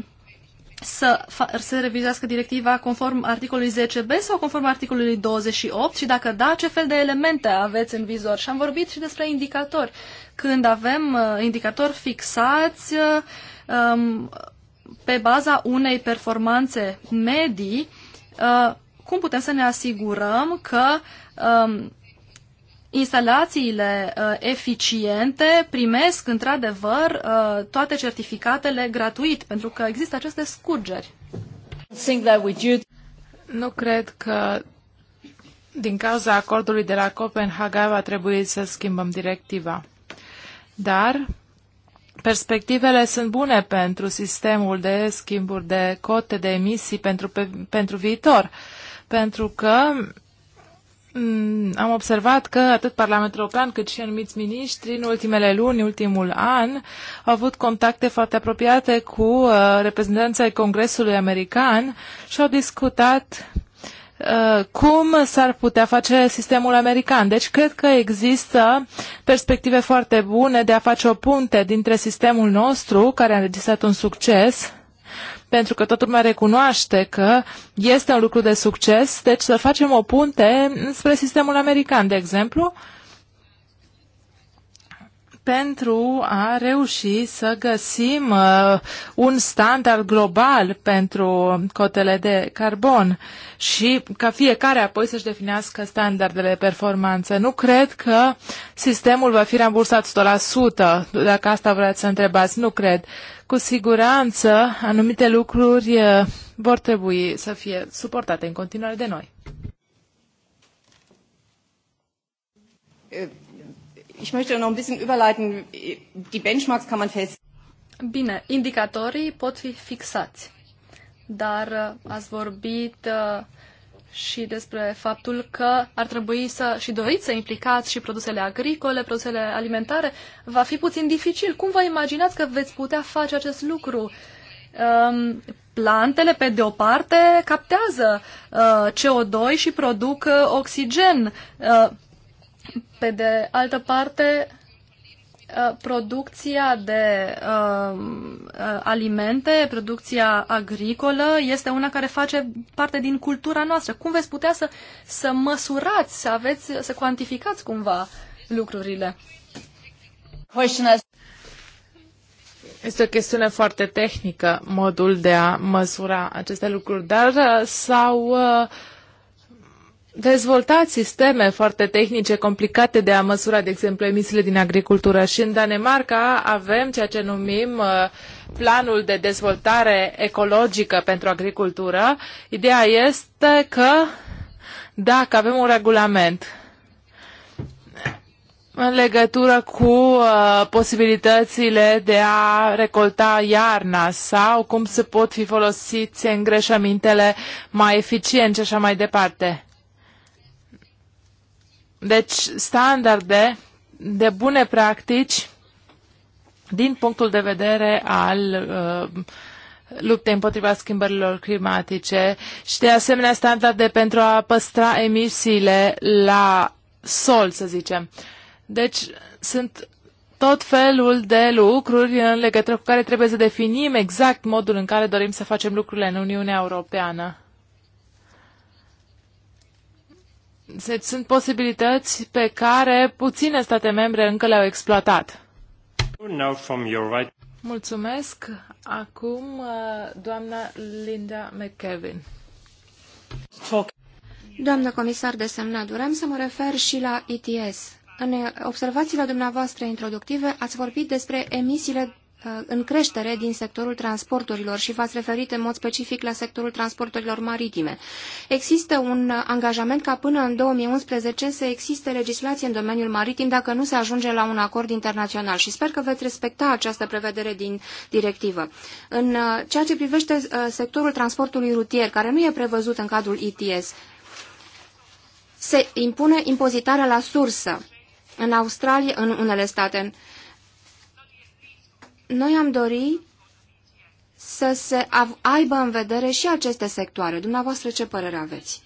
să se revizuiască directiva conform articolului 10b sau conform articolului 28 și dacă da, ce fel de elemente aveți în vizor? Și am vorbit și despre indicatori. Când avem uh, indicatori fixați um, pe baza unei performanțe medii, cum putem să ne asigurăm că um, instalațiile uh, eficiente primesc într-adevăr uh, toate certificatele gratuit, pentru că există aceste scurgeri. Nu cred că din cauza acordului de la Copenhaga va trebui să schimbăm directiva. Dar perspectivele sunt bune pentru sistemul de schimburi de cote de emisii pentru, pe, pentru viitor. Uh, pentru că mm, am observat că atât Parlamentul European cât și anumiți miniștri în ultimele luni, ultimul an, au avut contacte foarte apropiate cu uh, reprezentanții Congresului American și au discutat uh, cum s-ar putea face sistemul american. Deci cred că există perspective foarte bune de a face o punte dintre sistemul nostru, care a înregistrat un succes, pentru că toată lumea recunoaște că este un lucru de succes, deci să facem o punte spre sistemul american, de exemplu, pentru a reuși să găsim uh, un standard global pentru cotele de carbon și ca fiecare apoi să-și definească standardele de performanță. Nu cred că sistemul va fi rambursat 100%, dacă asta vreți să întrebați, nu cred. Cu siguranță, anumite lucruri uh, vor trebui să fie suportate în continuare de noi. Uh, Ich möchte noch ein bisschen überleiten. Die benchmarks kann man fest. Bine, indicatorii pot fi fixați, dar uh, ați vorbit uh, și despre faptul că ar trebui să și doriți să implicați și produsele agricole, produsele alimentare, va fi puțin dificil. Cum vă imaginați că veți putea face acest lucru? Um, plantele, pe de o parte, captează uh, CO2 și produc uh, oxigen. Uh, pe de altă parte, uh, producția de uh, uh, alimente, producția agricolă, este una care face parte din cultura noastră. Cum veți putea să, să măsurați, să aveți, să cuantificați cumva lucrurile? Este o chestiune foarte tehnică, modul de a măsura aceste lucruri, dar uh, s-au uh, dezvoltat sisteme foarte tehnice complicate de a măsura, de exemplu, emisiile din agricultură și în Danemarca avem ceea ce numim uh, planul de dezvoltare ecologică pentru agricultură. Ideea este că dacă avem un regulament în legătură cu uh, posibilitățile de a recolta iarna sau cum se pot fi folosite îngreșămintele mai eficient și așa mai departe. Deci, standarde de bune practici din punctul de vedere al uh, luptei împotriva schimbărilor climatice și de asemenea standarde pentru a păstra emisiile la sol, să zicem. Deci sunt tot felul de lucruri în legătură cu care trebuie să definim exact modul în care dorim să facem lucrurile în Uniunea Europeană. Deci sunt posibilități pe care puține state membre încă le-au exploatat. Mulțumesc. Acum, uh, doamna Linda McKevin. Doamnă comisar de semnat, vreau să mă refer și la ETS. În observațiile dumneavoastră introductive ați vorbit despre emisiile în creștere din sectorul transporturilor și v-ați referit în mod specific la sectorul transporturilor maritime. Există un angajament ca până în 2011 să existe legislație în domeniul maritim dacă nu se ajunge la un acord internațional și sper că veți respecta această prevedere din directivă. În uh, ceea ce privește uh, sectorul transportului rutier, care nu e prevăzut în cadrul ETS, se impune impozitarea la sursă în Australia, în unele state, noi am dori să se aibă în vedere și aceste sectoare. Dumneavoastră, ce părere aveți?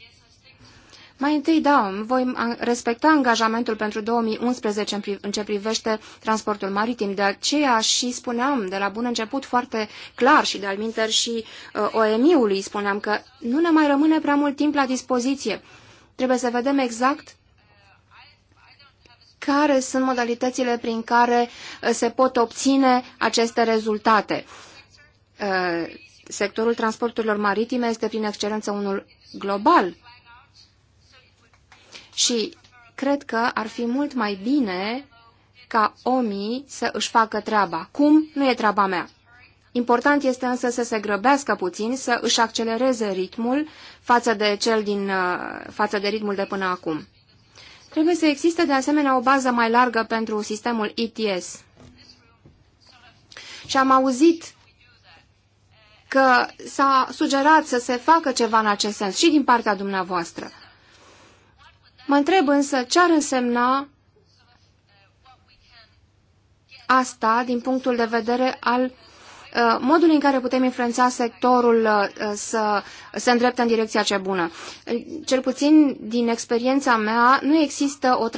Mai întâi, da, voi respecta angajamentul pentru 2011 în ce privește transportul maritim. De aceea și spuneam de la bun început foarte clar și de alminter și uh, OMI-ului spuneam că nu ne mai rămâne prea mult timp la dispoziție. Trebuie să vedem exact care sunt modalitățile prin care uh, se pot obține aceste rezultate. Uh, sectorul transporturilor maritime este prin excelență unul global și cred că ar fi mult mai bine ca omii să își facă treaba. Cum? Nu e treaba mea. Important este însă să se grăbească puțin, să își accelereze ritmul față de, cel din, uh, față de ritmul de până acum. Trebuie să existe de asemenea o bază mai largă pentru sistemul ETS. Și am auzit că s-a sugerat să se facă ceva în acest sens și din partea dumneavoastră. Mă întreb însă ce ar însemna asta din punctul de vedere al Uh, modul în care putem influența sectorul uh, să se îndrepte în direcția cea bună. Uh, cel puțin din experiența mea nu există o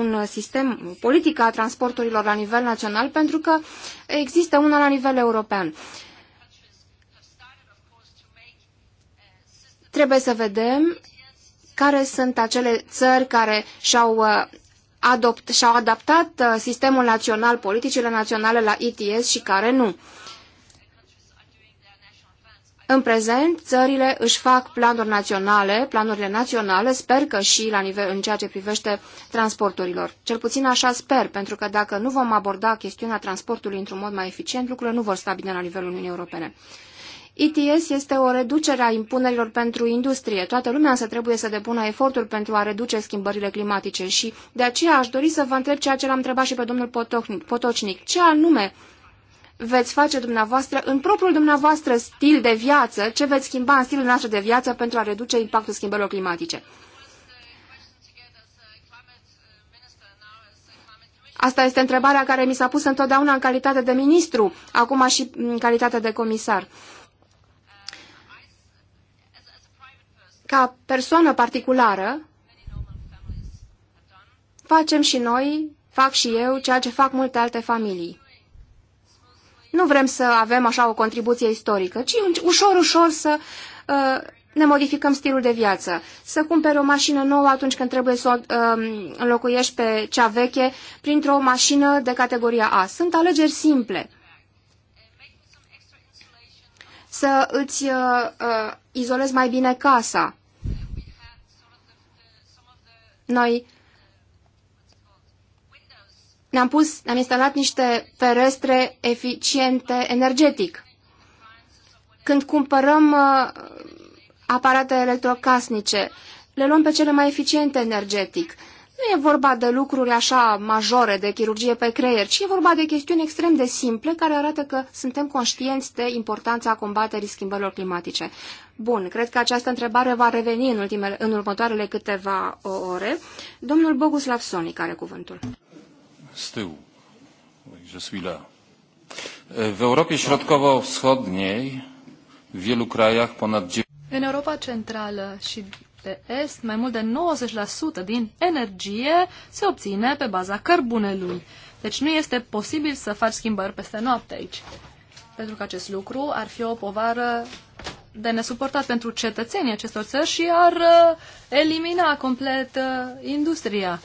un sistem, politic a transporturilor la nivel național pentru că există una la nivel european. Trebuie să vedem care sunt acele țări care și-au adopt, și-au adaptat sistemul național, politicile naționale la ITS și care nu. În prezent, țările își fac planuri naționale, planurile naționale, sper că și la nivel, în ceea ce privește transporturilor. Cel puțin așa sper, pentru că dacă nu vom aborda chestiunea transportului într-un mod mai eficient, lucrurile nu vor sta bine la nivelul Uniunii Europene. ETS este o reducere a impunerilor pentru industrie. Toată lumea însă trebuie să depună eforturi pentru a reduce schimbările climatice și de aceea aș dori să vă întreb ceea ce l-am întrebat și pe domnul Potocnic. Ce anume veți face dumneavoastră în propriul dumneavoastră stil de viață, ce veți schimba în stilul nostru de viață pentru a reduce impactul schimbărilor climatice. Asta este întrebarea care mi s-a pus întotdeauna în calitate de ministru, acum și în calitate de comisar. Ca persoană particulară, facem și noi, fac și eu, ceea ce fac multe alte familii. Nu vrem să avem așa o contribuție istorică, ci ușor, ușor să uh, ne modificăm stilul de viață. Să cumperi o mașină nouă atunci când trebuie să o uh, înlocuiești pe cea veche printr-o mașină de categoria A. Sunt alegeri simple. Să îți uh, uh, izolezi mai bine casa. Noi ne-am pus, ne-am instalat niște ferestre eficiente energetic. Când cumpărăm uh, aparate electrocasnice, le luăm pe cele mai eficiente energetic. Nu e vorba de lucruri așa majore, de chirurgie pe creier, ci e vorba de chestiuni extrem de simple care arată că suntem conștienți de importanța combaterii schimbărilor climatice. Bun, cred că această întrebare va reveni în, ultimele, în următoarele câteva ore. Domnul Boguslav Sonic are cuvântul z tyłu. Je suis là. W Europie Środkowo-Wschodniej w wielu krajach ponad... În Europa Centrală și de Est, mai mult de 90% din energie se obține pe baza cărbunelui. Deci nu este posibil să faci schimbări peste noapte aici. Pentru că acest lucru ar fi o povară de nesuportat pentru cetățenii acestor țări și ar uh, elimina complet uh, industria.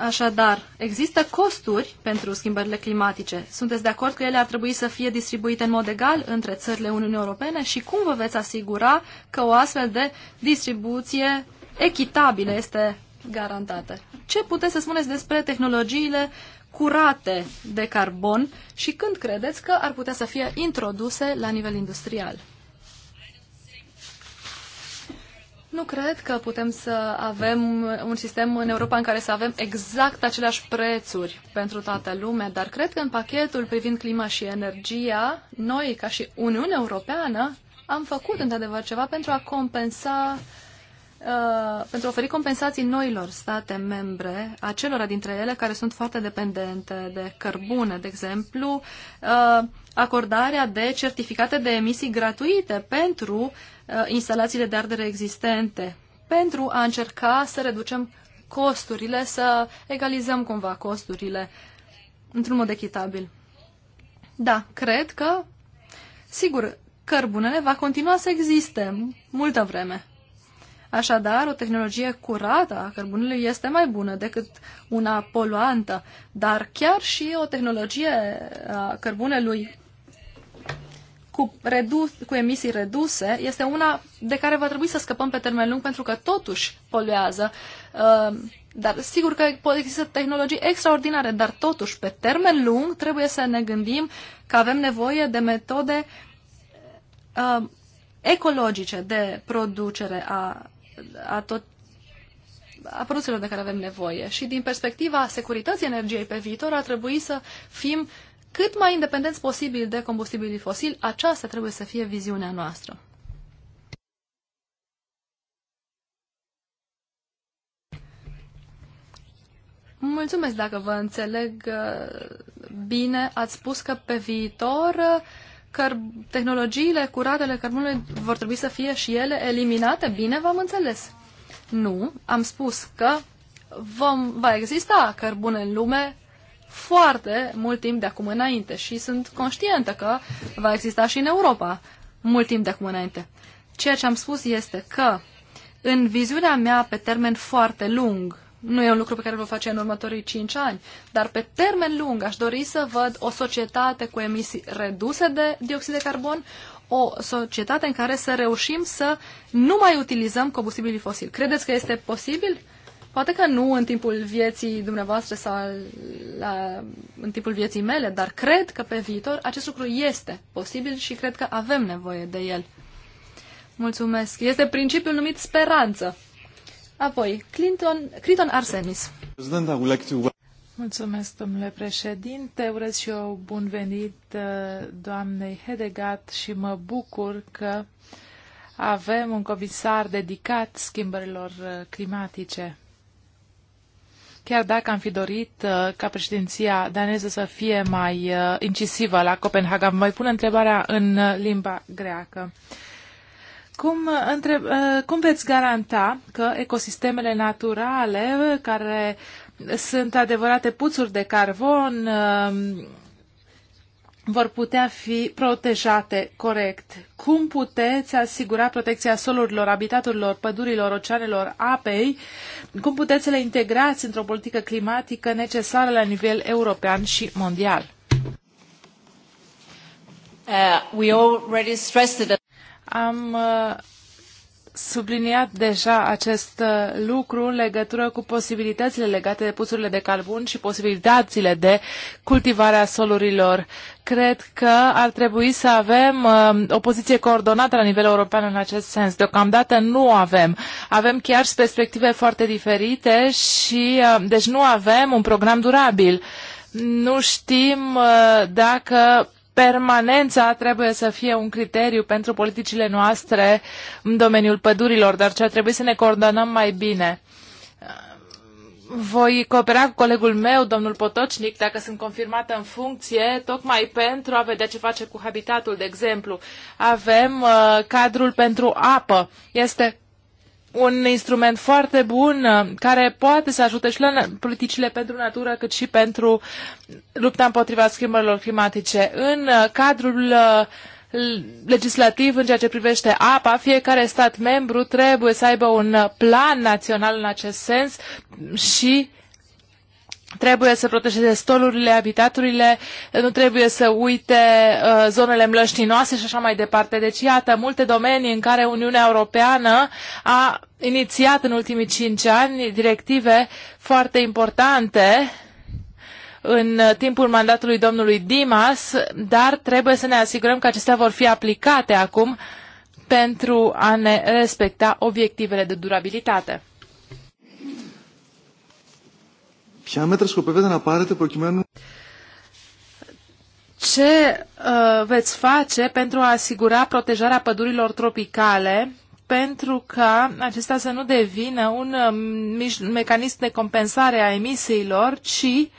Așadar, există costuri pentru schimbările climatice. Sunteți de acord că ele ar trebui să fie distribuite în mod egal între țările Uniunii Europene și cum vă veți asigura că o astfel de distribuție echitabilă este garantată? Ce puteți să spuneți despre tehnologiile curate de carbon și când credeți că ar putea să fie introduse la nivel industrial? Nu cred că putem să avem un sistem în Europa în care să avem exact aceleași prețuri pentru toată lumea, dar cred că în pachetul privind clima și energia, noi, ca și Uniunea Europeană, am făcut într-adevăr ceva pentru a compensa Uh, pentru a oferi compensații noilor state membre, acelora dintre ele care sunt foarte dependente de cărbune, de exemplu, uh, acordarea de certificate de emisii gratuite pentru Uh, instalațiile de ardere existente pentru a încerca să reducem costurile, să egalizăm cumva costurile într-un mod echitabil. Da, cred că, sigur, cărbunele va continua să existe multă vreme. Așadar, o tehnologie curată a cărbunelui este mai bună decât una poluantă, dar chiar și o tehnologie a cărbunelui cu, redus, cu emisii reduse este una de care va trebui să scăpăm pe termen lung pentru că totuși poluează. Uh, dar sigur că pot există tehnologii extraordinare, dar totuși pe termen lung trebuie să ne gândim că avem nevoie de metode uh, ecologice de producere a, a tot a produselor de care avem nevoie. Și din perspectiva securității energiei pe viitor ar trebui să fim uh, cât mai independenți posibil de combustibilii fosili, aceasta trebuie să fie viziunea noastră. Mulțumesc dacă vă înțeleg uh, bine. Ați spus că pe viitor uh, căr- tehnologiile curate ale cărbunului vor trebui să fie și ele eliminate. Bine v-am înțeles. Nu, am spus că vom, va exista cărbune în lume foarte mult timp de acum înainte și sunt conștientă că va exista și în Europa mult timp de acum înainte. Ceea ce am spus este că în viziunea mea pe termen foarte lung, nu e un lucru pe care îl voi face în următorii 5 ani, dar pe termen lung aș dori să văd o societate cu emisii reduse de dioxid de carbon, o societate în care să reușim să nu mai utilizăm combustibilii fosili. Credeți că este posibil? Poate că nu în timpul vieții dumneavoastră sau la, în timpul vieții mele, dar cred că pe viitor acest lucru este posibil și cred că avem nevoie de el. Mulțumesc. Este principiul numit speranță. Apoi, Clinton, Clinton Arsenis. Mulțumesc, domnule președinte. Urez și eu bun venit uh, doamnei Hedegat și mă bucur că avem un comisar dedicat schimbărilor uh, climatice chiar dacă am fi dorit uh, ca președinția daneză să fie mai uh, incisivă la Copenhaga. Mai pun întrebarea în uh, limba greacă. Cum, între, cum veți garanta că ecosistemele naturale care sunt adevărate puțuri de carbon, vor putea fi protejate corect. Cum puteți asigura protecția solurilor, habitaturilor, pădurilor, oceanelor, apei? Cum puteți să le integrați într-o politică climatică necesară la nivel european și mondial? Uh, we already stressed that... Am uh, subliniat deja acest uh, lucru în legătură cu posibilitățile legate de puțurile de carbon și posibilitățile de cultivare a solurilor. Cred că ar trebui să avem uh, o poziție coordonată la nivel european în acest sens. Deocamdată nu avem. Avem chiar și perspective foarte diferite și uh, deci nu avem un program durabil. Nu știm uh, dacă permanența trebuie să fie un criteriu pentru politicile noastre în domeniul pădurilor, dar ce trebuie să ne coordonăm mai bine. Voi coopera cu colegul meu, domnul Potocnic, dacă sunt confirmată în funcție, tocmai pentru a vedea ce face cu habitatul, de exemplu. Avem uh, cadrul pentru apă. Este un instrument foarte bun uh, care poate să ajute și la politicile pentru natură, cât și pentru lupta împotriva schimbărilor climatice. În uh, cadrul uh, legislativ în ceea ce privește apa, fiecare stat membru trebuie să aibă un plan național în acest sens și trebuie să protejeze stolurile, habitaturile, nu trebuie să uite uh, zonele mlăștinoase și așa mai departe. Deci, iată, multe domenii în care Uniunea Europeană a inițiat în ultimii cinci ani directive foarte importante în timpul mandatului domnului Dimas, dar trebuie să ne asigurăm că acestea vor fi aplicate acum pentru a ne respecta obiectivele de durabilitate. Ποια μέτρα σκοπεύετε να πάρετε προκειμένου... Ce uh, veți face pentru a asigura protejarea pădurilor tropicale pentru ca acesta să nu devină un uh, mecanism de compensare a emisiilor, ci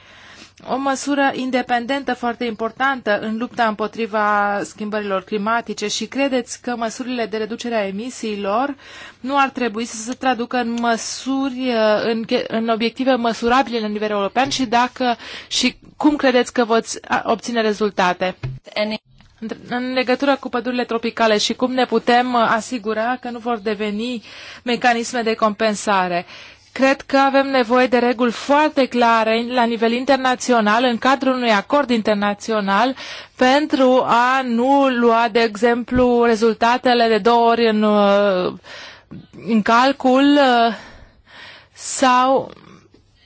o măsură independentă foarte importantă în lupta împotriva schimbărilor climatice și credeți că măsurile de reducere a emisiilor nu ar trebui să se traducă în măsuri, uh, în, în obiective măsurabile la nivel european și dacă și cum credeți că voți obține rezultate? În legătură cu pădurile tropicale și cum ne putem uh, asigura că nu vor deveni mecanisme de compensare. Cred că avem nevoie de reguli foarte clare la nivel internațional, în cadrul unui acord internațional, pentru a nu lua, de exemplu, rezultatele de două ori în, uh, în calcul uh, sau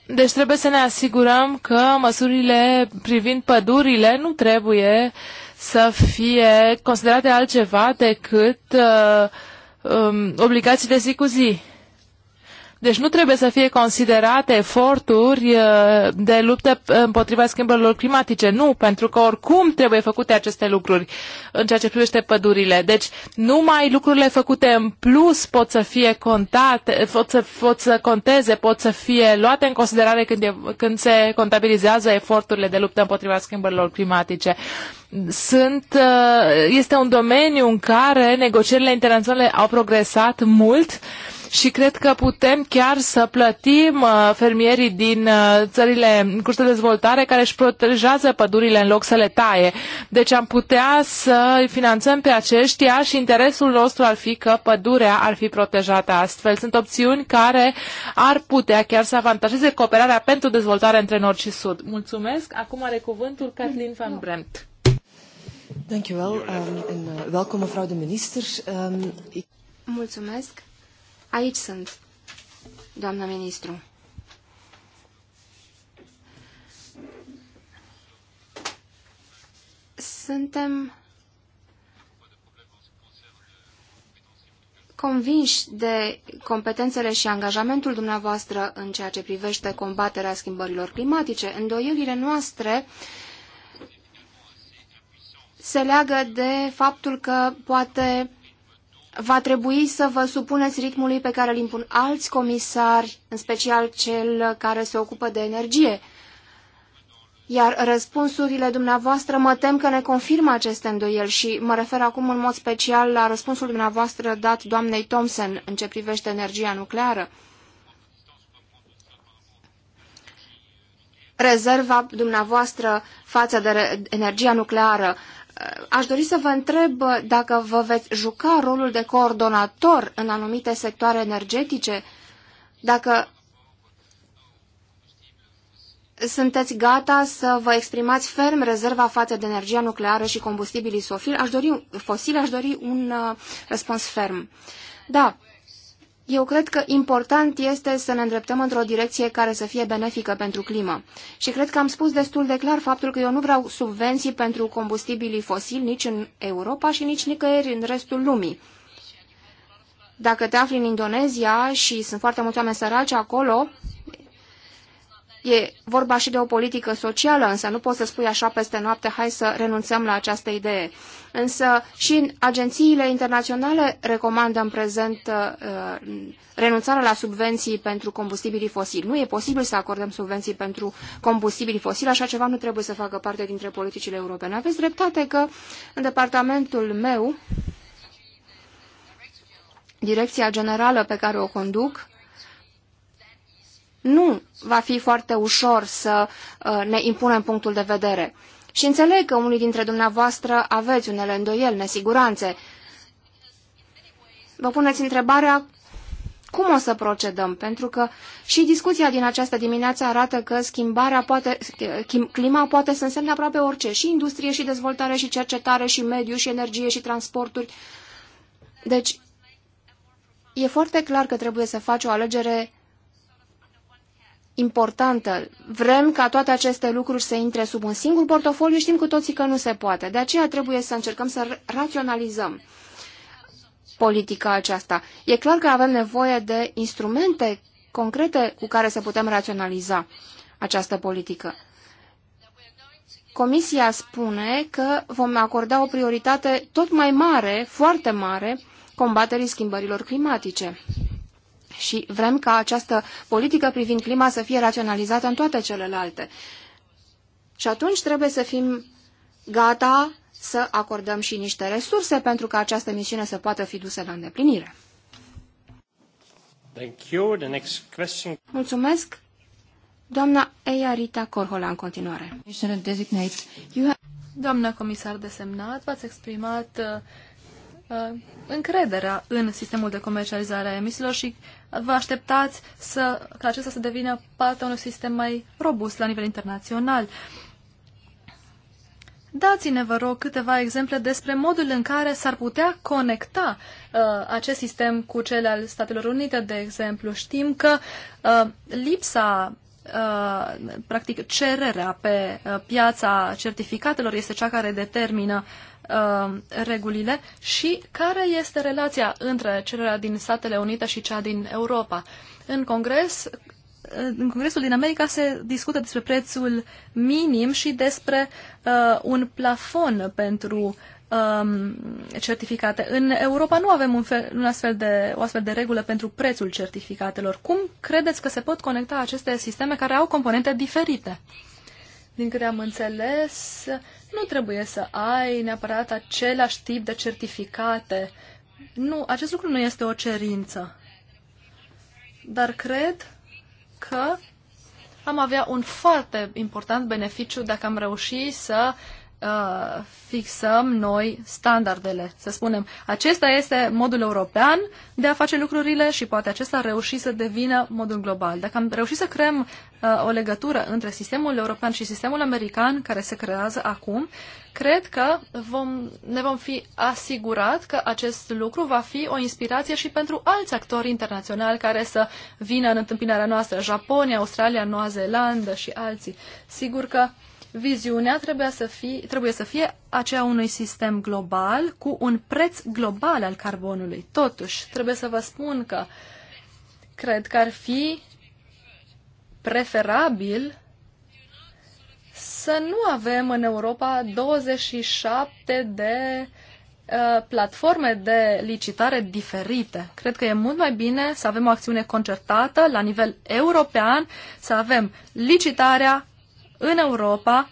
deci trebuie să ne asigurăm că măsurile privind pădurile nu trebuie să fie considerate altceva decât uh, um, obligații de zi cu zi. Deci nu trebuie să fie considerate eforturi uh, de luptă împotriva schimbărilor climatice. Nu, pentru că oricum trebuie făcute aceste lucruri în ceea ce privește pădurile. Deci numai lucrurile făcute în plus pot să fie contate, pot să, pot să conteze, pot să fie luate în considerare când, e, când se contabilizează eforturile de luptă împotriva schimbărilor climatice. Sunt, uh, este un domeniu în care negocierile internaționale au progresat mult și cred că putem chiar să plătim uh, fermierii din uh, țările în curs de dezvoltare care își protejează pădurile în loc să le taie. Deci am putea să îi finanțăm pe aceștia și interesul nostru ar fi că pădurea ar fi protejată astfel. Sunt opțiuni care ar putea chiar să avantajeze cooperarea pentru dezvoltare între Nord și Sud. Mulțumesc. Acum are cuvântul Kathleen van Bremt. Dank u wel um, en uh, welkom mevrouw de minister. Um, ik... Mulțumesc. Aici sunt, doamnă ministru. Suntem convinși de competențele și angajamentul dumneavoastră în ceea ce privește combaterea schimbărilor climatice. Îndoielile noastre se leagă de faptul că poate va trebui să vă supuneți ritmului pe care îl impun alți comisari, în special cel care se ocupă de energie. Iar răspunsurile dumneavoastră mă tem că ne confirmă aceste îndoieli și mă refer acum în mod special la răspunsul dumneavoastră dat doamnei Thomson în ce privește energia nucleară. Rezerva dumneavoastră față de energia nucleară Uh, aș dori să vă întreb uh, dacă vă veți juca rolul de coordonator în anumite sectoare energetice, dacă sunteți gata să vă exprimați ferm rezerva față de energia nucleară și combustibilii fosili, aș dori, aș dori un uh, răspuns ferm. Da, eu cred că important este să ne îndreptăm într-o direcție care să fie benefică pentru climă. Și cred că am spus destul de clar faptul că eu nu vreau subvenții pentru combustibilii fosili nici în Europa și nici nicăieri în restul lumii. Dacă te afli în Indonezia și sunt foarte mulți oameni săraci acolo, e vorba și de o politică socială, însă nu poți să spui așa peste noapte, hai să renunțăm la această idee însă și agențiile internaționale recomandă în prezent uh, renunțarea la subvenții pentru combustibilii fosili. Nu e posibil să acordăm subvenții pentru combustibilii fosili, așa ceva nu trebuie să facă parte dintre politicile europene. Aveți dreptate că în departamentul meu, direcția generală pe care o conduc, nu va fi foarte ușor să uh, ne impunem punctul de vedere. Și înțeleg că unii dintre dumneavoastră aveți unele îndoieli, nesiguranțe. Vă puneți întrebarea cum o să procedăm, pentru că și discuția din această dimineață arată că schimbarea poate, clima poate să însemne aproape orice, și industrie, și dezvoltare, și cercetare, și mediu, și energie, și transporturi. Deci, e foarte clar că trebuie să faci o alegere importantă. Vrem ca toate aceste lucruri să intre sub un singur portofoliu, știm cu toții că nu se poate. De aceea trebuie să încercăm să raționalizăm politica aceasta. E clar că avem nevoie de instrumente concrete cu care să putem raționaliza această politică. Comisia spune că vom acorda o prioritate tot mai mare, foarte mare, combaterii schimbărilor climatice și vrem ca această politică privind clima să fie raționalizată în toate celelalte. Și atunci trebuie să fim gata să acordăm și niște resurse pentru ca această misiune să poată fi dusă la îndeplinire. Thank you. The next question... Mulțumesc. Doamna Eiarita Corhola în continuare. Doamna comisar desemnat, v-ați exprimat uh, Uh, încrederea în sistemul de comercializare a emisiilor și vă așteptați să, ca acesta să devină partea unui sistem mai robust la nivel internațional. Dați-ne, vă rog, câteva exemple despre modul în care s-ar putea conecta uh, acest sistem cu cele al Statelor Unite, de exemplu. Știm că uh, lipsa uh, practic cererea pe uh, piața certificatelor este cea care determină Uh, regulile și care este relația între cererea din Statele Unite și cea din Europa. În Congres, uh, în Congresul din America se discută despre prețul minim și despre uh, un plafon pentru um, certificate. În Europa nu avem un, fel, un astfel de, o astfel de regulă pentru prețul certificatelor. Cum credeți că se pot conecta aceste sisteme care au componente diferite? Uh, din câte am înțeles, nu trebuie să ai neapărat același tip de certificate. Nu, acest lucru nu este o cerință. Dar cred că am avea un foarte important beneficiu dacă am reușit să Uh, fixăm noi standardele. Să spunem, acesta este modul european de a face lucrurile și poate acesta reuși să devină modul global. Dacă am reușit să creăm uh, o legătură între sistemul european și sistemul american care se creează acum, cred că vom, ne vom fi asigurat că acest lucru va fi o inspirație și pentru alți actori internaționali care să vină în întâmpinarea noastră, Japonia, Australia, Noua Zeelandă și alții. Sigur că uh, Viziunea trebuie să, fie, trebuie să fie aceea unui sistem global cu un preț global al carbonului. Totuși, trebuie să vă spun că cred că ar fi preferabil să nu avem în Europa 27 de uh, platforme de licitare diferite. Cred că e mult mai bine să avem o acțiune concertată la nivel european, să avem licitarea, în Europa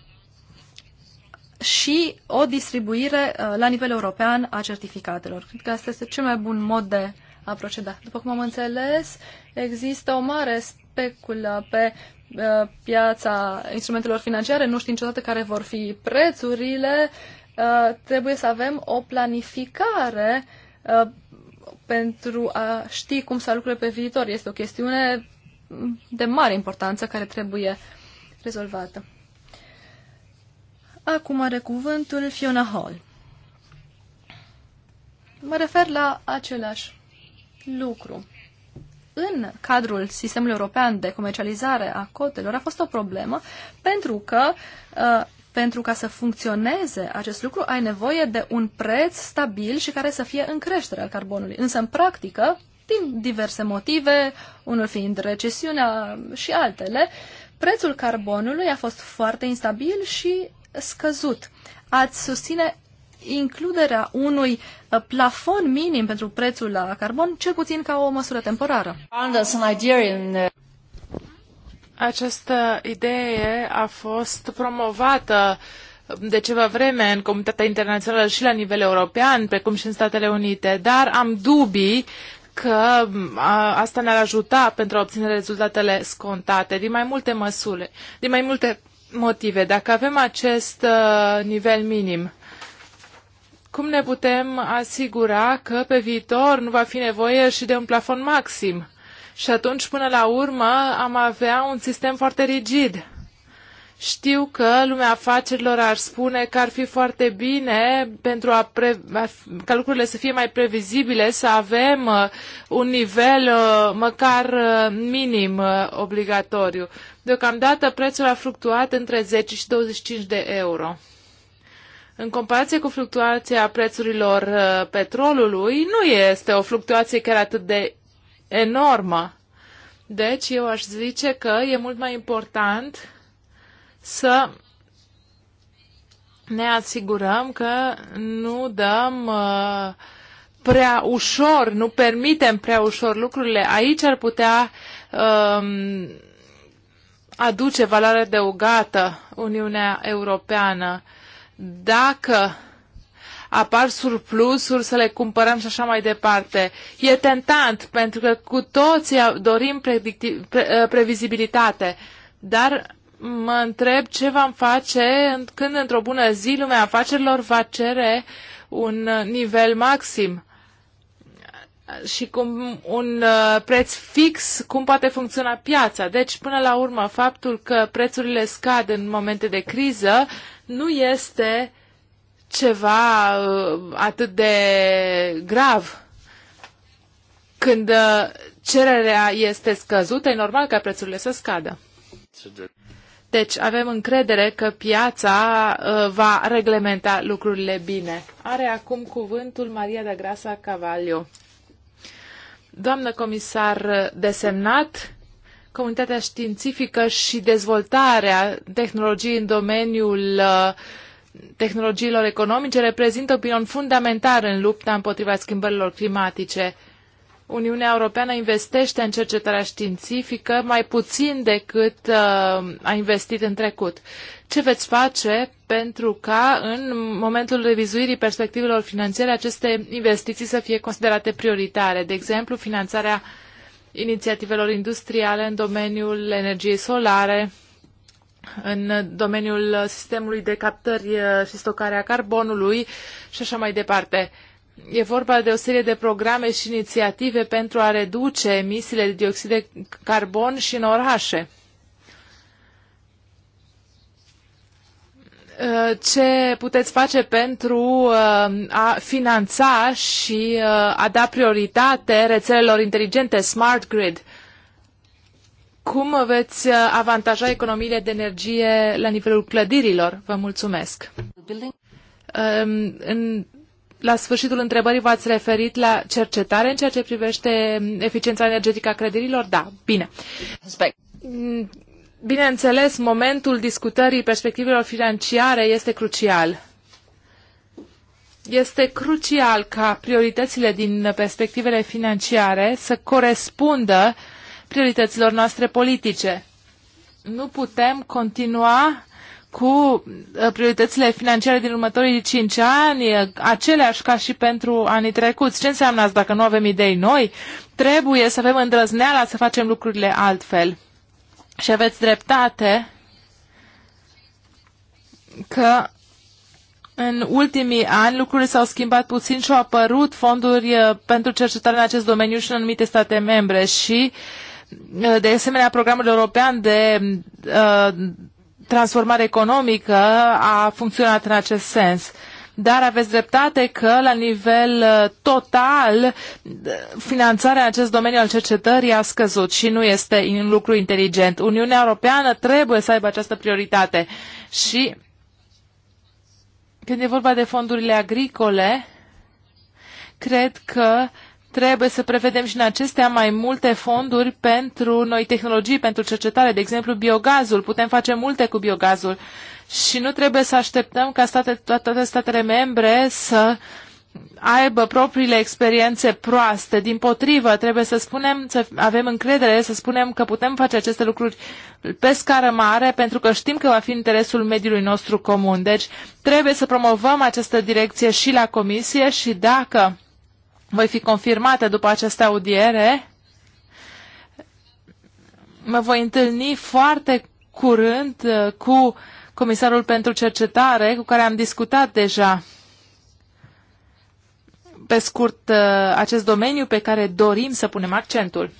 și o distribuire uh, la nivel european a certificatelor. Cred că asta este cel mai bun mod de a proceda. După cum am înțeles, există o mare speculă pe uh, piața instrumentelor financiare, nu știm niciodată care vor fi prețurile, uh, trebuie să avem o planificare pentru a ști cum să lucre pe viitor. Este o chestiune de mare importanță care trebuie uh, rezolvată. Acum are cuvântul Fiona Hall. Mă refer la același lucru. În cadrul sistemului european de comercializare a cotelor a fost o problemă pentru că uh, pentru ca să funcționeze acest lucru ai nevoie de un preț stabil și care să fie în creștere al carbonului. Însă, în practică, din diverse motive, unul fiind recesiunea și altele, uh, Prețul carbonului a fost foarte instabil și scăzut. Ați susține includerea unui uh, plafon minim pentru prețul la carbon, cel puțin ca o măsură temporară. Această idee a fost promovată de ceva vreme în comunitatea internațională și la nivel european, precum și în Statele Unite, dar am dubii că asta ne-ar ajuta pentru a obține rezultatele scontate din mai multe măsuri, din mai multe motive. Dacă avem acest nivel minim, cum ne putem asigura că pe viitor nu va fi nevoie și de un plafon maxim? Și atunci, până la urmă, am avea un sistem foarte rigid știu că lumea afacerilor ar spune că ar fi foarte bine pentru a pre... ca lucrurile să fie mai previzibile, să avem uh, un nivel uh, măcar uh, minim obligatoriu. Deocamdată prețul a fluctuat între 10 și 25 de euro. În comparație cu fluctuația prețurilor petrolului, nu este o fluctuație chiar atât de enormă. Deci eu aș zice că e mult mai important să ne asigurăm că nu dăm uh, prea ușor, nu permitem prea ușor lucrurile. Aici ar putea um, aduce valoare adăugată Uniunea Europeană. Dacă apar surplusuri, să le cumpărăm și așa mai departe. E tentant, pentru că cu toții dorim uh, previzibilitate, dar mă întreb ce vom face când într-o bună zi lumea afacerilor va cere un uh, nivel maxim și cum un uh, preț fix, cum poate funcționa piața. Deci, până la urmă, faptul că prețurile scad în momente de criză nu este ceva uh, atât de grav. Când cererea este scăzută, e normal ca prețurile să scadă. Deci avem încredere că piața uh, va reglementa lucrurile bine. Are acum cuvântul Maria de Grasa Cavaliu. Doamnă comisar desemnat, comunitatea științifică și dezvoltarea tehnologiei în domeniul uh, tehnologiilor economice reprezintă opinion fundamental în lupta împotriva schimbărilor climatice. Uniunea Europeană investește în cercetarea științifică mai puțin decât uh, a investit în trecut. Ce veți face pentru ca în momentul revizuirii perspectivelor financiare aceste investiții să fie considerate prioritare? De exemplu, finanțarea inițiativelor industriale în domeniul energiei solare, în domeniul sistemului de captări uh, și stocare a carbonului și așa mai departe. Uh, E vorba de o serie de programe și inițiative pentru a reduce emisiile de dioxid de carbon și în orașe. Uh, ce puteți face pentru uh, a finanța și uh, a da prioritate rețelelor inteligente, smart grid? Cum veți avantaja economiile de energie la nivelul clădirilor? Vă mulțumesc. Um, în la sfârșitul întrebării v-ați referit la cercetare în ceea ce privește eficiența energetică a clădirilor? Da, bine. Respect. Mm, bineînțeles, momentul discutării perspectivelor financiare este crucial. Este crucial ca prioritățile din perspectivele financiare să corespundă priorităților noastre politice. Nu putem continua cu uh, prioritățile financiare din următorii 5 ani, uh, aceleași ca și pentru anii trecuți. Ce înseamnă asta dacă nu avem idei noi? Trebuie să avem îndrăzneala să facem lucrurile altfel. Și aveți dreptate că în ultimii ani lucrurile s-au schimbat puțin și au apărut fonduri uh, pentru cercetare în acest domeniu și în anumite state membre și de asemenea programul european de uh, transformare economică a funcționat în acest sens dar aveți dreptate că la nivel uh, total uh, finanțarea în acest domeniu al cercetării a scăzut și nu este un lucru inteligent. Uniunea Europeană trebuie să aibă această prioritate și când e vorba de fondurile agricole, cred că trebuie să prevedem și în acestea mai multe fonduri pentru noi tehnologii, pentru cercetare, de exemplu biogazul. Putem face multe cu biogazul și nu trebuie să așteptăm ca state, toate statele membre să aibă propriile experiențe proaste. Din potrivă, trebuie să spunem, să avem încredere, să spunem că putem face aceste lucruri pe scară mare, pentru că știm că va fi interesul mediului nostru comun. Deci trebuie să promovăm această direcție și la comisie și dacă voi fi confirmată după această audiere. Mă voi întâlni foarte curând uh, cu comisarul pentru cercetare, cu care am discutat deja pe scurt uh, acest domeniu pe care dorim să punem accentul.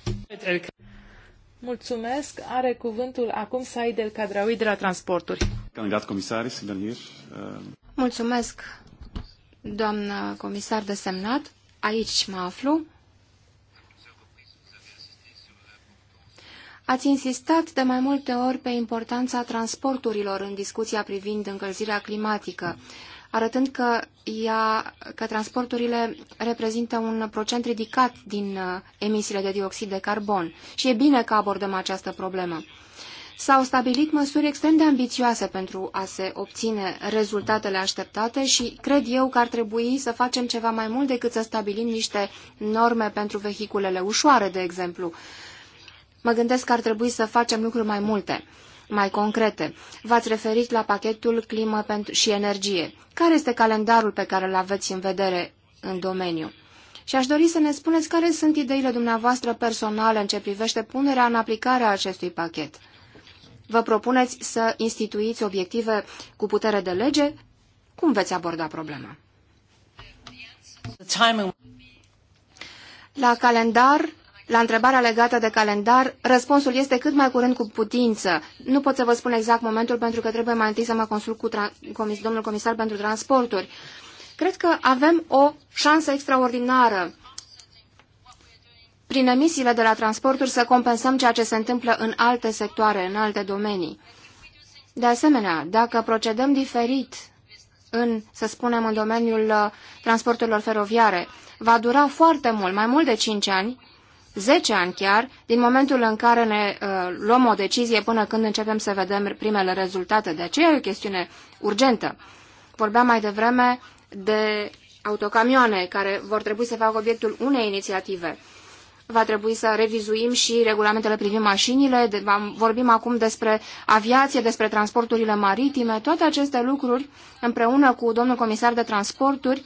Mulțumesc. Are cuvântul acum Said El Cadraui de la Transporturi. Candidat comisar, uh. Mulțumesc, doamnă comisar desemnat aici mă aflu. Ați insistat de mai multe ori pe importanța transporturilor în discuția privind încălzirea climatică, arătând că, ea, că transporturile reprezintă un procent ridicat din uh, emisiile de dioxid de carbon. Și e bine că abordăm această problemă s-au stabilit măsuri extrem de ambițioase pentru a se obține rezultatele așteptate și cred eu că ar trebui să facem ceva mai mult decât să stabilim niște norme pentru vehiculele ușoare, de exemplu. Mă gândesc că ar trebui să facem lucruri mai multe, mai concrete. V-ați referit la pachetul climă și energie. Care este calendarul pe care îl aveți în vedere în domeniu? și aș dori să ne spuneți care sunt ideile dumneavoastră personale în ce privește punerea în aplicare a acestui pachet vă propuneți să instituiți obiective cu putere de lege? Cum veți aborda problema? La calendar, la întrebarea legată de calendar, răspunsul este cât mai curând cu putință. Nu pot să vă spun exact momentul pentru că trebuie mai întâi să mă consult cu comis domnul comisar pentru transporturi. Cred că avem o șansă extraordinară prin emisiile de la transporturi să compensăm ceea ce se întâmplă în alte sectoare, în alte domenii. De asemenea, dacă procedăm diferit în, să spunem, în domeniul uh, transporturilor feroviare, va dura foarte mult, mai mult de 5 ani, 10 ani chiar, din momentul în care ne uh, luăm o decizie până când începem să vedem primele rezultate. De aceea e o chestiune urgentă. Vorbeam mai devreme de autocamioane care vor trebui să facă obiectul unei inițiative va trebui să revizuim și regulamentele privind mașinile, vorbim acum despre aviație, despre transporturile maritime, toate aceste lucruri împreună cu domnul comisar de transporturi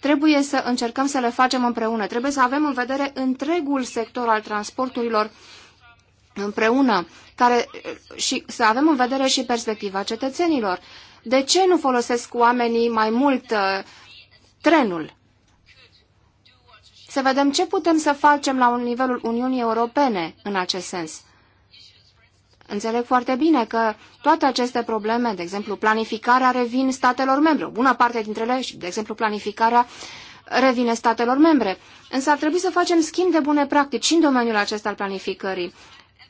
trebuie să încercăm să le facem împreună. Trebuie să avem în vedere întregul sector al transporturilor împreună care, și să avem în vedere și perspectiva cetățenilor. De ce nu folosesc oamenii mai mult uh, trenul? să vedem ce putem să facem la un nivelul Uniunii Europene în acest sens. Înțeleg foarte bine că toate aceste probleme, de exemplu planificarea, revin statelor membre. O bună parte dintre ele, de exemplu planificarea, revine statelor membre. Însă ar trebui să facem schimb de bune practici și în domeniul acesta al planificării.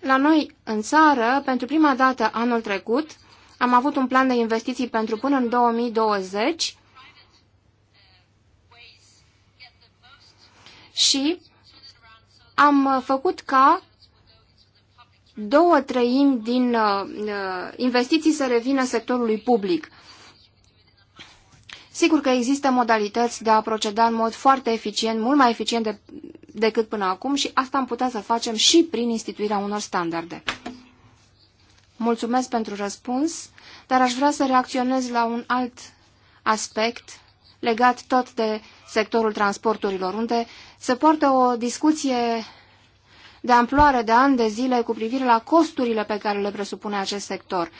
La noi, în țară, pentru prima dată anul trecut, am avut un plan de investiții pentru până în 2020 și am uh, făcut ca două treimi din uh, uh, investiții să revină sectorului public. Sigur că există modalități de a proceda în mod foarte eficient, mult mai eficient de, decât până acum și asta am putea să facem și prin instituirea unor standarde. Mulțumesc pentru răspuns, dar aș vrea să reacționez la un alt aspect legat tot de sectorul transporturilor, unde se poartă o discuție de amploare de ani de zile cu privire la costurile pe care le presupune acest sector.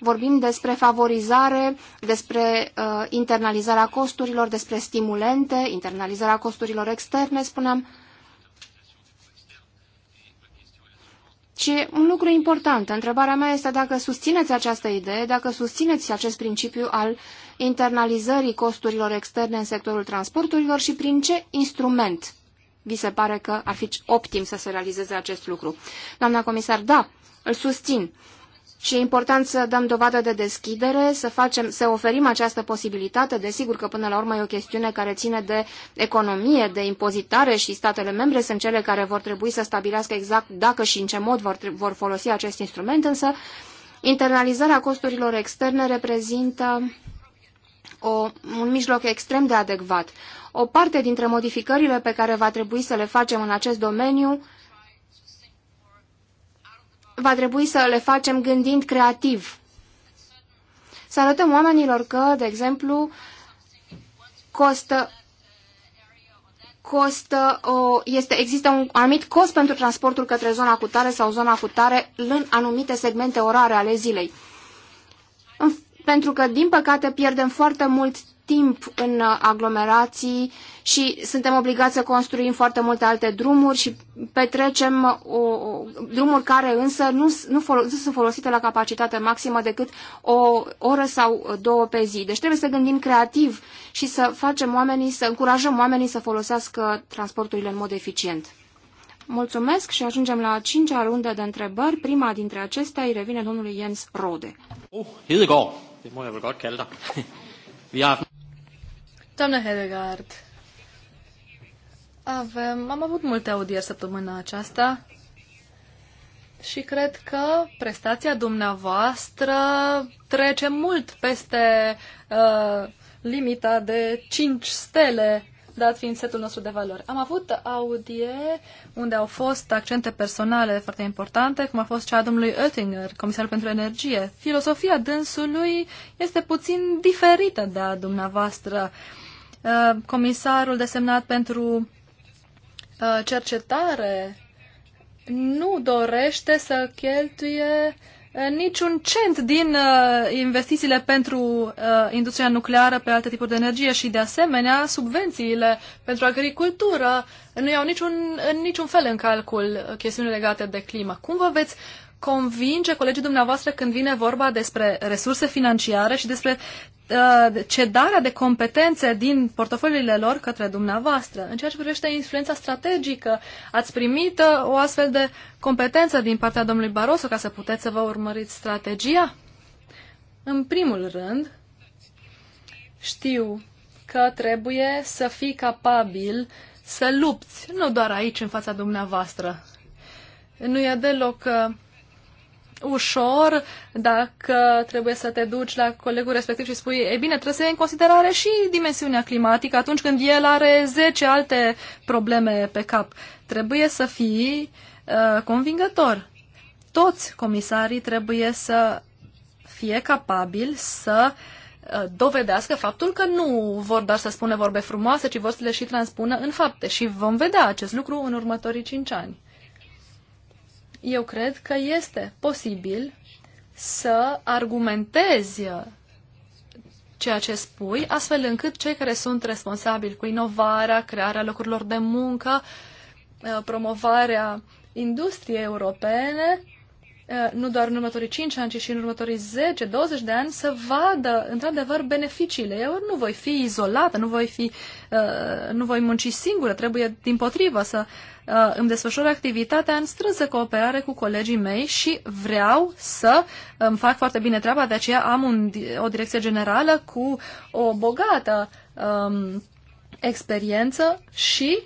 Vorbim despre favorizare, despre uh, internalizarea costurilor, despre stimulente, internalizarea costurilor externe, spuneam. Și un lucru important, întrebarea mea este dacă susțineți această idee, dacă susțineți acest principiu al internalizării costurilor externe în sectorul transporturilor și prin ce instrument vi se pare că ar fi optim să se realizeze acest lucru. Doamna comisar, da, îl susțin. Și e important să dăm dovadă de deschidere, să, facem, să oferim această posibilitate. Desigur că până la urmă e o chestiune care ține de economie, de impozitare și statele membre sunt cele care vor trebui să stabilească exact dacă și în ce mod vor, vor folosi acest instrument, însă internalizarea costurilor externe reprezintă o, un mijloc extrem de adecvat. O parte dintre modificările pe care va trebui să le facem în acest domeniu va trebui să le facem gândind creativ. Să arătăm oamenilor că, de exemplu, costă, costă o, este, există un anumit cost pentru transportul către zona cutare sau zona cutare în anumite segmente orare ale zilei pentru că, din păcate, pierdem foarte mult timp în uh, aglomerații și suntem obligați să construim foarte multe alte drumuri și petrecem uh, o, o, drumuri care însă nu, nu, folos, nu sunt folosite la capacitate maximă decât o oră sau uh, două pe zi. Deci trebuie să gândim creativ și să facem oamenii, să încurajăm oamenii să folosească transporturile în mod eficient. Mulțumesc și ajungem la a cincea rundă de întrebări. Prima dintre acestea îi revine domnului Jens Rode. Oh, Det må jeg vel godt kalde dig. Vi har haft... Doamna Hedegaard, avem, am avut multe audieri săptămâna aceasta și cred că prestația dumneavoastră trece mult peste uh, limita de 5 stele dat fiind setul nostru de valori. Am avut audie unde au fost accente personale foarte importante, cum a fost cea a domnului Oettinger, comisar pentru energie. Filosofia dânsului este puțin diferită de a dumneavoastră. Uh, comisarul desemnat pentru uh, cercetare nu dorește să cheltuie uh, niciun cent din uh, investițiile pentru uh, industria nucleară pe alte tipuri de energie și, de asemenea, subvențiile pentru agricultură nu iau niciun, în niciun fel în calcul chestiuni legate de climă. Cum vă veți convinge colegii dumneavoastră când vine vorba despre resurse financiare și despre uh, cedarea de competențe din portofoliile lor către dumneavoastră. În ceea ce privește influența strategică, ați primit uh, o astfel de competență din partea domnului Barroso ca să puteți să vă urmăriți strategia? În primul rând, știu că trebuie să fii capabil să lupți, nu doar aici în fața dumneavoastră. Nu e deloc uh, ușor dacă trebuie să te duci la colegul respectiv și spui, e bine, trebuie să iei în considerare și dimensiunea climatică atunci când el are 10 alte probleme pe cap. Trebuie să fii uh, convingător. Toți comisarii trebuie să fie capabili să uh, dovedească faptul că nu vor doar să spună vorbe frumoase, ci vor să le și transpună în fapte. Și vom vedea acest lucru în următorii cinci ani eu cred că este posibil să argumentezi ceea ce spui, astfel încât cei care sunt responsabili cu inovarea, crearea locurilor de muncă, uh, promovarea industriei europene, uh, nu doar în următorii 5 ani, ci și în următorii 10-20 de ani, să vadă într-adevăr beneficiile. Eu nu voi fi izolată, nu voi, fi, uh, nu voi munci singură, trebuie din potrivă să uh, îmi desfășor activitatea în strânsă cooperare cu colegii mei și vreau să îmi fac foarte bine treaba, de aceea am un, o direcție generală cu o bogată um, experiență și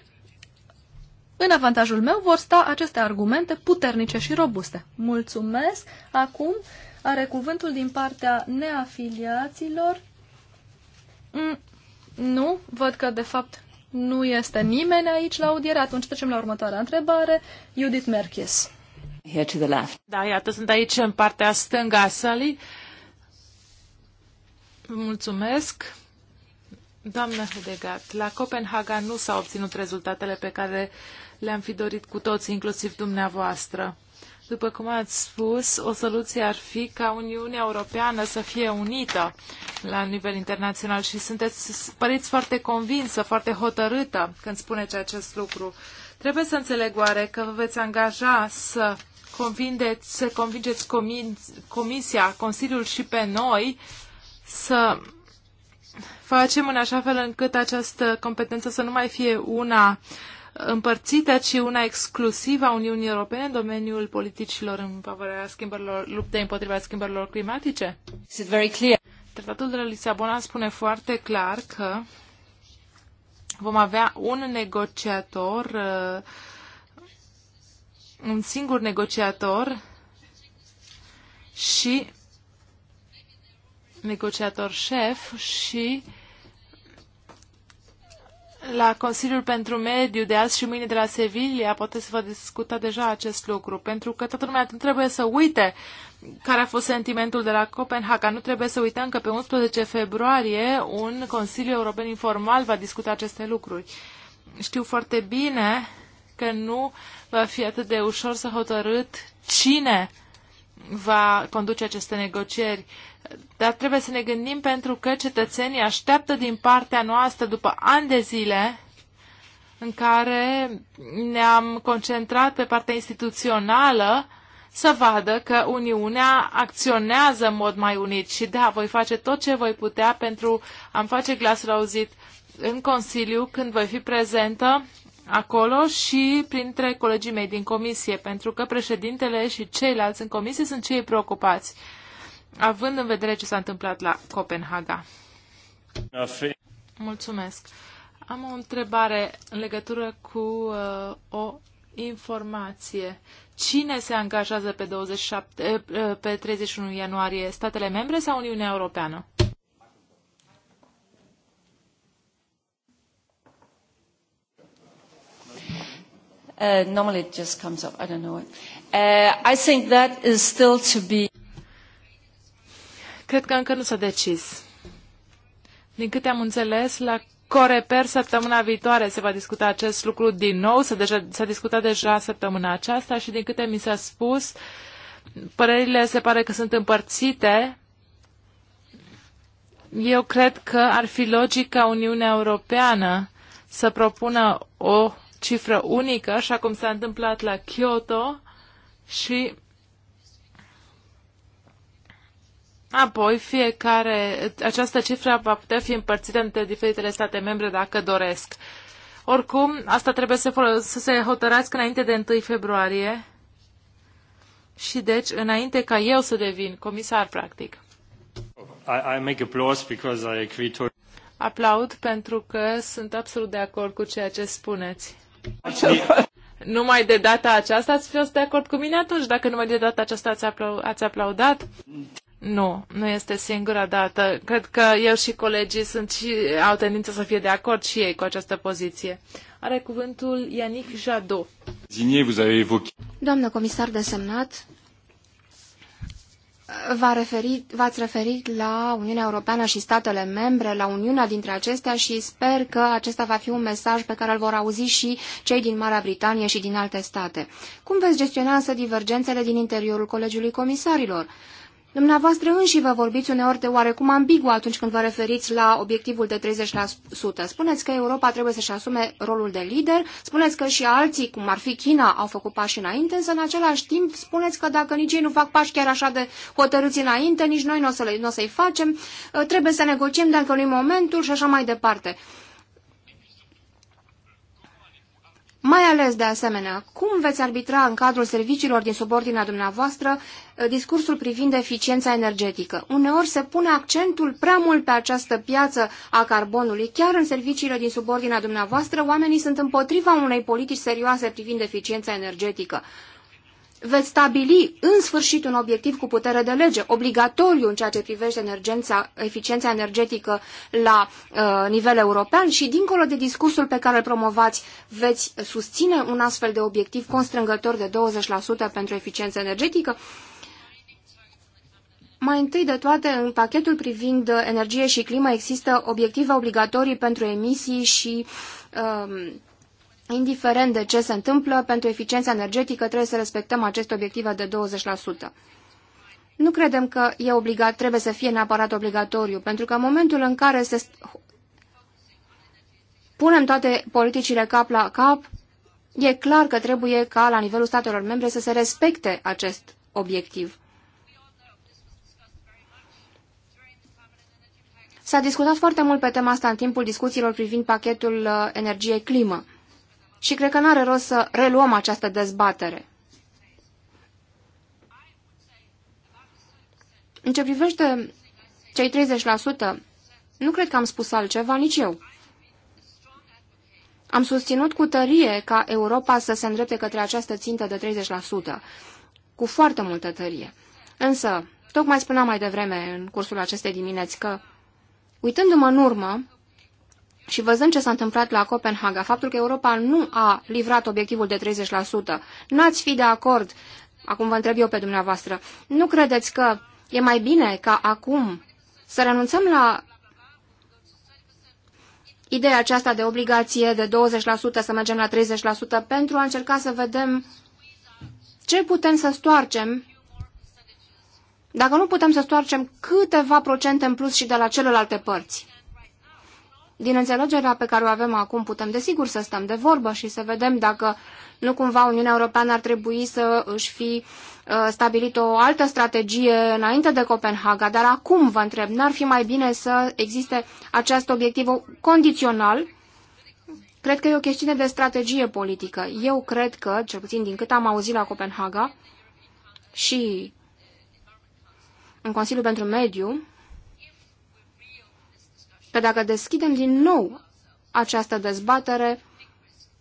în avantajul meu vor sta aceste argumente puternice și robuste. Mulțumesc! Acum are cuvântul din partea neafiliaților. Mm, nu, văd că de fapt nu este nimeni aici la audiere, atunci trecem la următoarea întrebare. Judith Merkis. Here to the left. Da, iată, sunt aici în partea stângă a sălii. Mulțumesc. Doamnă Hedegat, la Copenhaga nu s-au obținut rezultatele pe care le-am fi dorit cu toți, inclusiv dumneavoastră. După cum ați spus, o soluție ar fi ca Uniunea Europeană să fie unită la nivel internațional și sunteți, păreți foarte convinsă, foarte hotărâtă când spuneți acest lucru. Trebuie să înțeleg oare că vă veți angaja să convindeți, să convingeți Comisia, Consiliul și pe noi să facem în așa fel încât această competență să nu mai fie una împărțită, ci una exclusivă a Uniunii Europene în domeniul politicilor în favoarea schimbărilor, luptei împotriva schimbărilor climatice? Este very clear. Tratatul de la Lisabona spune foarte clar că vom avea un negociator, uh, un singur negociator și negociator șef și uh, la Consiliul pentru Mediu de azi și mâine de la Sevilla poate să vă discuta deja acest lucru, pentru că toată lumea nu trebuie să uite care a fost sentimentul de la Copenhaga. Nu trebuie să uităm că pe 11 februarie un Consiliu European informal va discuta aceste lucruri. Știu foarte bine că nu va fi atât de ușor să hotărât cine va conduce aceste negocieri. Dar trebuie să ne gândim pentru că cetățenii așteaptă din partea noastră după ani de zile în care ne-am concentrat pe partea instituțională să vadă că Uniunea acționează în mod mai unit și da, voi face tot ce voi putea pentru a-mi face glasul auzit în Consiliu când voi fi prezentă acolo și printre colegii mei din comisie, pentru că președintele și ceilalți în comisie sunt cei preocupați, având în vedere ce s-a întâmplat la Copenhaga. Mulțumesc. Am o întrebare în legătură cu uh, o informație. Cine se angajează pe, 27, uh, pe 31 ianuarie? Statele membre sau Uniunea Europeană? Uh, normally it just comes up, I don't know. Uh, I think that is still to be... Cred că încă nu s-a decis. Din câte am înțeles, la Coreper săptămâna viitoare se va discuta acest lucru din nou, s-a, deja, s-a discutat deja săptămâna aceasta și din câte mi s-a spus, părerile se pare că sunt împărțite. Eu cred că ar fi logic ca Uniunea Europeană să propună o cifră unică, așa cum s-a întâmplat la Kyoto și apoi fiecare, această cifră va putea fi împărțită între diferitele state membre dacă doresc. Oricum, asta trebuie să, să se hotărească înainte de 1 februarie și deci înainte ca eu să devin comisar, practic. I, I make applause because I agree to... Aplaud pentru că sunt absolut de acord cu ceea ce spuneți. Numai de data aceasta ați fost de acord cu mine atunci, dacă numai de data aceasta ați, apl- ați aplaudat? Nu, nu este singura dată. Cred că eu și colegii sunt și, au tendință să fie de acord și ei cu această poziție. Are cuvântul Yannick Jadot. Doamnă comisar desemnat, V-ați referit, la Uniunea Europeană și statele membre, la Uniunea dintre acestea și sper că acesta va fi un mesaj pe care îl vor auzi și cei din Marea Britanie și din alte state. Cum veți gestiona însă divergențele din interiorul Colegiului Comisarilor? Dumneavoastră înși vă vorbiți uneori de oarecum ambigu atunci când vă referiți la obiectivul de 30%. Spuneți că Europa trebuie să-și asume rolul de lider, spuneți că și alții, cum ar fi China, au făcut pași înainte, însă în același timp spuneți că dacă nici ei nu fac pași chiar așa de hotărâți înainte, nici noi nu o să-i să facem, trebuie să negociem dacă nu-i momentul și așa mai departe. Mai ales, de asemenea, cum veți arbitra în cadrul serviciilor din subordinea dumneavoastră uh, discursul privind eficiența energetică? Uneori se pune accentul prea mult pe această piață a carbonului. Chiar în serviciile din subordinea dumneavoastră, oamenii sunt împotriva unei politici serioase privind eficiența energetică veți stabili în sfârșit un obiectiv cu putere de lege, obligatoriu în ceea ce privește emergența, eficiența energetică la uh, nivel european și dincolo de discursul pe care îl promovați, veți susține un astfel de obiectiv constrângător de 20% pentru eficiență energetică? Mai întâi de toate, în pachetul privind energie și climă există obiective obligatorii pentru emisii și um, indiferent de ce se întâmplă, pentru eficiența energetică trebuie să respectăm aceste obiective de 20%. Nu credem că e obligat, trebuie să fie neapărat obligatoriu, pentru că în momentul în care se punem toate politicile cap la cap, e clar că trebuie ca la nivelul statelor membre să se respecte acest obiectiv. S-a discutat foarte mult pe tema asta în timpul discuțiilor privind pachetul uh, energie-climă și cred că n-are rost să reluăm această dezbatere. În ce privește cei 30%, nu cred că am spus altceva nici eu. Am susținut cu tărie ca Europa să se îndrepte către această țintă de 30%, cu foarte multă tărie. Însă, tocmai spuneam mai devreme în cursul acestei dimineți că, uitându-mă în urmă, și văzând ce s-a întâmplat la Copenhaga, faptul că Europa nu a livrat obiectivul de 30%, n-ați fi de acord, acum vă întreb eu pe dumneavoastră, nu credeți că e mai bine ca acum să renunțăm la ideea aceasta de obligație de 20% să mergem la 30% pentru a încerca să vedem ce putem să stoarcem dacă nu putem să stoarcem câteva procente în plus și de la celelalte părți. Din înțelegerea pe care o avem acum, putem desigur să stăm de vorbă și să vedem dacă nu cumva Uniunea Europeană ar trebui să își fi uh, stabilit o altă strategie înainte de Copenhaga, dar acum vă întreb, n-ar fi mai bine să existe acest obiectiv condițional? Cred că e o chestiune de strategie politică. Eu cred că, cel puțin din cât am auzit la Copenhaga și în Consiliul pentru Mediu, că dacă deschidem din nou această dezbatere,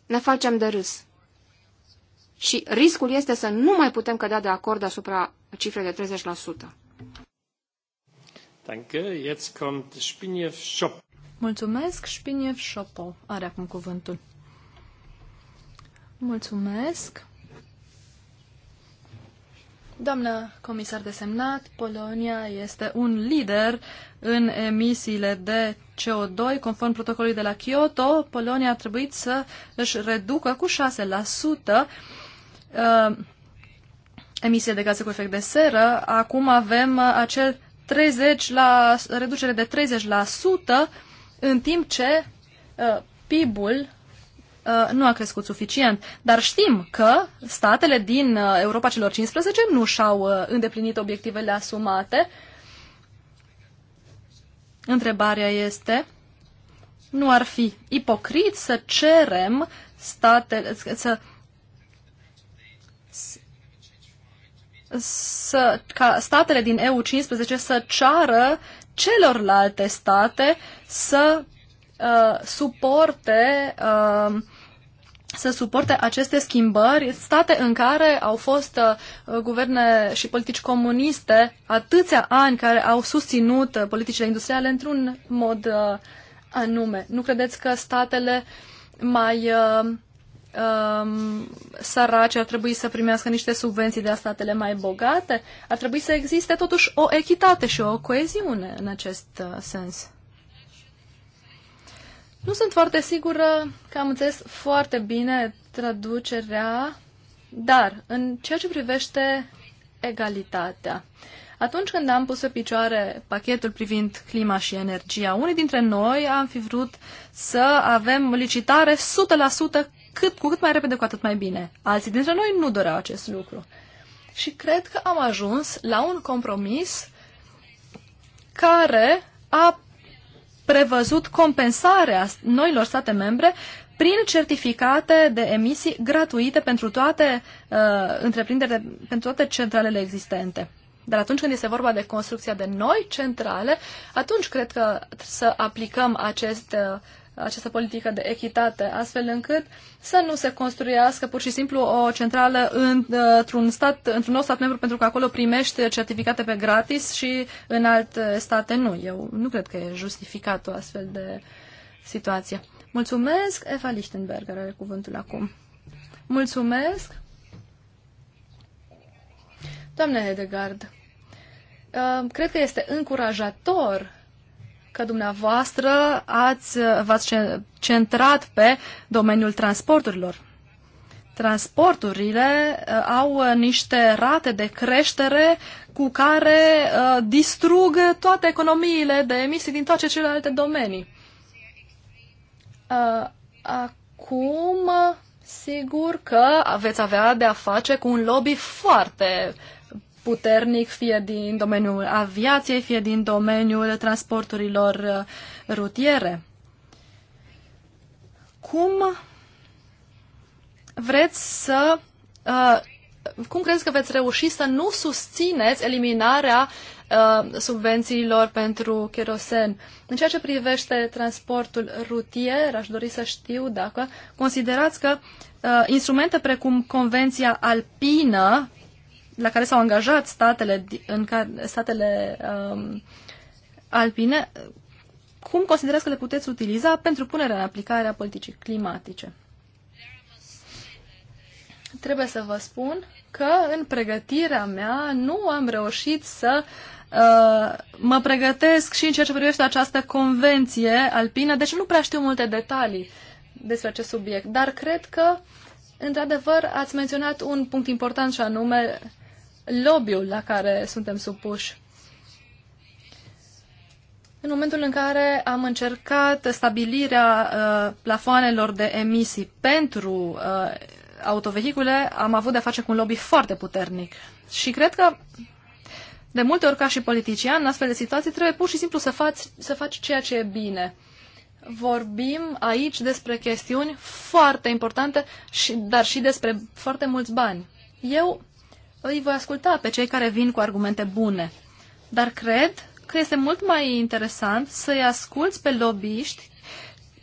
ne facem de râs. Și riscul este să nu mai putem cădea de acord asupra cifrei de 30%. Danke, jetzt kommt Mulțumesc, Spiniev Șopo are acum cuvântul. Mulțumesc. Doamnă comisar desemnat, Polonia este un lider în emisiile de CO2. Conform protocolului de la Kyoto, Polonia a trebuit să își reducă cu 6% uh, emisie de gaze cu efect de seră. Acum avem uh, acel 30 la, reducere de 30% în timp ce uh, PIB-ul Uh, nu a crescut suficient, dar știm că statele din uh, Europa celor 15 nu și-au uh, îndeplinit obiectivele asumate. Întrebarea este, nu ar fi ipocrit să cerem statele, să, să, ca statele din EU15 să ceară celorlalte state să uh, suporte uh, să suporte aceste schimbări, state în care au fost uh, guverne și politici comuniste atâția ani care au susținut uh, politicile industriale într-un mod uh, anume. Nu credeți că statele mai um, sărace ar trebui să primească niște subvenții de la statele mai bogate? Ar trebui să existe totuși o echitate și o coeziune în acest sens. Nu sunt foarte sigură că am înțeles foarte bine traducerea, dar în ceea ce privește egalitatea, atunci când am pus pe picioare pachetul privind clima și energia, unii dintre noi am fi vrut să avem licitare 100% cât, cu cât mai repede, cu atât mai bine. Alții dintre noi nu doreau acest lucru. Și cred că am ajuns la un compromis care a prevăzut compensarea noilor state membre prin certificate de emisii gratuite pentru toate uh, întreprinderile, pentru toate centralele existente. Dar atunci când este vorba de construcția de noi centrale, atunci cred că să aplicăm acest uh, această politică de echitate, astfel încât să nu se construiască pur și simplu o centrală într-un stat, într-un nou stat membru, pentru că acolo primește certificate pe gratis și în alte state nu. Eu nu cred că e justificat o astfel de situație. Mulțumesc, Eva Lichtenberger are cuvântul acum. Mulțumesc. Doamne Hedegard, uh, cred că este încurajator că dumneavoastră ați, v-ați centrat pe domeniul transporturilor. Transporturile uh, au uh, niște rate de creștere cu care uh, distrug toate economiile de emisii din toate celelalte domenii. Acum, sigur că veți avea de a face cu un lobby foarte uh, puternic, fie din domeniul aviației, fie din domeniul transporturilor uh, rutiere. Cum vreți să uh, cum crezi că veți reuși să nu susțineți eliminarea uh, subvențiilor pentru cherosen? În ceea ce privește transportul rutier, aș dori să știu dacă considerați că uh, instrumente precum Convenția Alpină la care s-au angajat statele, în care, statele um, alpine, cum considerați că le puteți utiliza pentru punerea în aplicare a politicii climatice? Trebuie să vă spun că în pregătirea mea nu am reușit să uh, mă pregătesc și în ceea ce privește această convenție alpină, deci nu prea știu multe detalii despre acest subiect, dar cred că, într-adevăr, ați menționat un punct important și anume uh, lobby-ul la care suntem supuși. În momentul în care am încercat stabilirea uh, plafoanelor de emisii pentru uh, autovehicule, am avut de-a face cu un lobby foarte puternic. Și cred că de multe ori, ca și politician, în astfel de situații trebuie pur și simplu să faci, să faci ceea ce e bine. Vorbim aici despre chestiuni foarte importante, și, dar și despre foarte mulți bani. Eu îi voi asculta pe cei care vin cu argumente bune. Dar cred că este mult mai interesant să-i asculți pe lobiști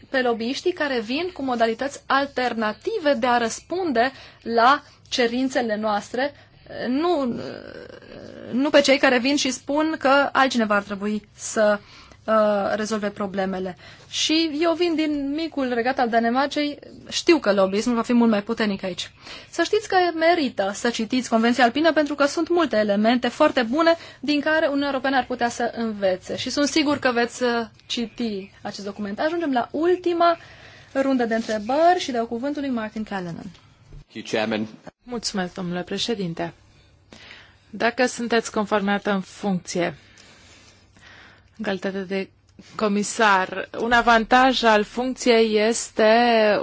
pe lobbyiștii care vin cu modalități alternative de a răspunde la cerințele noastre, nu, nu pe cei care vin și spun că altcineva ar trebui să uh, Uh, rezolve problemele. Și eu vin din micul regat al Danemarcei, știu că lobbyismul va fi mult mai puternic aici. Să știți că merită să citiți Convenția Alpină pentru că sunt multe elemente foarte bune din care Uniunea Europeană ar putea să învețe. Și sunt sigur că veți uh, citi acest document. Ajungem la ultima rundă de întrebări și dau cuvântul lui Martin Callanan. Mulțumesc, domnule președinte. Dacă sunteți conformată în funcție, în calitate de comisar, un avantaj al funcției este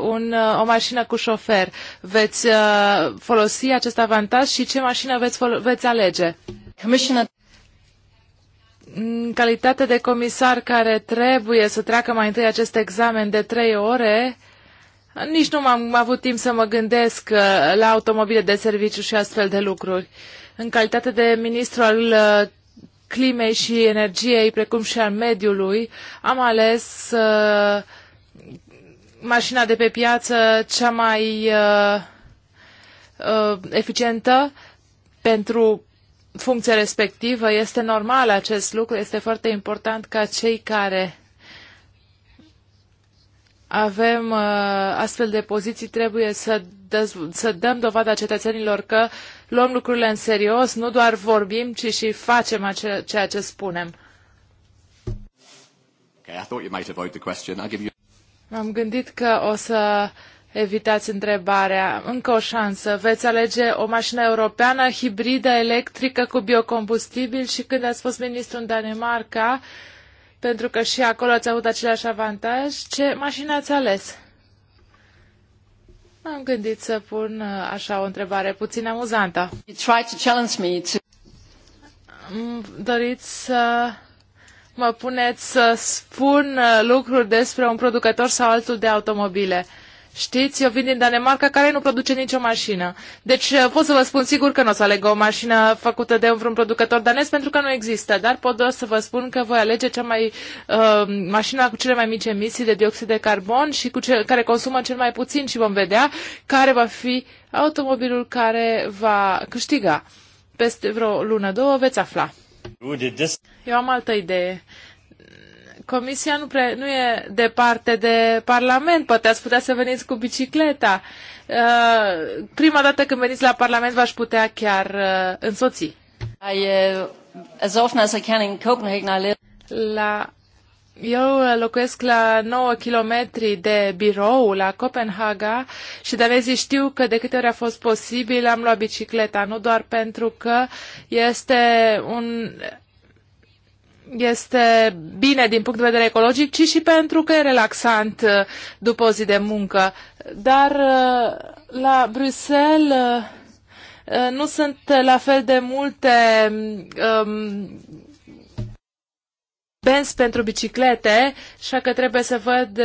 un, o mașină cu șofer. Veți uh, folosi acest avantaj și ce mașină veți, veți alege? Commissioner în calitate de comisar care trebuie să treacă mai întâi acest examen de trei ore, nici nu am avut timp să mă gândesc uh, la automobile de serviciu și astfel de lucruri. În calitate de ministru al uh, climei și energiei, precum și al mediului, am ales uh, mașina de pe piață cea mai uh, uh, eficientă pentru funcția respectivă. Este normal acest lucru, este foarte important ca cei care avem uh, astfel de poziții, trebuie să, să dăm dovada cetățenilor că uh, luăm lucrurile în serios, nu doar vorbim, ci și facem ceea ce spunem. M-am gândit că o să evitați întrebarea. Încă o șansă. Veți alege o mașină europeană, hibridă, electrică, cu biocombustibil și când ați fost ministru în Danemarca, pentru că și acolo ați avut același avantaj, ce mașină ați ales? Am gândit să pun uh, așa o întrebare puțin amuzantă. You try Doriți să mă puneți să spun uh, lucruri despre un producător sau altul de automobile. Știți, eu vin din Danemarca care nu produce nicio mașină. Deci eh, pot să vă spun sigur că nu o să aleg o mașină făcută de un vreun producător danez pentru că nu există, dar pot doar să vă spun că voi alege cea mai, uh, mașina cu cele mai mici emisii de dioxid de carbon și cu ce, care consumă cel mai puțin și vom vedea care va fi automobilul care va câștiga. Peste vreo lună, două veți afla. Eu am altă idee. Uh, Comisia nu, pre, nu e departe de Parlament, poate ați putea să veniți cu bicicleta. Uh, prima dată când veniți la Parlament v-aș putea chiar uh, însoți. I, uh, as often as I can in Copenhagen, I live... La eu uh, locuiesc la 9 km de birou la Copenhaga și danezii știu că de câte ori a fost posibil am luat bicicleta, nu doar pentru că este un este bine din punct de vedere ecologic, ci și pentru că e relaxant uh, după o zi de muncă. Dar uh, la Bruxelles uh, nu sunt la fel de multe um, benzi pentru biciclete, așa că trebuie să văd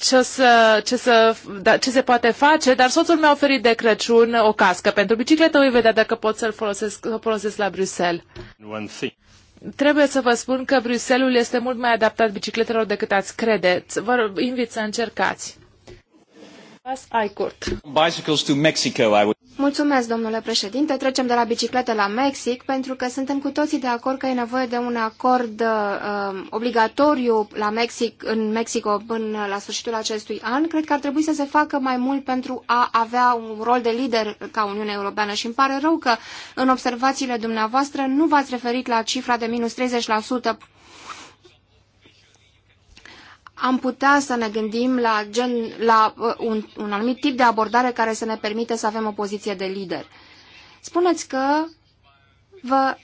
ce, să, ce, să, da, ce se poate face, dar soțul mi-a oferit de Crăciun o cască pentru bicicletă, voi vedea dacă pot să-l folosesc, să folosesc la Bruxelles trebuie să vă spun că Bruxelles este mult mai adaptat bicicletelor decât ați credeți. Vă invit să încercați. Bicycles to Mexico, I would... Mulțumesc, domnule președinte. Trecem de la biciclete la Mexic, pentru că suntem cu toții de acord că e nevoie de un acord uh, obligatoriu la Mexic, în Mexico până la sfârșitul acestui an. Cred că ar trebui să se facă mai mult pentru a avea un rol de lider ca Uniunea Europeană și îmi pare rău că în observațiile dumneavoastră nu v-ați referit la cifra de minus 30% am putea să ne gândim la, gen, la uh, un, un anumit tip de abordare care să ne permite să avem o poziție de lider. Spuneți că vă,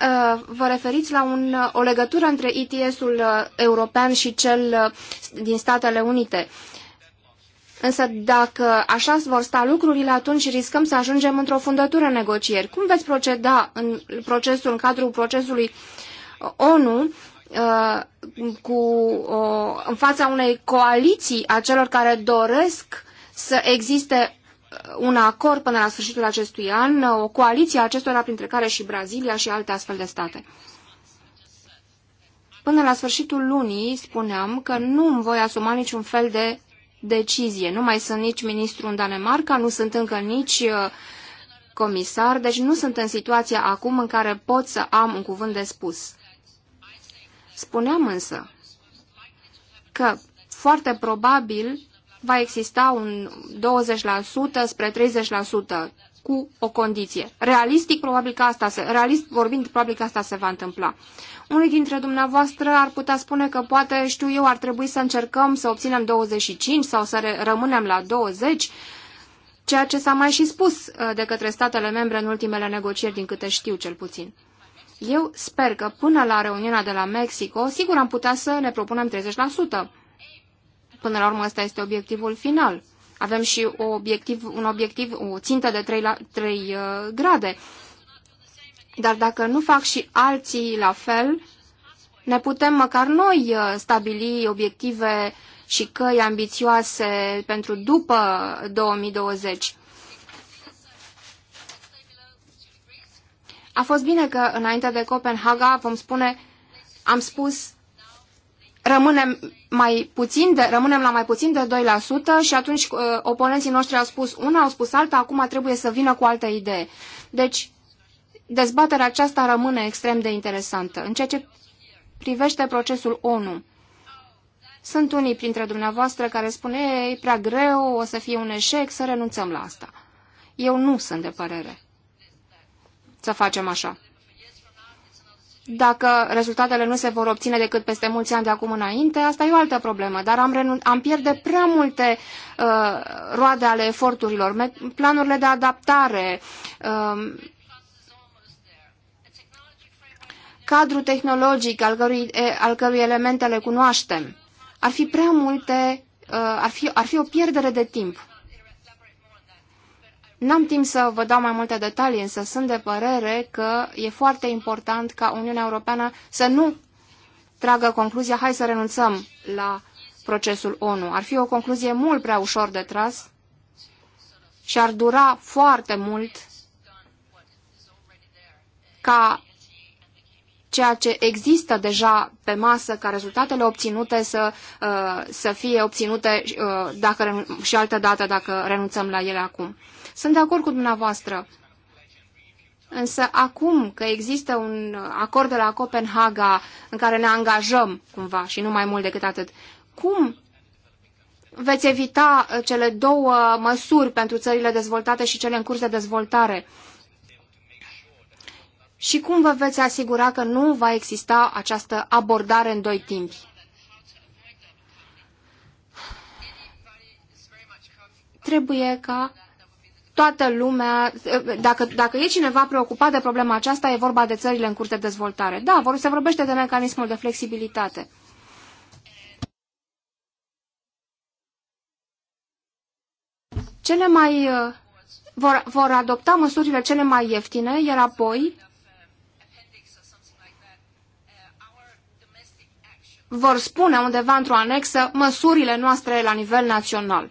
uh, vă referiți la un, uh, o legătură între ETS-ul european și cel din Statele Unite. Însă dacă așa vor sta lucrurile, atunci riscăm să ajungem într-o fundătură în negocieri. Cum veți proceda în procesul, în cadrul procesului ONU Uh, cu, uh, în fața unei coaliții a celor care doresc să existe un acord până la sfârșitul acestui an, uh, o coaliție a acestora, printre care și Brazilia și alte astfel de state. Până la sfârșitul lunii spuneam că nu îmi voi asuma niciun fel de decizie. Nu mai sunt nici ministru în Danemarca, nu sunt încă nici comisar, deci nu sunt în situația acum în care pot să am un cuvânt de spus. Spuneam însă că foarte probabil va exista un 20% spre 30% cu o condiție. Realistic, probabil că asta se, realist vorbind, probabil că asta se va întâmpla. Unii dintre dumneavoastră ar putea spune că poate, știu eu, ar trebui să încercăm să obținem 25 sau să rămânem la 20, ceea ce s-a mai și spus uh, de către statele membre în ultimele negocieri, din câte știu cel puțin. Eu sper că până la reuniunea de la Mexico, sigur am putea să ne propunem 30%. Până la urmă, ăsta este obiectivul final. Avem și o obiectiv, un obiectiv, o țintă de 3, la, 3 uh, grade. Dar dacă nu fac și alții la fel, ne putem măcar noi uh, stabili obiective și căi ambițioase pentru după 2020. A fost bine că înainte de Copenhaga vom spune, am spus, rămânem, mai puțin de, rămânem la mai puțin de 2% și atunci uh, oponenții noștri au spus una, au spus alta, acum trebuie să vină cu altă idee. Deci, dezbaterea aceasta rămâne extrem de interesantă. În ceea ce privește procesul ONU, sunt unii printre dumneavoastră care spune, e prea greu, o să fie un eșec, să renunțăm la asta. Eu nu sunt de părere să facem așa. Dacă rezultatele nu se vor obține decât peste mulți ani de acum înainte, asta e o altă problemă, dar am, am pierde prea multe uh, roade ale eforturilor, planurile de adaptare, uh, cadrul tehnologic al cărui, al cărui elemente le cunoaștem. Ar fi prea multe, uh, ar, fi, ar fi o pierdere de timp. N-am timp să vă dau mai multe detalii, însă sunt de părere că e foarte important ca Uniunea Europeană să nu tragă concluzia hai să renunțăm la procesul ONU. Ar fi o concluzie mult prea ușor de tras și ar dura foarte mult ca ceea ce există deja pe masă ca rezultatele obținute să, uh, să fie obținute uh, dacă, și altă dată dacă renunțăm la ele acum. Sunt de acord cu dumneavoastră. Însă acum că există un acord de la Copenhaga în care ne angajăm cumva și nu mai mult decât atât, cum veți evita uh, cele două măsuri pentru țările dezvoltate și cele în curs de dezvoltare? Și cum vă veți asigura că nu va exista această abordare în doi timpi? Trebuie ca toată lumea, dacă, dacă e cineva preocupat de problema aceasta, e vorba de țările în curs de dezvoltare. Da, vor, se vorbește de mecanismul de flexibilitate. Cele mai uh, vor, vor adopta măsurile cele mai ieftine, iar apoi vor spune undeva într-o anexă măsurile noastre la nivel național.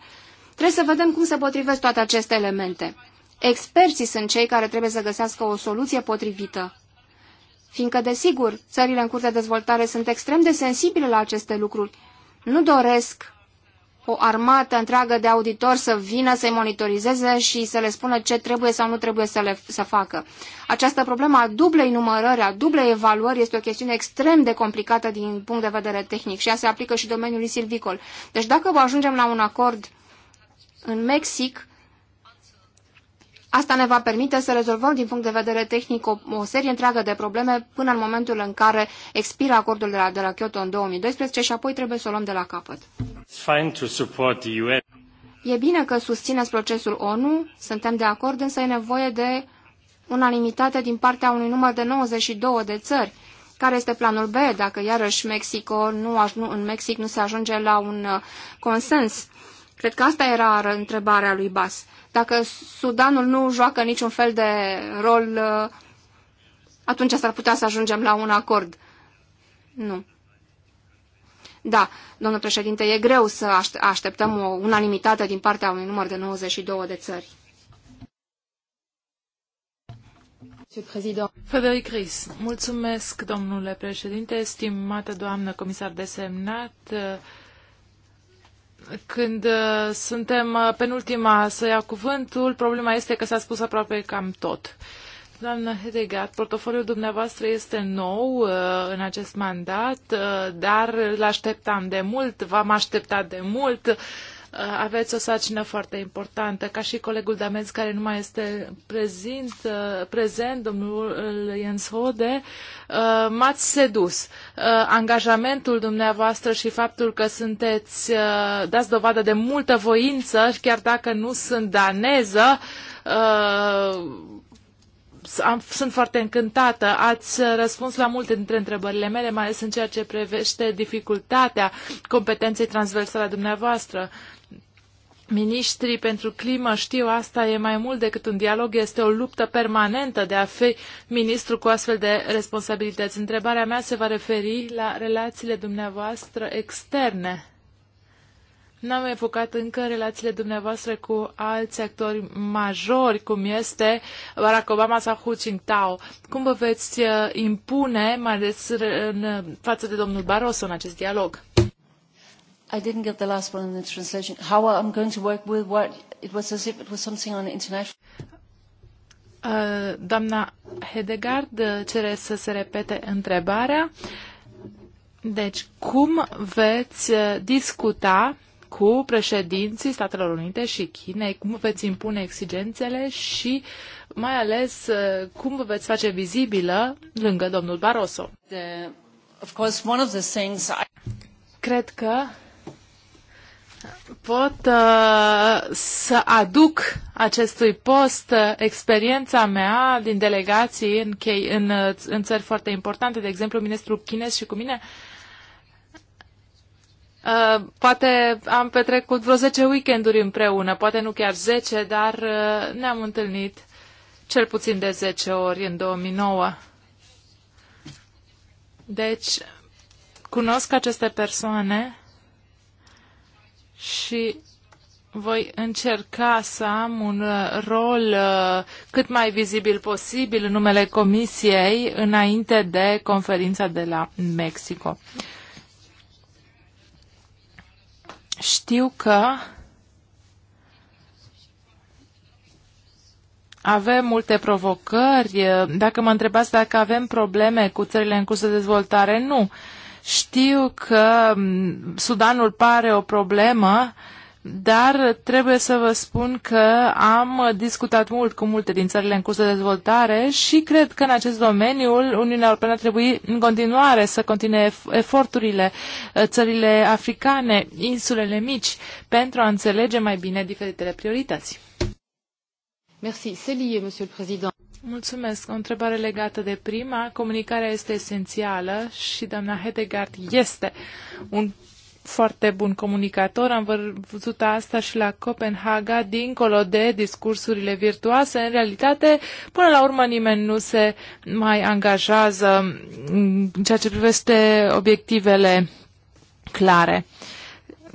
Trebuie să vedem cum se potrivesc toate aceste elemente. Experții sunt cei care trebuie să găsească o soluție potrivită. Fiindcă, desigur, țările în curte de dezvoltare sunt extrem de sensibile la aceste lucruri. Nu doresc o armată întreagă de auditori să vină să-i monitorizeze și să le spună ce trebuie sau nu trebuie să, le, să facă. Această problemă a dublei numărări, a dublei evaluări este o chestiune extrem de complicată din punct de vedere tehnic și ea se aplică și domeniului silvicol. Deci dacă ajungem la un acord în Mexic. Asta ne va permite să rezolvăm din punct de vedere tehnic o, o serie întreagă de probleme până în momentul în care expiră acordul de la, de la Kyoto în 2012 și apoi trebuie să o luăm de la capăt. E bine că susțineți procesul ONU, suntem de acord, însă e nevoie de unanimitate din partea unui număr de 92 de țări. Care este planul B dacă iarăși Mexico nu, nu, în Mexic nu se ajunge la un uh, consens? Cred că asta era întrebarea lui Bas. Dacă Sudanul nu joacă niciun fel de rol, uh, atunci s-ar putea să ajungem la un acord. Nu. Da, domnul președinte, e greu să așteptăm o unanimitate din partea unui număr de 92 de țări. Frederic Ries, mulțumesc, domnule președinte, estimată doamnă comisar desemnat, când uh, suntem uh, penultima să ia cuvântul, problema este că s-a spus aproape cam tot. Doamnă Hedegat, portofoliul dumneavoastră este nou uh, în acest mandat, uh, dar l așteptam de mult, v-am așteptat de mult. Uh, aveți o sarcină foarte importantă, ca și colegul Damenț care nu mai este prezent, uh, prezent domnul uh, Jens Hode, m-ați sedus. Angajamentul dumneavoastră și faptul că sunteți, dați dovadă de multă voință, chiar dacă nu sunt daneză, am, sunt foarte încântată. Ați răspuns la multe dintre întrebările mele, mai ales în ceea ce privește dificultatea competenței transversale a dumneavoastră. Ministrii pentru climă știu asta e mai mult decât un dialog, este o luptă permanentă de a fi ministru cu astfel de responsabilități. Întrebarea mea se va referi la relațiile dumneavoastră externe. N-am evocat încă relațiile dumneavoastră cu alți actori majori, cum este Barack Obama sau Hu Jintao. Cum vă veți uh, impune, mai ales în față de domnul Barroso, în acest dialog? I didn't get the last one in the translation. How I'm going to work with what? It was as if it was something on international. Uh, doamna Hedegard uh, cere să se repete întrebarea. Deci, cum veți uh, discuta cu președinții Statelor Unite și Chinei, cum veți impune exigențele și mai ales uh, cum vă veți face vizibilă lângă domnul Barroso. The, of course, one of the things I... Cred că pot uh, să aduc acestui post uh, experiența mea din delegații în, chei, în, uh, în țări foarte importante, de exemplu ministrul chinez și cu mine. Uh, poate am petrecut vreo 10 weekenduri împreună, poate nu chiar 10, dar uh, ne-am întâlnit cel puțin de 10 ori în 2009. Deci, cunosc aceste persoane și voi încerca să am un uh, rol uh, cât mai vizibil posibil în numele Comisiei înainte de conferința de la Mexico. Știu că Avem multe provocări. Dacă mă întrebați dacă avem probleme cu țările în curs de dezvoltare, nu. Uh, știu că mm, Sudanul pare o problemă, dar trebuie să vă spun că am discutat mult cu multe din țările în curs de dezvoltare și cred că în acest domeniu Uniunea Europeană trebuie în continuare să continue eforturile ă, țările africane, insulele mici, pentru a înțelege mai bine diferitele priorități. Merci. lié, Monsieur le Président. Mulțumesc. O întrebare legată de prima. Comunicarea este esențială și doamna Hedegard este un foarte bun comunicator. Am văzut asta și la Copenhaga, dincolo de discursurile virtuoase. În realitate, până la urmă, nimeni nu se mai angajează în ceea ce privește obiectivele clare. Uh,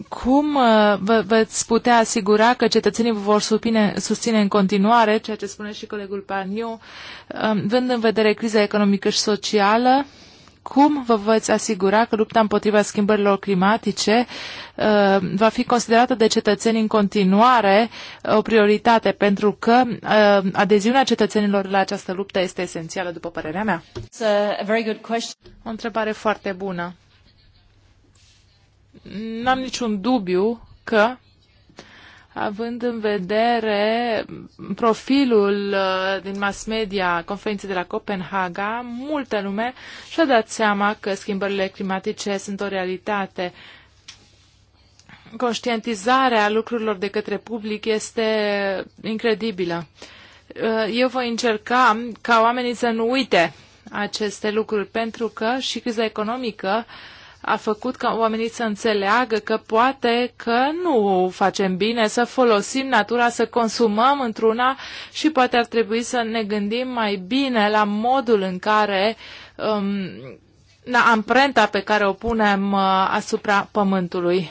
cum uh, vă veți putea asigura că cetățenii vă vor supine, susține în continuare, ceea ce spune și colegul Paniu, um, vând în vedere criza economică și socială, cum vă veți asigura că lupta împotriva schimbărilor climatice uh, va fi considerată de cetățeni în continuare uh, o prioritate, pentru că adeziunea cetățenilor la această luptă este esențială, după părerea mea? O întrebare foarte bună n-am niciun dubiu că având în vedere profilul uh, din mass media conferinței de la Copenhaga, multă lume și-a dat seama că schimbările climatice sunt o realitate. Conștientizarea lucrurilor de către public este incredibilă. Uh, eu voi încerca ca oamenii să nu uite aceste lucruri, pentru că și criza economică uh, a făcut ca oamenii să înțeleagă că poate că nu facem bine să folosim natura, să consumăm într-una și poate ar trebui să ne gândim mai bine la modul în care um, la amprenta pe care o punem uh, asupra pământului.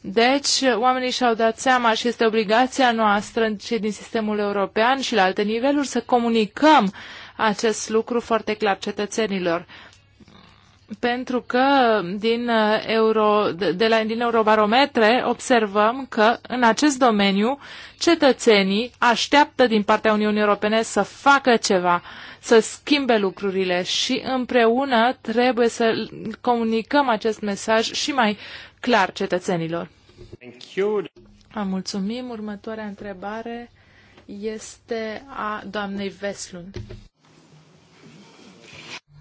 Deci, oamenii și-au dat seama și este obligația noastră, și din sistemul european și la alte niveluri, să comunicăm acest lucru foarte clar cetățenilor pentru că din, uh, euro, de la, din eurobarometre observăm că în acest domeniu cetățenii așteaptă din partea Uniunii Europene să facă ceva, să schimbe lucrurile și împreună trebuie să comunicăm acest mesaj și mai clar cetățenilor. Thank you. Am mulțumim. Următoarea întrebare este a doamnei Veslund.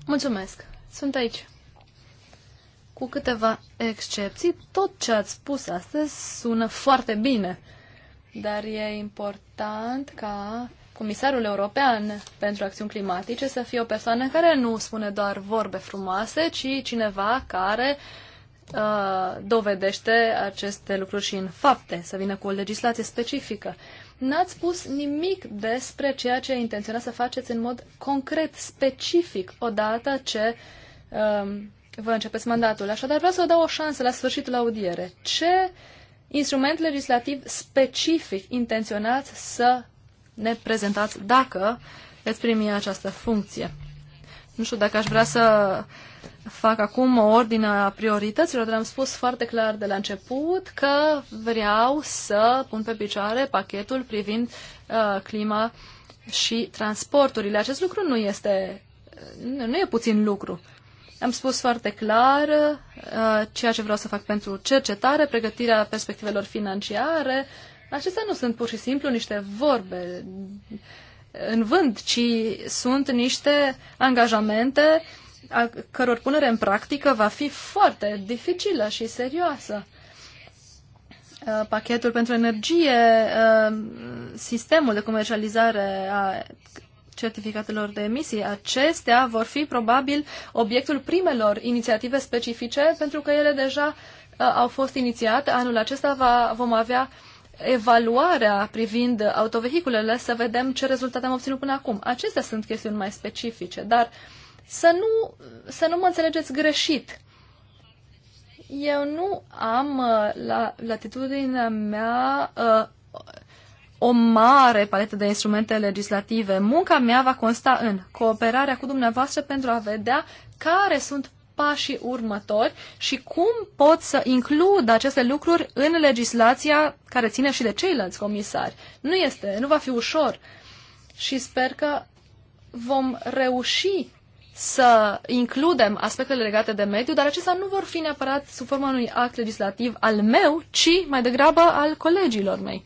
Mulțumesc. Sunt aici cu câteva excepții, tot ce ați spus astăzi sună foarte bine. Dar e important ca Comisarul European pentru Acțiuni Climatice să fie o persoană care nu spune doar vorbe frumoase, ci cineva care uh, dovedește aceste lucruri și în fapte, să vină cu o legislație specifică. N-ați spus nimic despre ceea ce intenționați să faceți în mod concret, specific, odată ce um, vă începeți mandatul. Așadar, vreau să vă dau o șansă la sfârșitul audiere. Ce instrument legislativ specific intenționați să ne prezentați dacă veți primi această funcție? Nu știu dacă aș vrea să fac acum o ordine a priorităților, dar am spus foarte clar de la început că vreau să pun pe picioare pachetul privind uh, clima și transporturile. Acest lucru nu este nu, nu e puțin lucru. Am spus foarte clar uh, ceea ce vreau să fac pentru cercetare, pregătirea perspectivelor financiare. Acestea nu sunt pur și simplu niște vorbe în vânt, ci sunt niște angajamente a căror punere în practică va fi foarte dificilă și serioasă. Uh, pachetul pentru energie, uh, sistemul de comercializare a certificatelor de emisii. Acestea vor fi probabil obiectul primelor inițiative specifice, pentru că ele deja uh, au fost inițiate. Anul acesta va, vom avea evaluarea privind autovehiculele, să vedem ce rezultate am obținut până acum. Acestea sunt chestiuni mai specifice, dar să nu, să nu mă înțelegeți greșit. Eu nu am uh, la latitudinea mea uh, o mare paletă de instrumente legislative. Munca mea va consta în cooperarea cu dumneavoastră pentru a vedea care sunt pașii următori și cum pot să includ aceste lucruri în legislația care ține și de ceilalți comisari. Nu este, nu va fi ușor și sper că vom reuși să includem aspectele legate de mediu, dar acestea nu vor fi neapărat sub forma unui act legislativ al meu, ci mai degrabă al colegilor mei.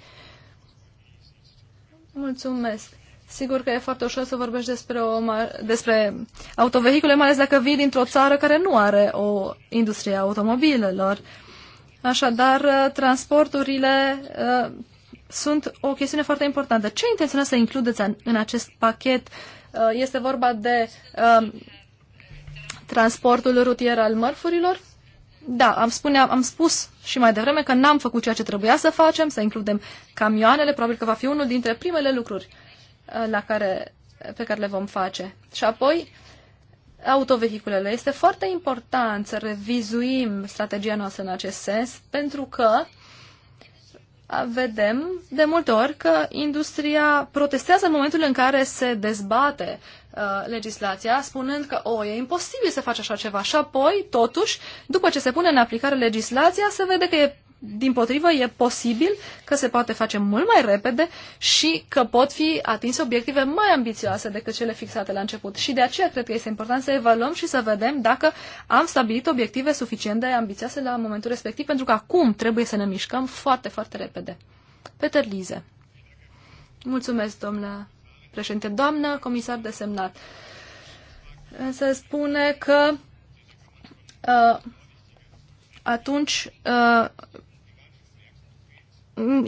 Mulțumesc. Sigur că e foarte ușor să vorbești despre, o, despre autovehicule, mai ales dacă vii dintr-o țară care nu are o industrie a automobilelor. Așadar, uh, transporturile uh, sunt o chestiune foarte importantă. Ce intenționați să includeți în acest pachet? Uh, este vorba de uh, transportul rutier al mărfurilor? da, am, spune, am spus și mai devreme că n-am făcut ceea ce trebuia să facem, să includem camioanele, probabil că va fi unul dintre primele lucruri uh, la care, pe care le vom face. Și apoi, autovehiculele. Este foarte important să revizuim strategia noastră în acest sens, pentru că vedem de multe ori că industria protestează în momentul în care se dezbate Uh, legislația, spunând că, o, e imposibil să faci așa ceva. Și apoi, totuși, după ce se pune în aplicare legislația, se vede că e din potrivă, e posibil că se poate face mult mai repede și că pot fi atinse obiective mai ambițioase decât cele fixate la început. Și de aceea cred că este important să evaluăm și să vedem dacă am stabilit obiective suficient de ambițioase la momentul respectiv, pentru că acum trebuie să ne mișcăm foarte, foarte repede. Peter Lize. Mulțumesc, domnule președinte. Doamnă comisar desemnat, se spune că uh, atunci uh,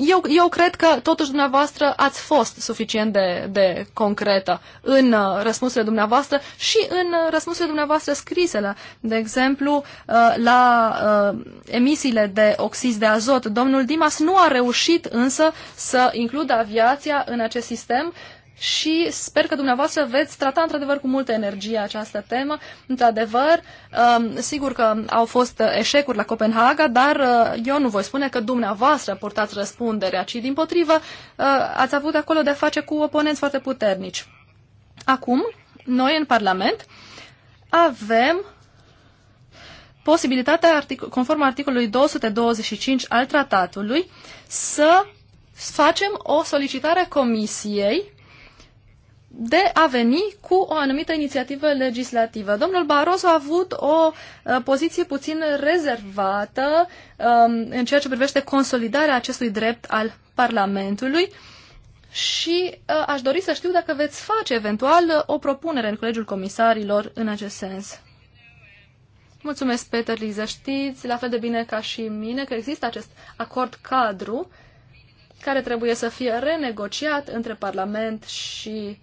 eu, eu cred că totuși dumneavoastră ați fost suficient de, de concretă în uh, răspunsurile dumneavoastră și în uh, răspunsurile dumneavoastră scrise, la, de exemplu, uh, la uh, emisiile de oxid de azot. Domnul Dimas nu a reușit însă să includă aviația în acest sistem uh, și sper că dumneavoastră veți trata într-adevăr cu multă energie această temă. Într-adevăr, um, sigur că au fost eșecuri la Copenhaga, dar uh, eu nu voi spune că dumneavoastră purtați răspunderea, ci din potrivă uh, ați avut acolo de-a face cu oponenți foarte puternici. Acum, noi în Parlament avem posibilitatea, conform articolului 225 al tratatului, să facem o solicitare comisiei de a veni cu o anumită inițiativă legislativă. Domnul Barroso a avut o uh, poziție puțin rezervată um, în ceea ce privește consolidarea acestui drept al Parlamentului și uh, aș dori să știu dacă veți face eventual uh, o propunere în Colegiul Comisarilor în acest sens. Mulțumesc, Peter Liza. Știți la fel de bine ca și mine că există acest acord cadru care trebuie să fie renegociat între Parlament și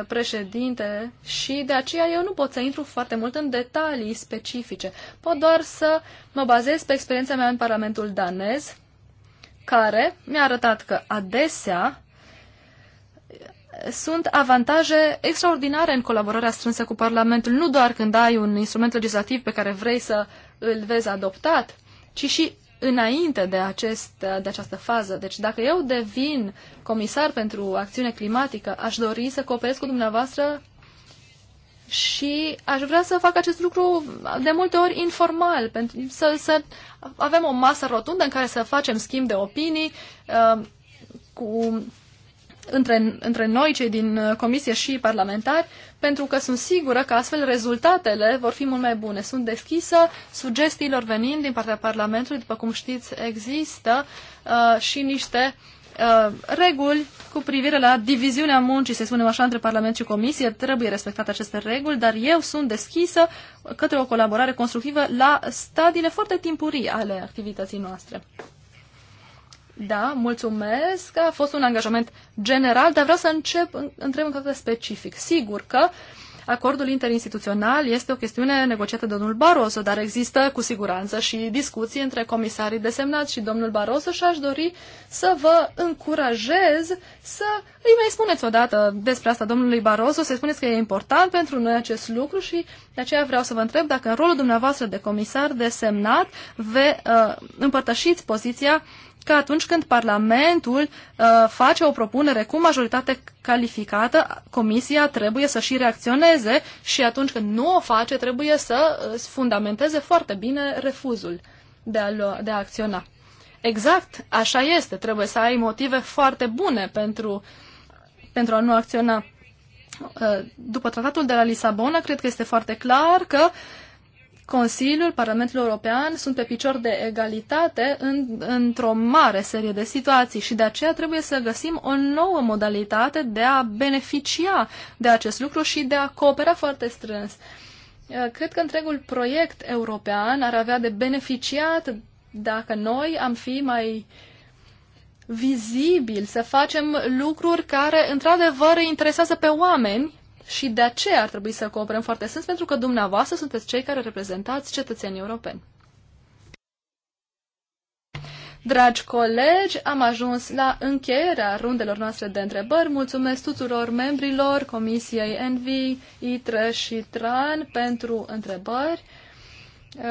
președinte și de aceea eu nu pot să intru foarte mult în detalii specifice. Pot doar să mă bazez pe experiența mea în Parlamentul danez, care mi-a arătat că adesea sunt avantaje extraordinare în colaborarea strânsă cu Parlamentul, nu doar când ai un instrument legislativ pe care vrei să îl vezi adoptat, ci și înainte de, acest, de această fază. Deci dacă eu devin comisar pentru acțiune climatică, aș dori să cooperez cu dumneavoastră și aș vrea să fac acest lucru de multe ori informal, pentru să, să avem o masă rotundă în care să facem schimb de opinii uh, cu între, între noi, cei din uh, comisie și parlamentari, pentru că sunt sigură că astfel rezultatele vor fi mult mai bune. Sunt deschisă sugestiilor venind din partea Parlamentului, după cum știți, există uh, și niște uh, reguli cu privire la diviziunea muncii, să spunem așa, între Parlament și Comisie. Trebuie respectate aceste reguli, dar eu sunt deschisă către o colaborare constructivă la stadiile foarte timpurii ale activității noastre. Da, mulțumesc. A fost un angajament general, dar vreau să încep, întreb încă specific. Sigur că acordul interinstituțional este o chestiune negociată de domnul Barroso, dar există cu siguranță și discuții între comisarii desemnați și domnul Barroso și aș dori să vă încurajez să îi mai spuneți odată despre asta domnului Barroso, să spuneți că e important pentru noi acest lucru și de aceea vreau să vă întreb dacă în rolul dumneavoastră de comisar desemnat ve, uh, împărtășiți poziția că atunci când Parlamentul uh, face o propunere cu majoritate calificată, Comisia trebuie să și reacționeze și atunci când nu o face, trebuie să uh, fundamenteze foarte bine refuzul de a, lua, de a acționa. Exact, așa este. Trebuie să ai motive foarte bune pentru, pentru a nu acționa. Uh, după tratatul de la Lisabona, cred că este foarte clar că uh, Consiliul, Parlamentul European sunt pe picior de egalitate în, într-o mare serie de situații și de aceea trebuie să găsim o nouă modalitate de a beneficia de acest lucru și de a coopera foarte strâns. Uh, cred că întregul proiect european ar avea de beneficiat dacă noi am fi mai vizibil, să facem lucruri care într-adevăr îi interesează pe oameni și de aceea ar trebui să cooperăm foarte sens, pentru că dumneavoastră sunteți cei care reprezentați cetățenii europeni. Dragi colegi, am ajuns la încheierea rundelor noastre de întrebări. Mulțumesc tuturor membrilor Comisiei Envi, ITRE și TRAN pentru întrebări.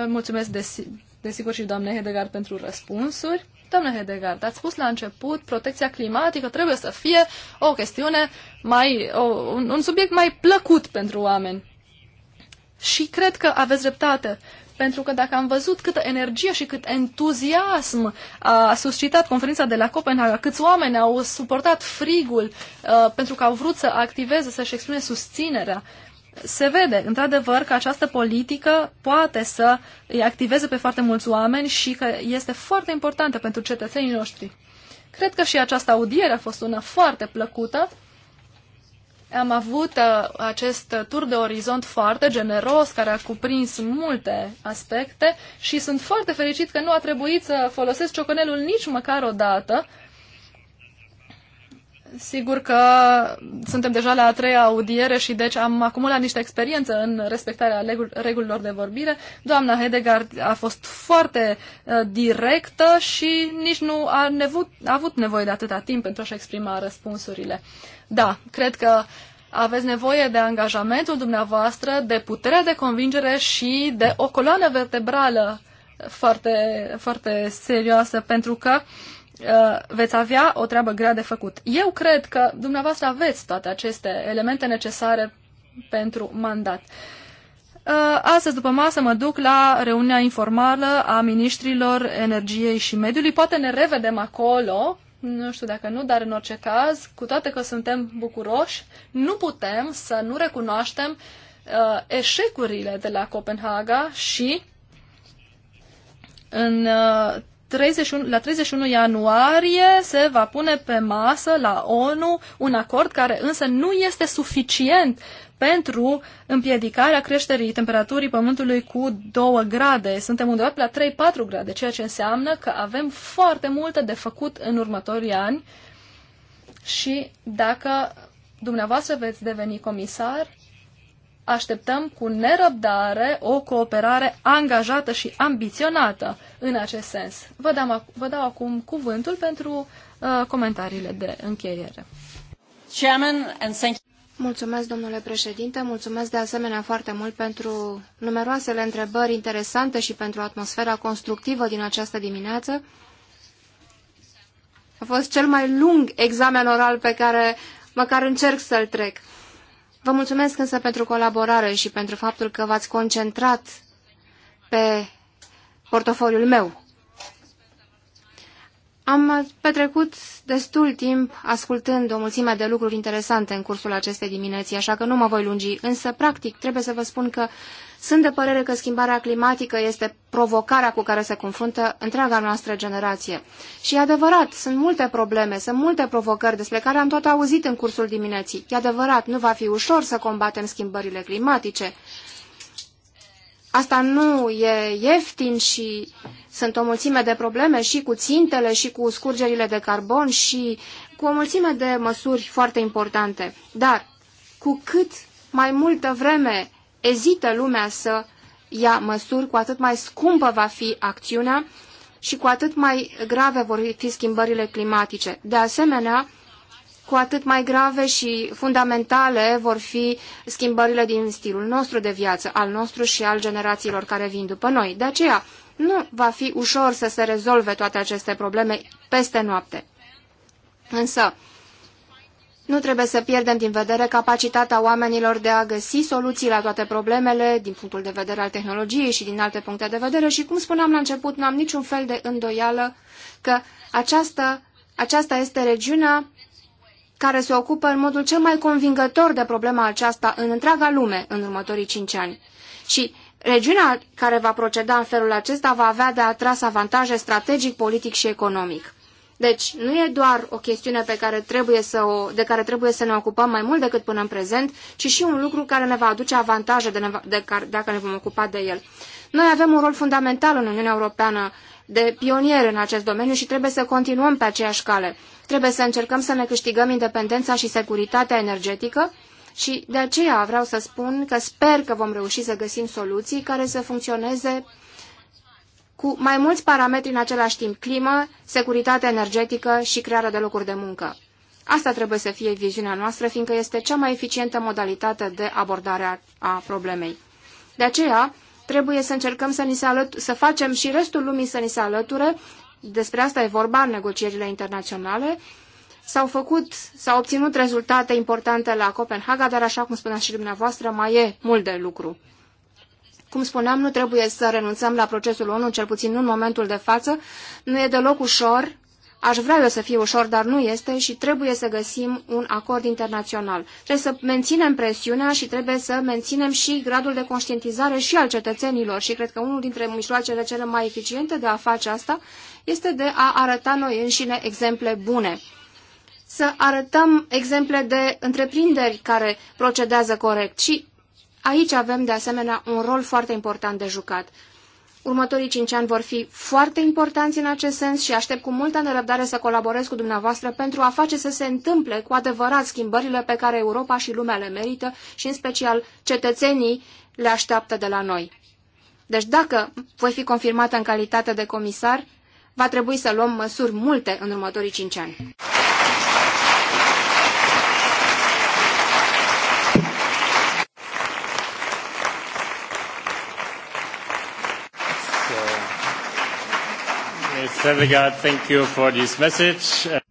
Mulțumesc desigur și doamnei Hedegaard pentru răspunsuri. Doamne Hedegaard, ați spus la început, protecția climatică trebuie să fie o chestiune mai, o, un, un subiect mai plăcut pentru oameni. Și cred că aveți dreptate, pentru că dacă am văzut câtă energie și cât entuziasm a suscitat conferința de la Copenhaga, câți oameni au suportat frigul uh, pentru că au vrut să activeze, să-și exprime susținerea, se vede, într-adevăr, că această politică poate să îi activeze pe foarte mulți oameni și că este foarte importantă pentru cetățenii noștri. Cred că și această audiere a fost una foarte plăcută. Am avut uh, acest tur de orizont foarte generos, care a cuprins multe aspecte și sunt foarte fericit că nu a trebuit să folosesc ciocanelul nici măcar o dată, Sigur că suntem deja la a treia audiere și deci am acumulat niște experiență în respectarea regulilor de vorbire. Doamna Hedegaard a fost foarte uh, directă și nici nu a, nevut, a avut nevoie de atâta timp pentru a-și exprima răspunsurile. Da, cred că aveți nevoie de angajamentul dumneavoastră, de puterea de convingere și de o coloană vertebrală foarte, foarte serioasă, pentru că uh, Uh, veți avea o treabă grea de făcut. Eu cred că dumneavoastră aveți toate aceste elemente necesare pentru mandat. Uh, astăzi, după masă, mă duc la reuniunea informală a ministrilor energiei și mediului. Poate ne revedem acolo, nu știu dacă nu, dar în orice caz, cu toate că suntem bucuroși, nu putem să nu recunoaștem uh, eșecurile de la Copenhaga și în uh, 31, la 31 ianuarie se va pune pe masă la ONU un acord care însă nu este suficient pentru împiedicarea creșterii temperaturii Pământului cu 2 grade. Suntem undeva la 3-4 grade, ceea ce înseamnă că avem foarte multe de făcut în următorii ani și dacă dumneavoastră veți deveni comisar, Așteptăm cu nerăbdare o cooperare angajată și ambiționată în acest sens. Vă, dam, vă dau acum cuvântul pentru uh, comentariile de încheiere. Chairman, and thank you. Mulțumesc, domnule președinte, mulțumesc de asemenea foarte mult pentru numeroasele întrebări interesante și pentru atmosfera constructivă din această dimineață. A fost cel mai lung examen oral pe care măcar încerc să-l trec. Vă mulțumesc însă pentru colaborare și pentru faptul că v-ați concentrat pe portofoliul meu. Am petrecut destul timp ascultând o mulțime de lucruri interesante în cursul acestei dimineții, așa că nu mă voi lungi, însă, practic, trebuie să vă spun că sunt de părere că schimbarea climatică este provocarea cu care se confruntă întreaga noastră generație. Și e adevărat, sunt multe probleme, sunt multe provocări despre care am tot auzit în cursul dimineții. E adevărat, nu va fi ușor să combatem schimbările climatice, Asta nu e ieftin și sunt o mulțime de probleme și cu țintele și cu scurgerile de carbon și cu o mulțime de măsuri foarte importante. Dar cu cât mai multă vreme ezită lumea să ia măsuri, cu atât mai scumpă va fi acțiunea și cu atât mai grave vor fi schimbările climatice. De asemenea, cu atât mai grave și fundamentale vor fi schimbările din stilul nostru de viață, al nostru și al generațiilor care vin după noi. De aceea, nu va fi ușor să se rezolve toate aceste probleme peste noapte. Însă, nu trebuie să pierdem din vedere capacitatea oamenilor de a găsi soluții la toate problemele din punctul de vedere al tehnologiei și din alte puncte de vedere și, cum spuneam la început, nu am niciun fel de îndoială că aceasta, aceasta este regiunea care se ocupă în modul cel mai convingător de problema aceasta în întreaga lume în următorii cinci ani. Și regiunea care va proceda în felul acesta va avea de atras avantaje strategic, politic și economic. Deci, nu e doar o chestiune pe care trebuie să o, de care trebuie să ne ocupăm mai mult decât până în prezent, ci și un lucru care ne va aduce avantaje de ne de dacă ne vom ocupa de el. Noi avem un rol fundamental în Uniunea Europeană de pionier în acest domeniu și trebuie să continuăm pe aceeași cale. Trebuie să încercăm să ne câștigăm independența și securitatea energetică și de aceea vreau să spun că sper că vom reuși să găsim soluții care să funcționeze cu mai mulți parametri în același timp, climă, securitate energetică și crearea de locuri de muncă. Asta trebuie să fie viziunea noastră, fiindcă este cea mai eficientă modalitate de abordare a problemei. De aceea, trebuie să încercăm să, ni se alăt- să facem și restul lumii să ni se alăture despre asta e vorba în negocierile internaționale. S-au făcut, s-au obținut rezultate importante la Copenhaga, dar așa cum spuneați și dumneavoastră, mai e mult de lucru. Cum spuneam, nu trebuie să renunțăm la procesul ONU, cel puțin nu în momentul de față. Nu e deloc ușor, aș vrea eu să fie ușor, dar nu este și trebuie să găsim un acord internațional. Trebuie să menținem presiunea și trebuie să menținem și gradul de conștientizare și al cetățenilor și cred că unul dintre mijloacele cele mai eficiente de a face asta este de a arăta noi înșine exemple bune. Să arătăm exemple de întreprinderi care procedează corect și aici avem de asemenea un rol foarte important de jucat. Următorii cinci ani vor fi foarte importanți în acest sens și aștept cu multă nerăbdare să colaborez cu dumneavoastră pentru a face să se întâmple cu adevărat schimbările pe care Europa și lumea le merită și în special cetățenii le așteaptă de la noi. Deci dacă voi fi confirmată în calitate de comisar, va trebui să luăm măsuri multe în următorii cinci ani.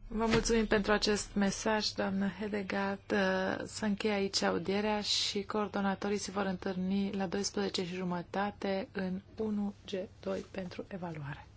Vă mulțumim pentru acest mesaj, doamnă Hedegaard. Uh, să încheie aici audierea și coordonatorii se vor întâlni la 12 și jumătate în 1G2 pentru evaluare.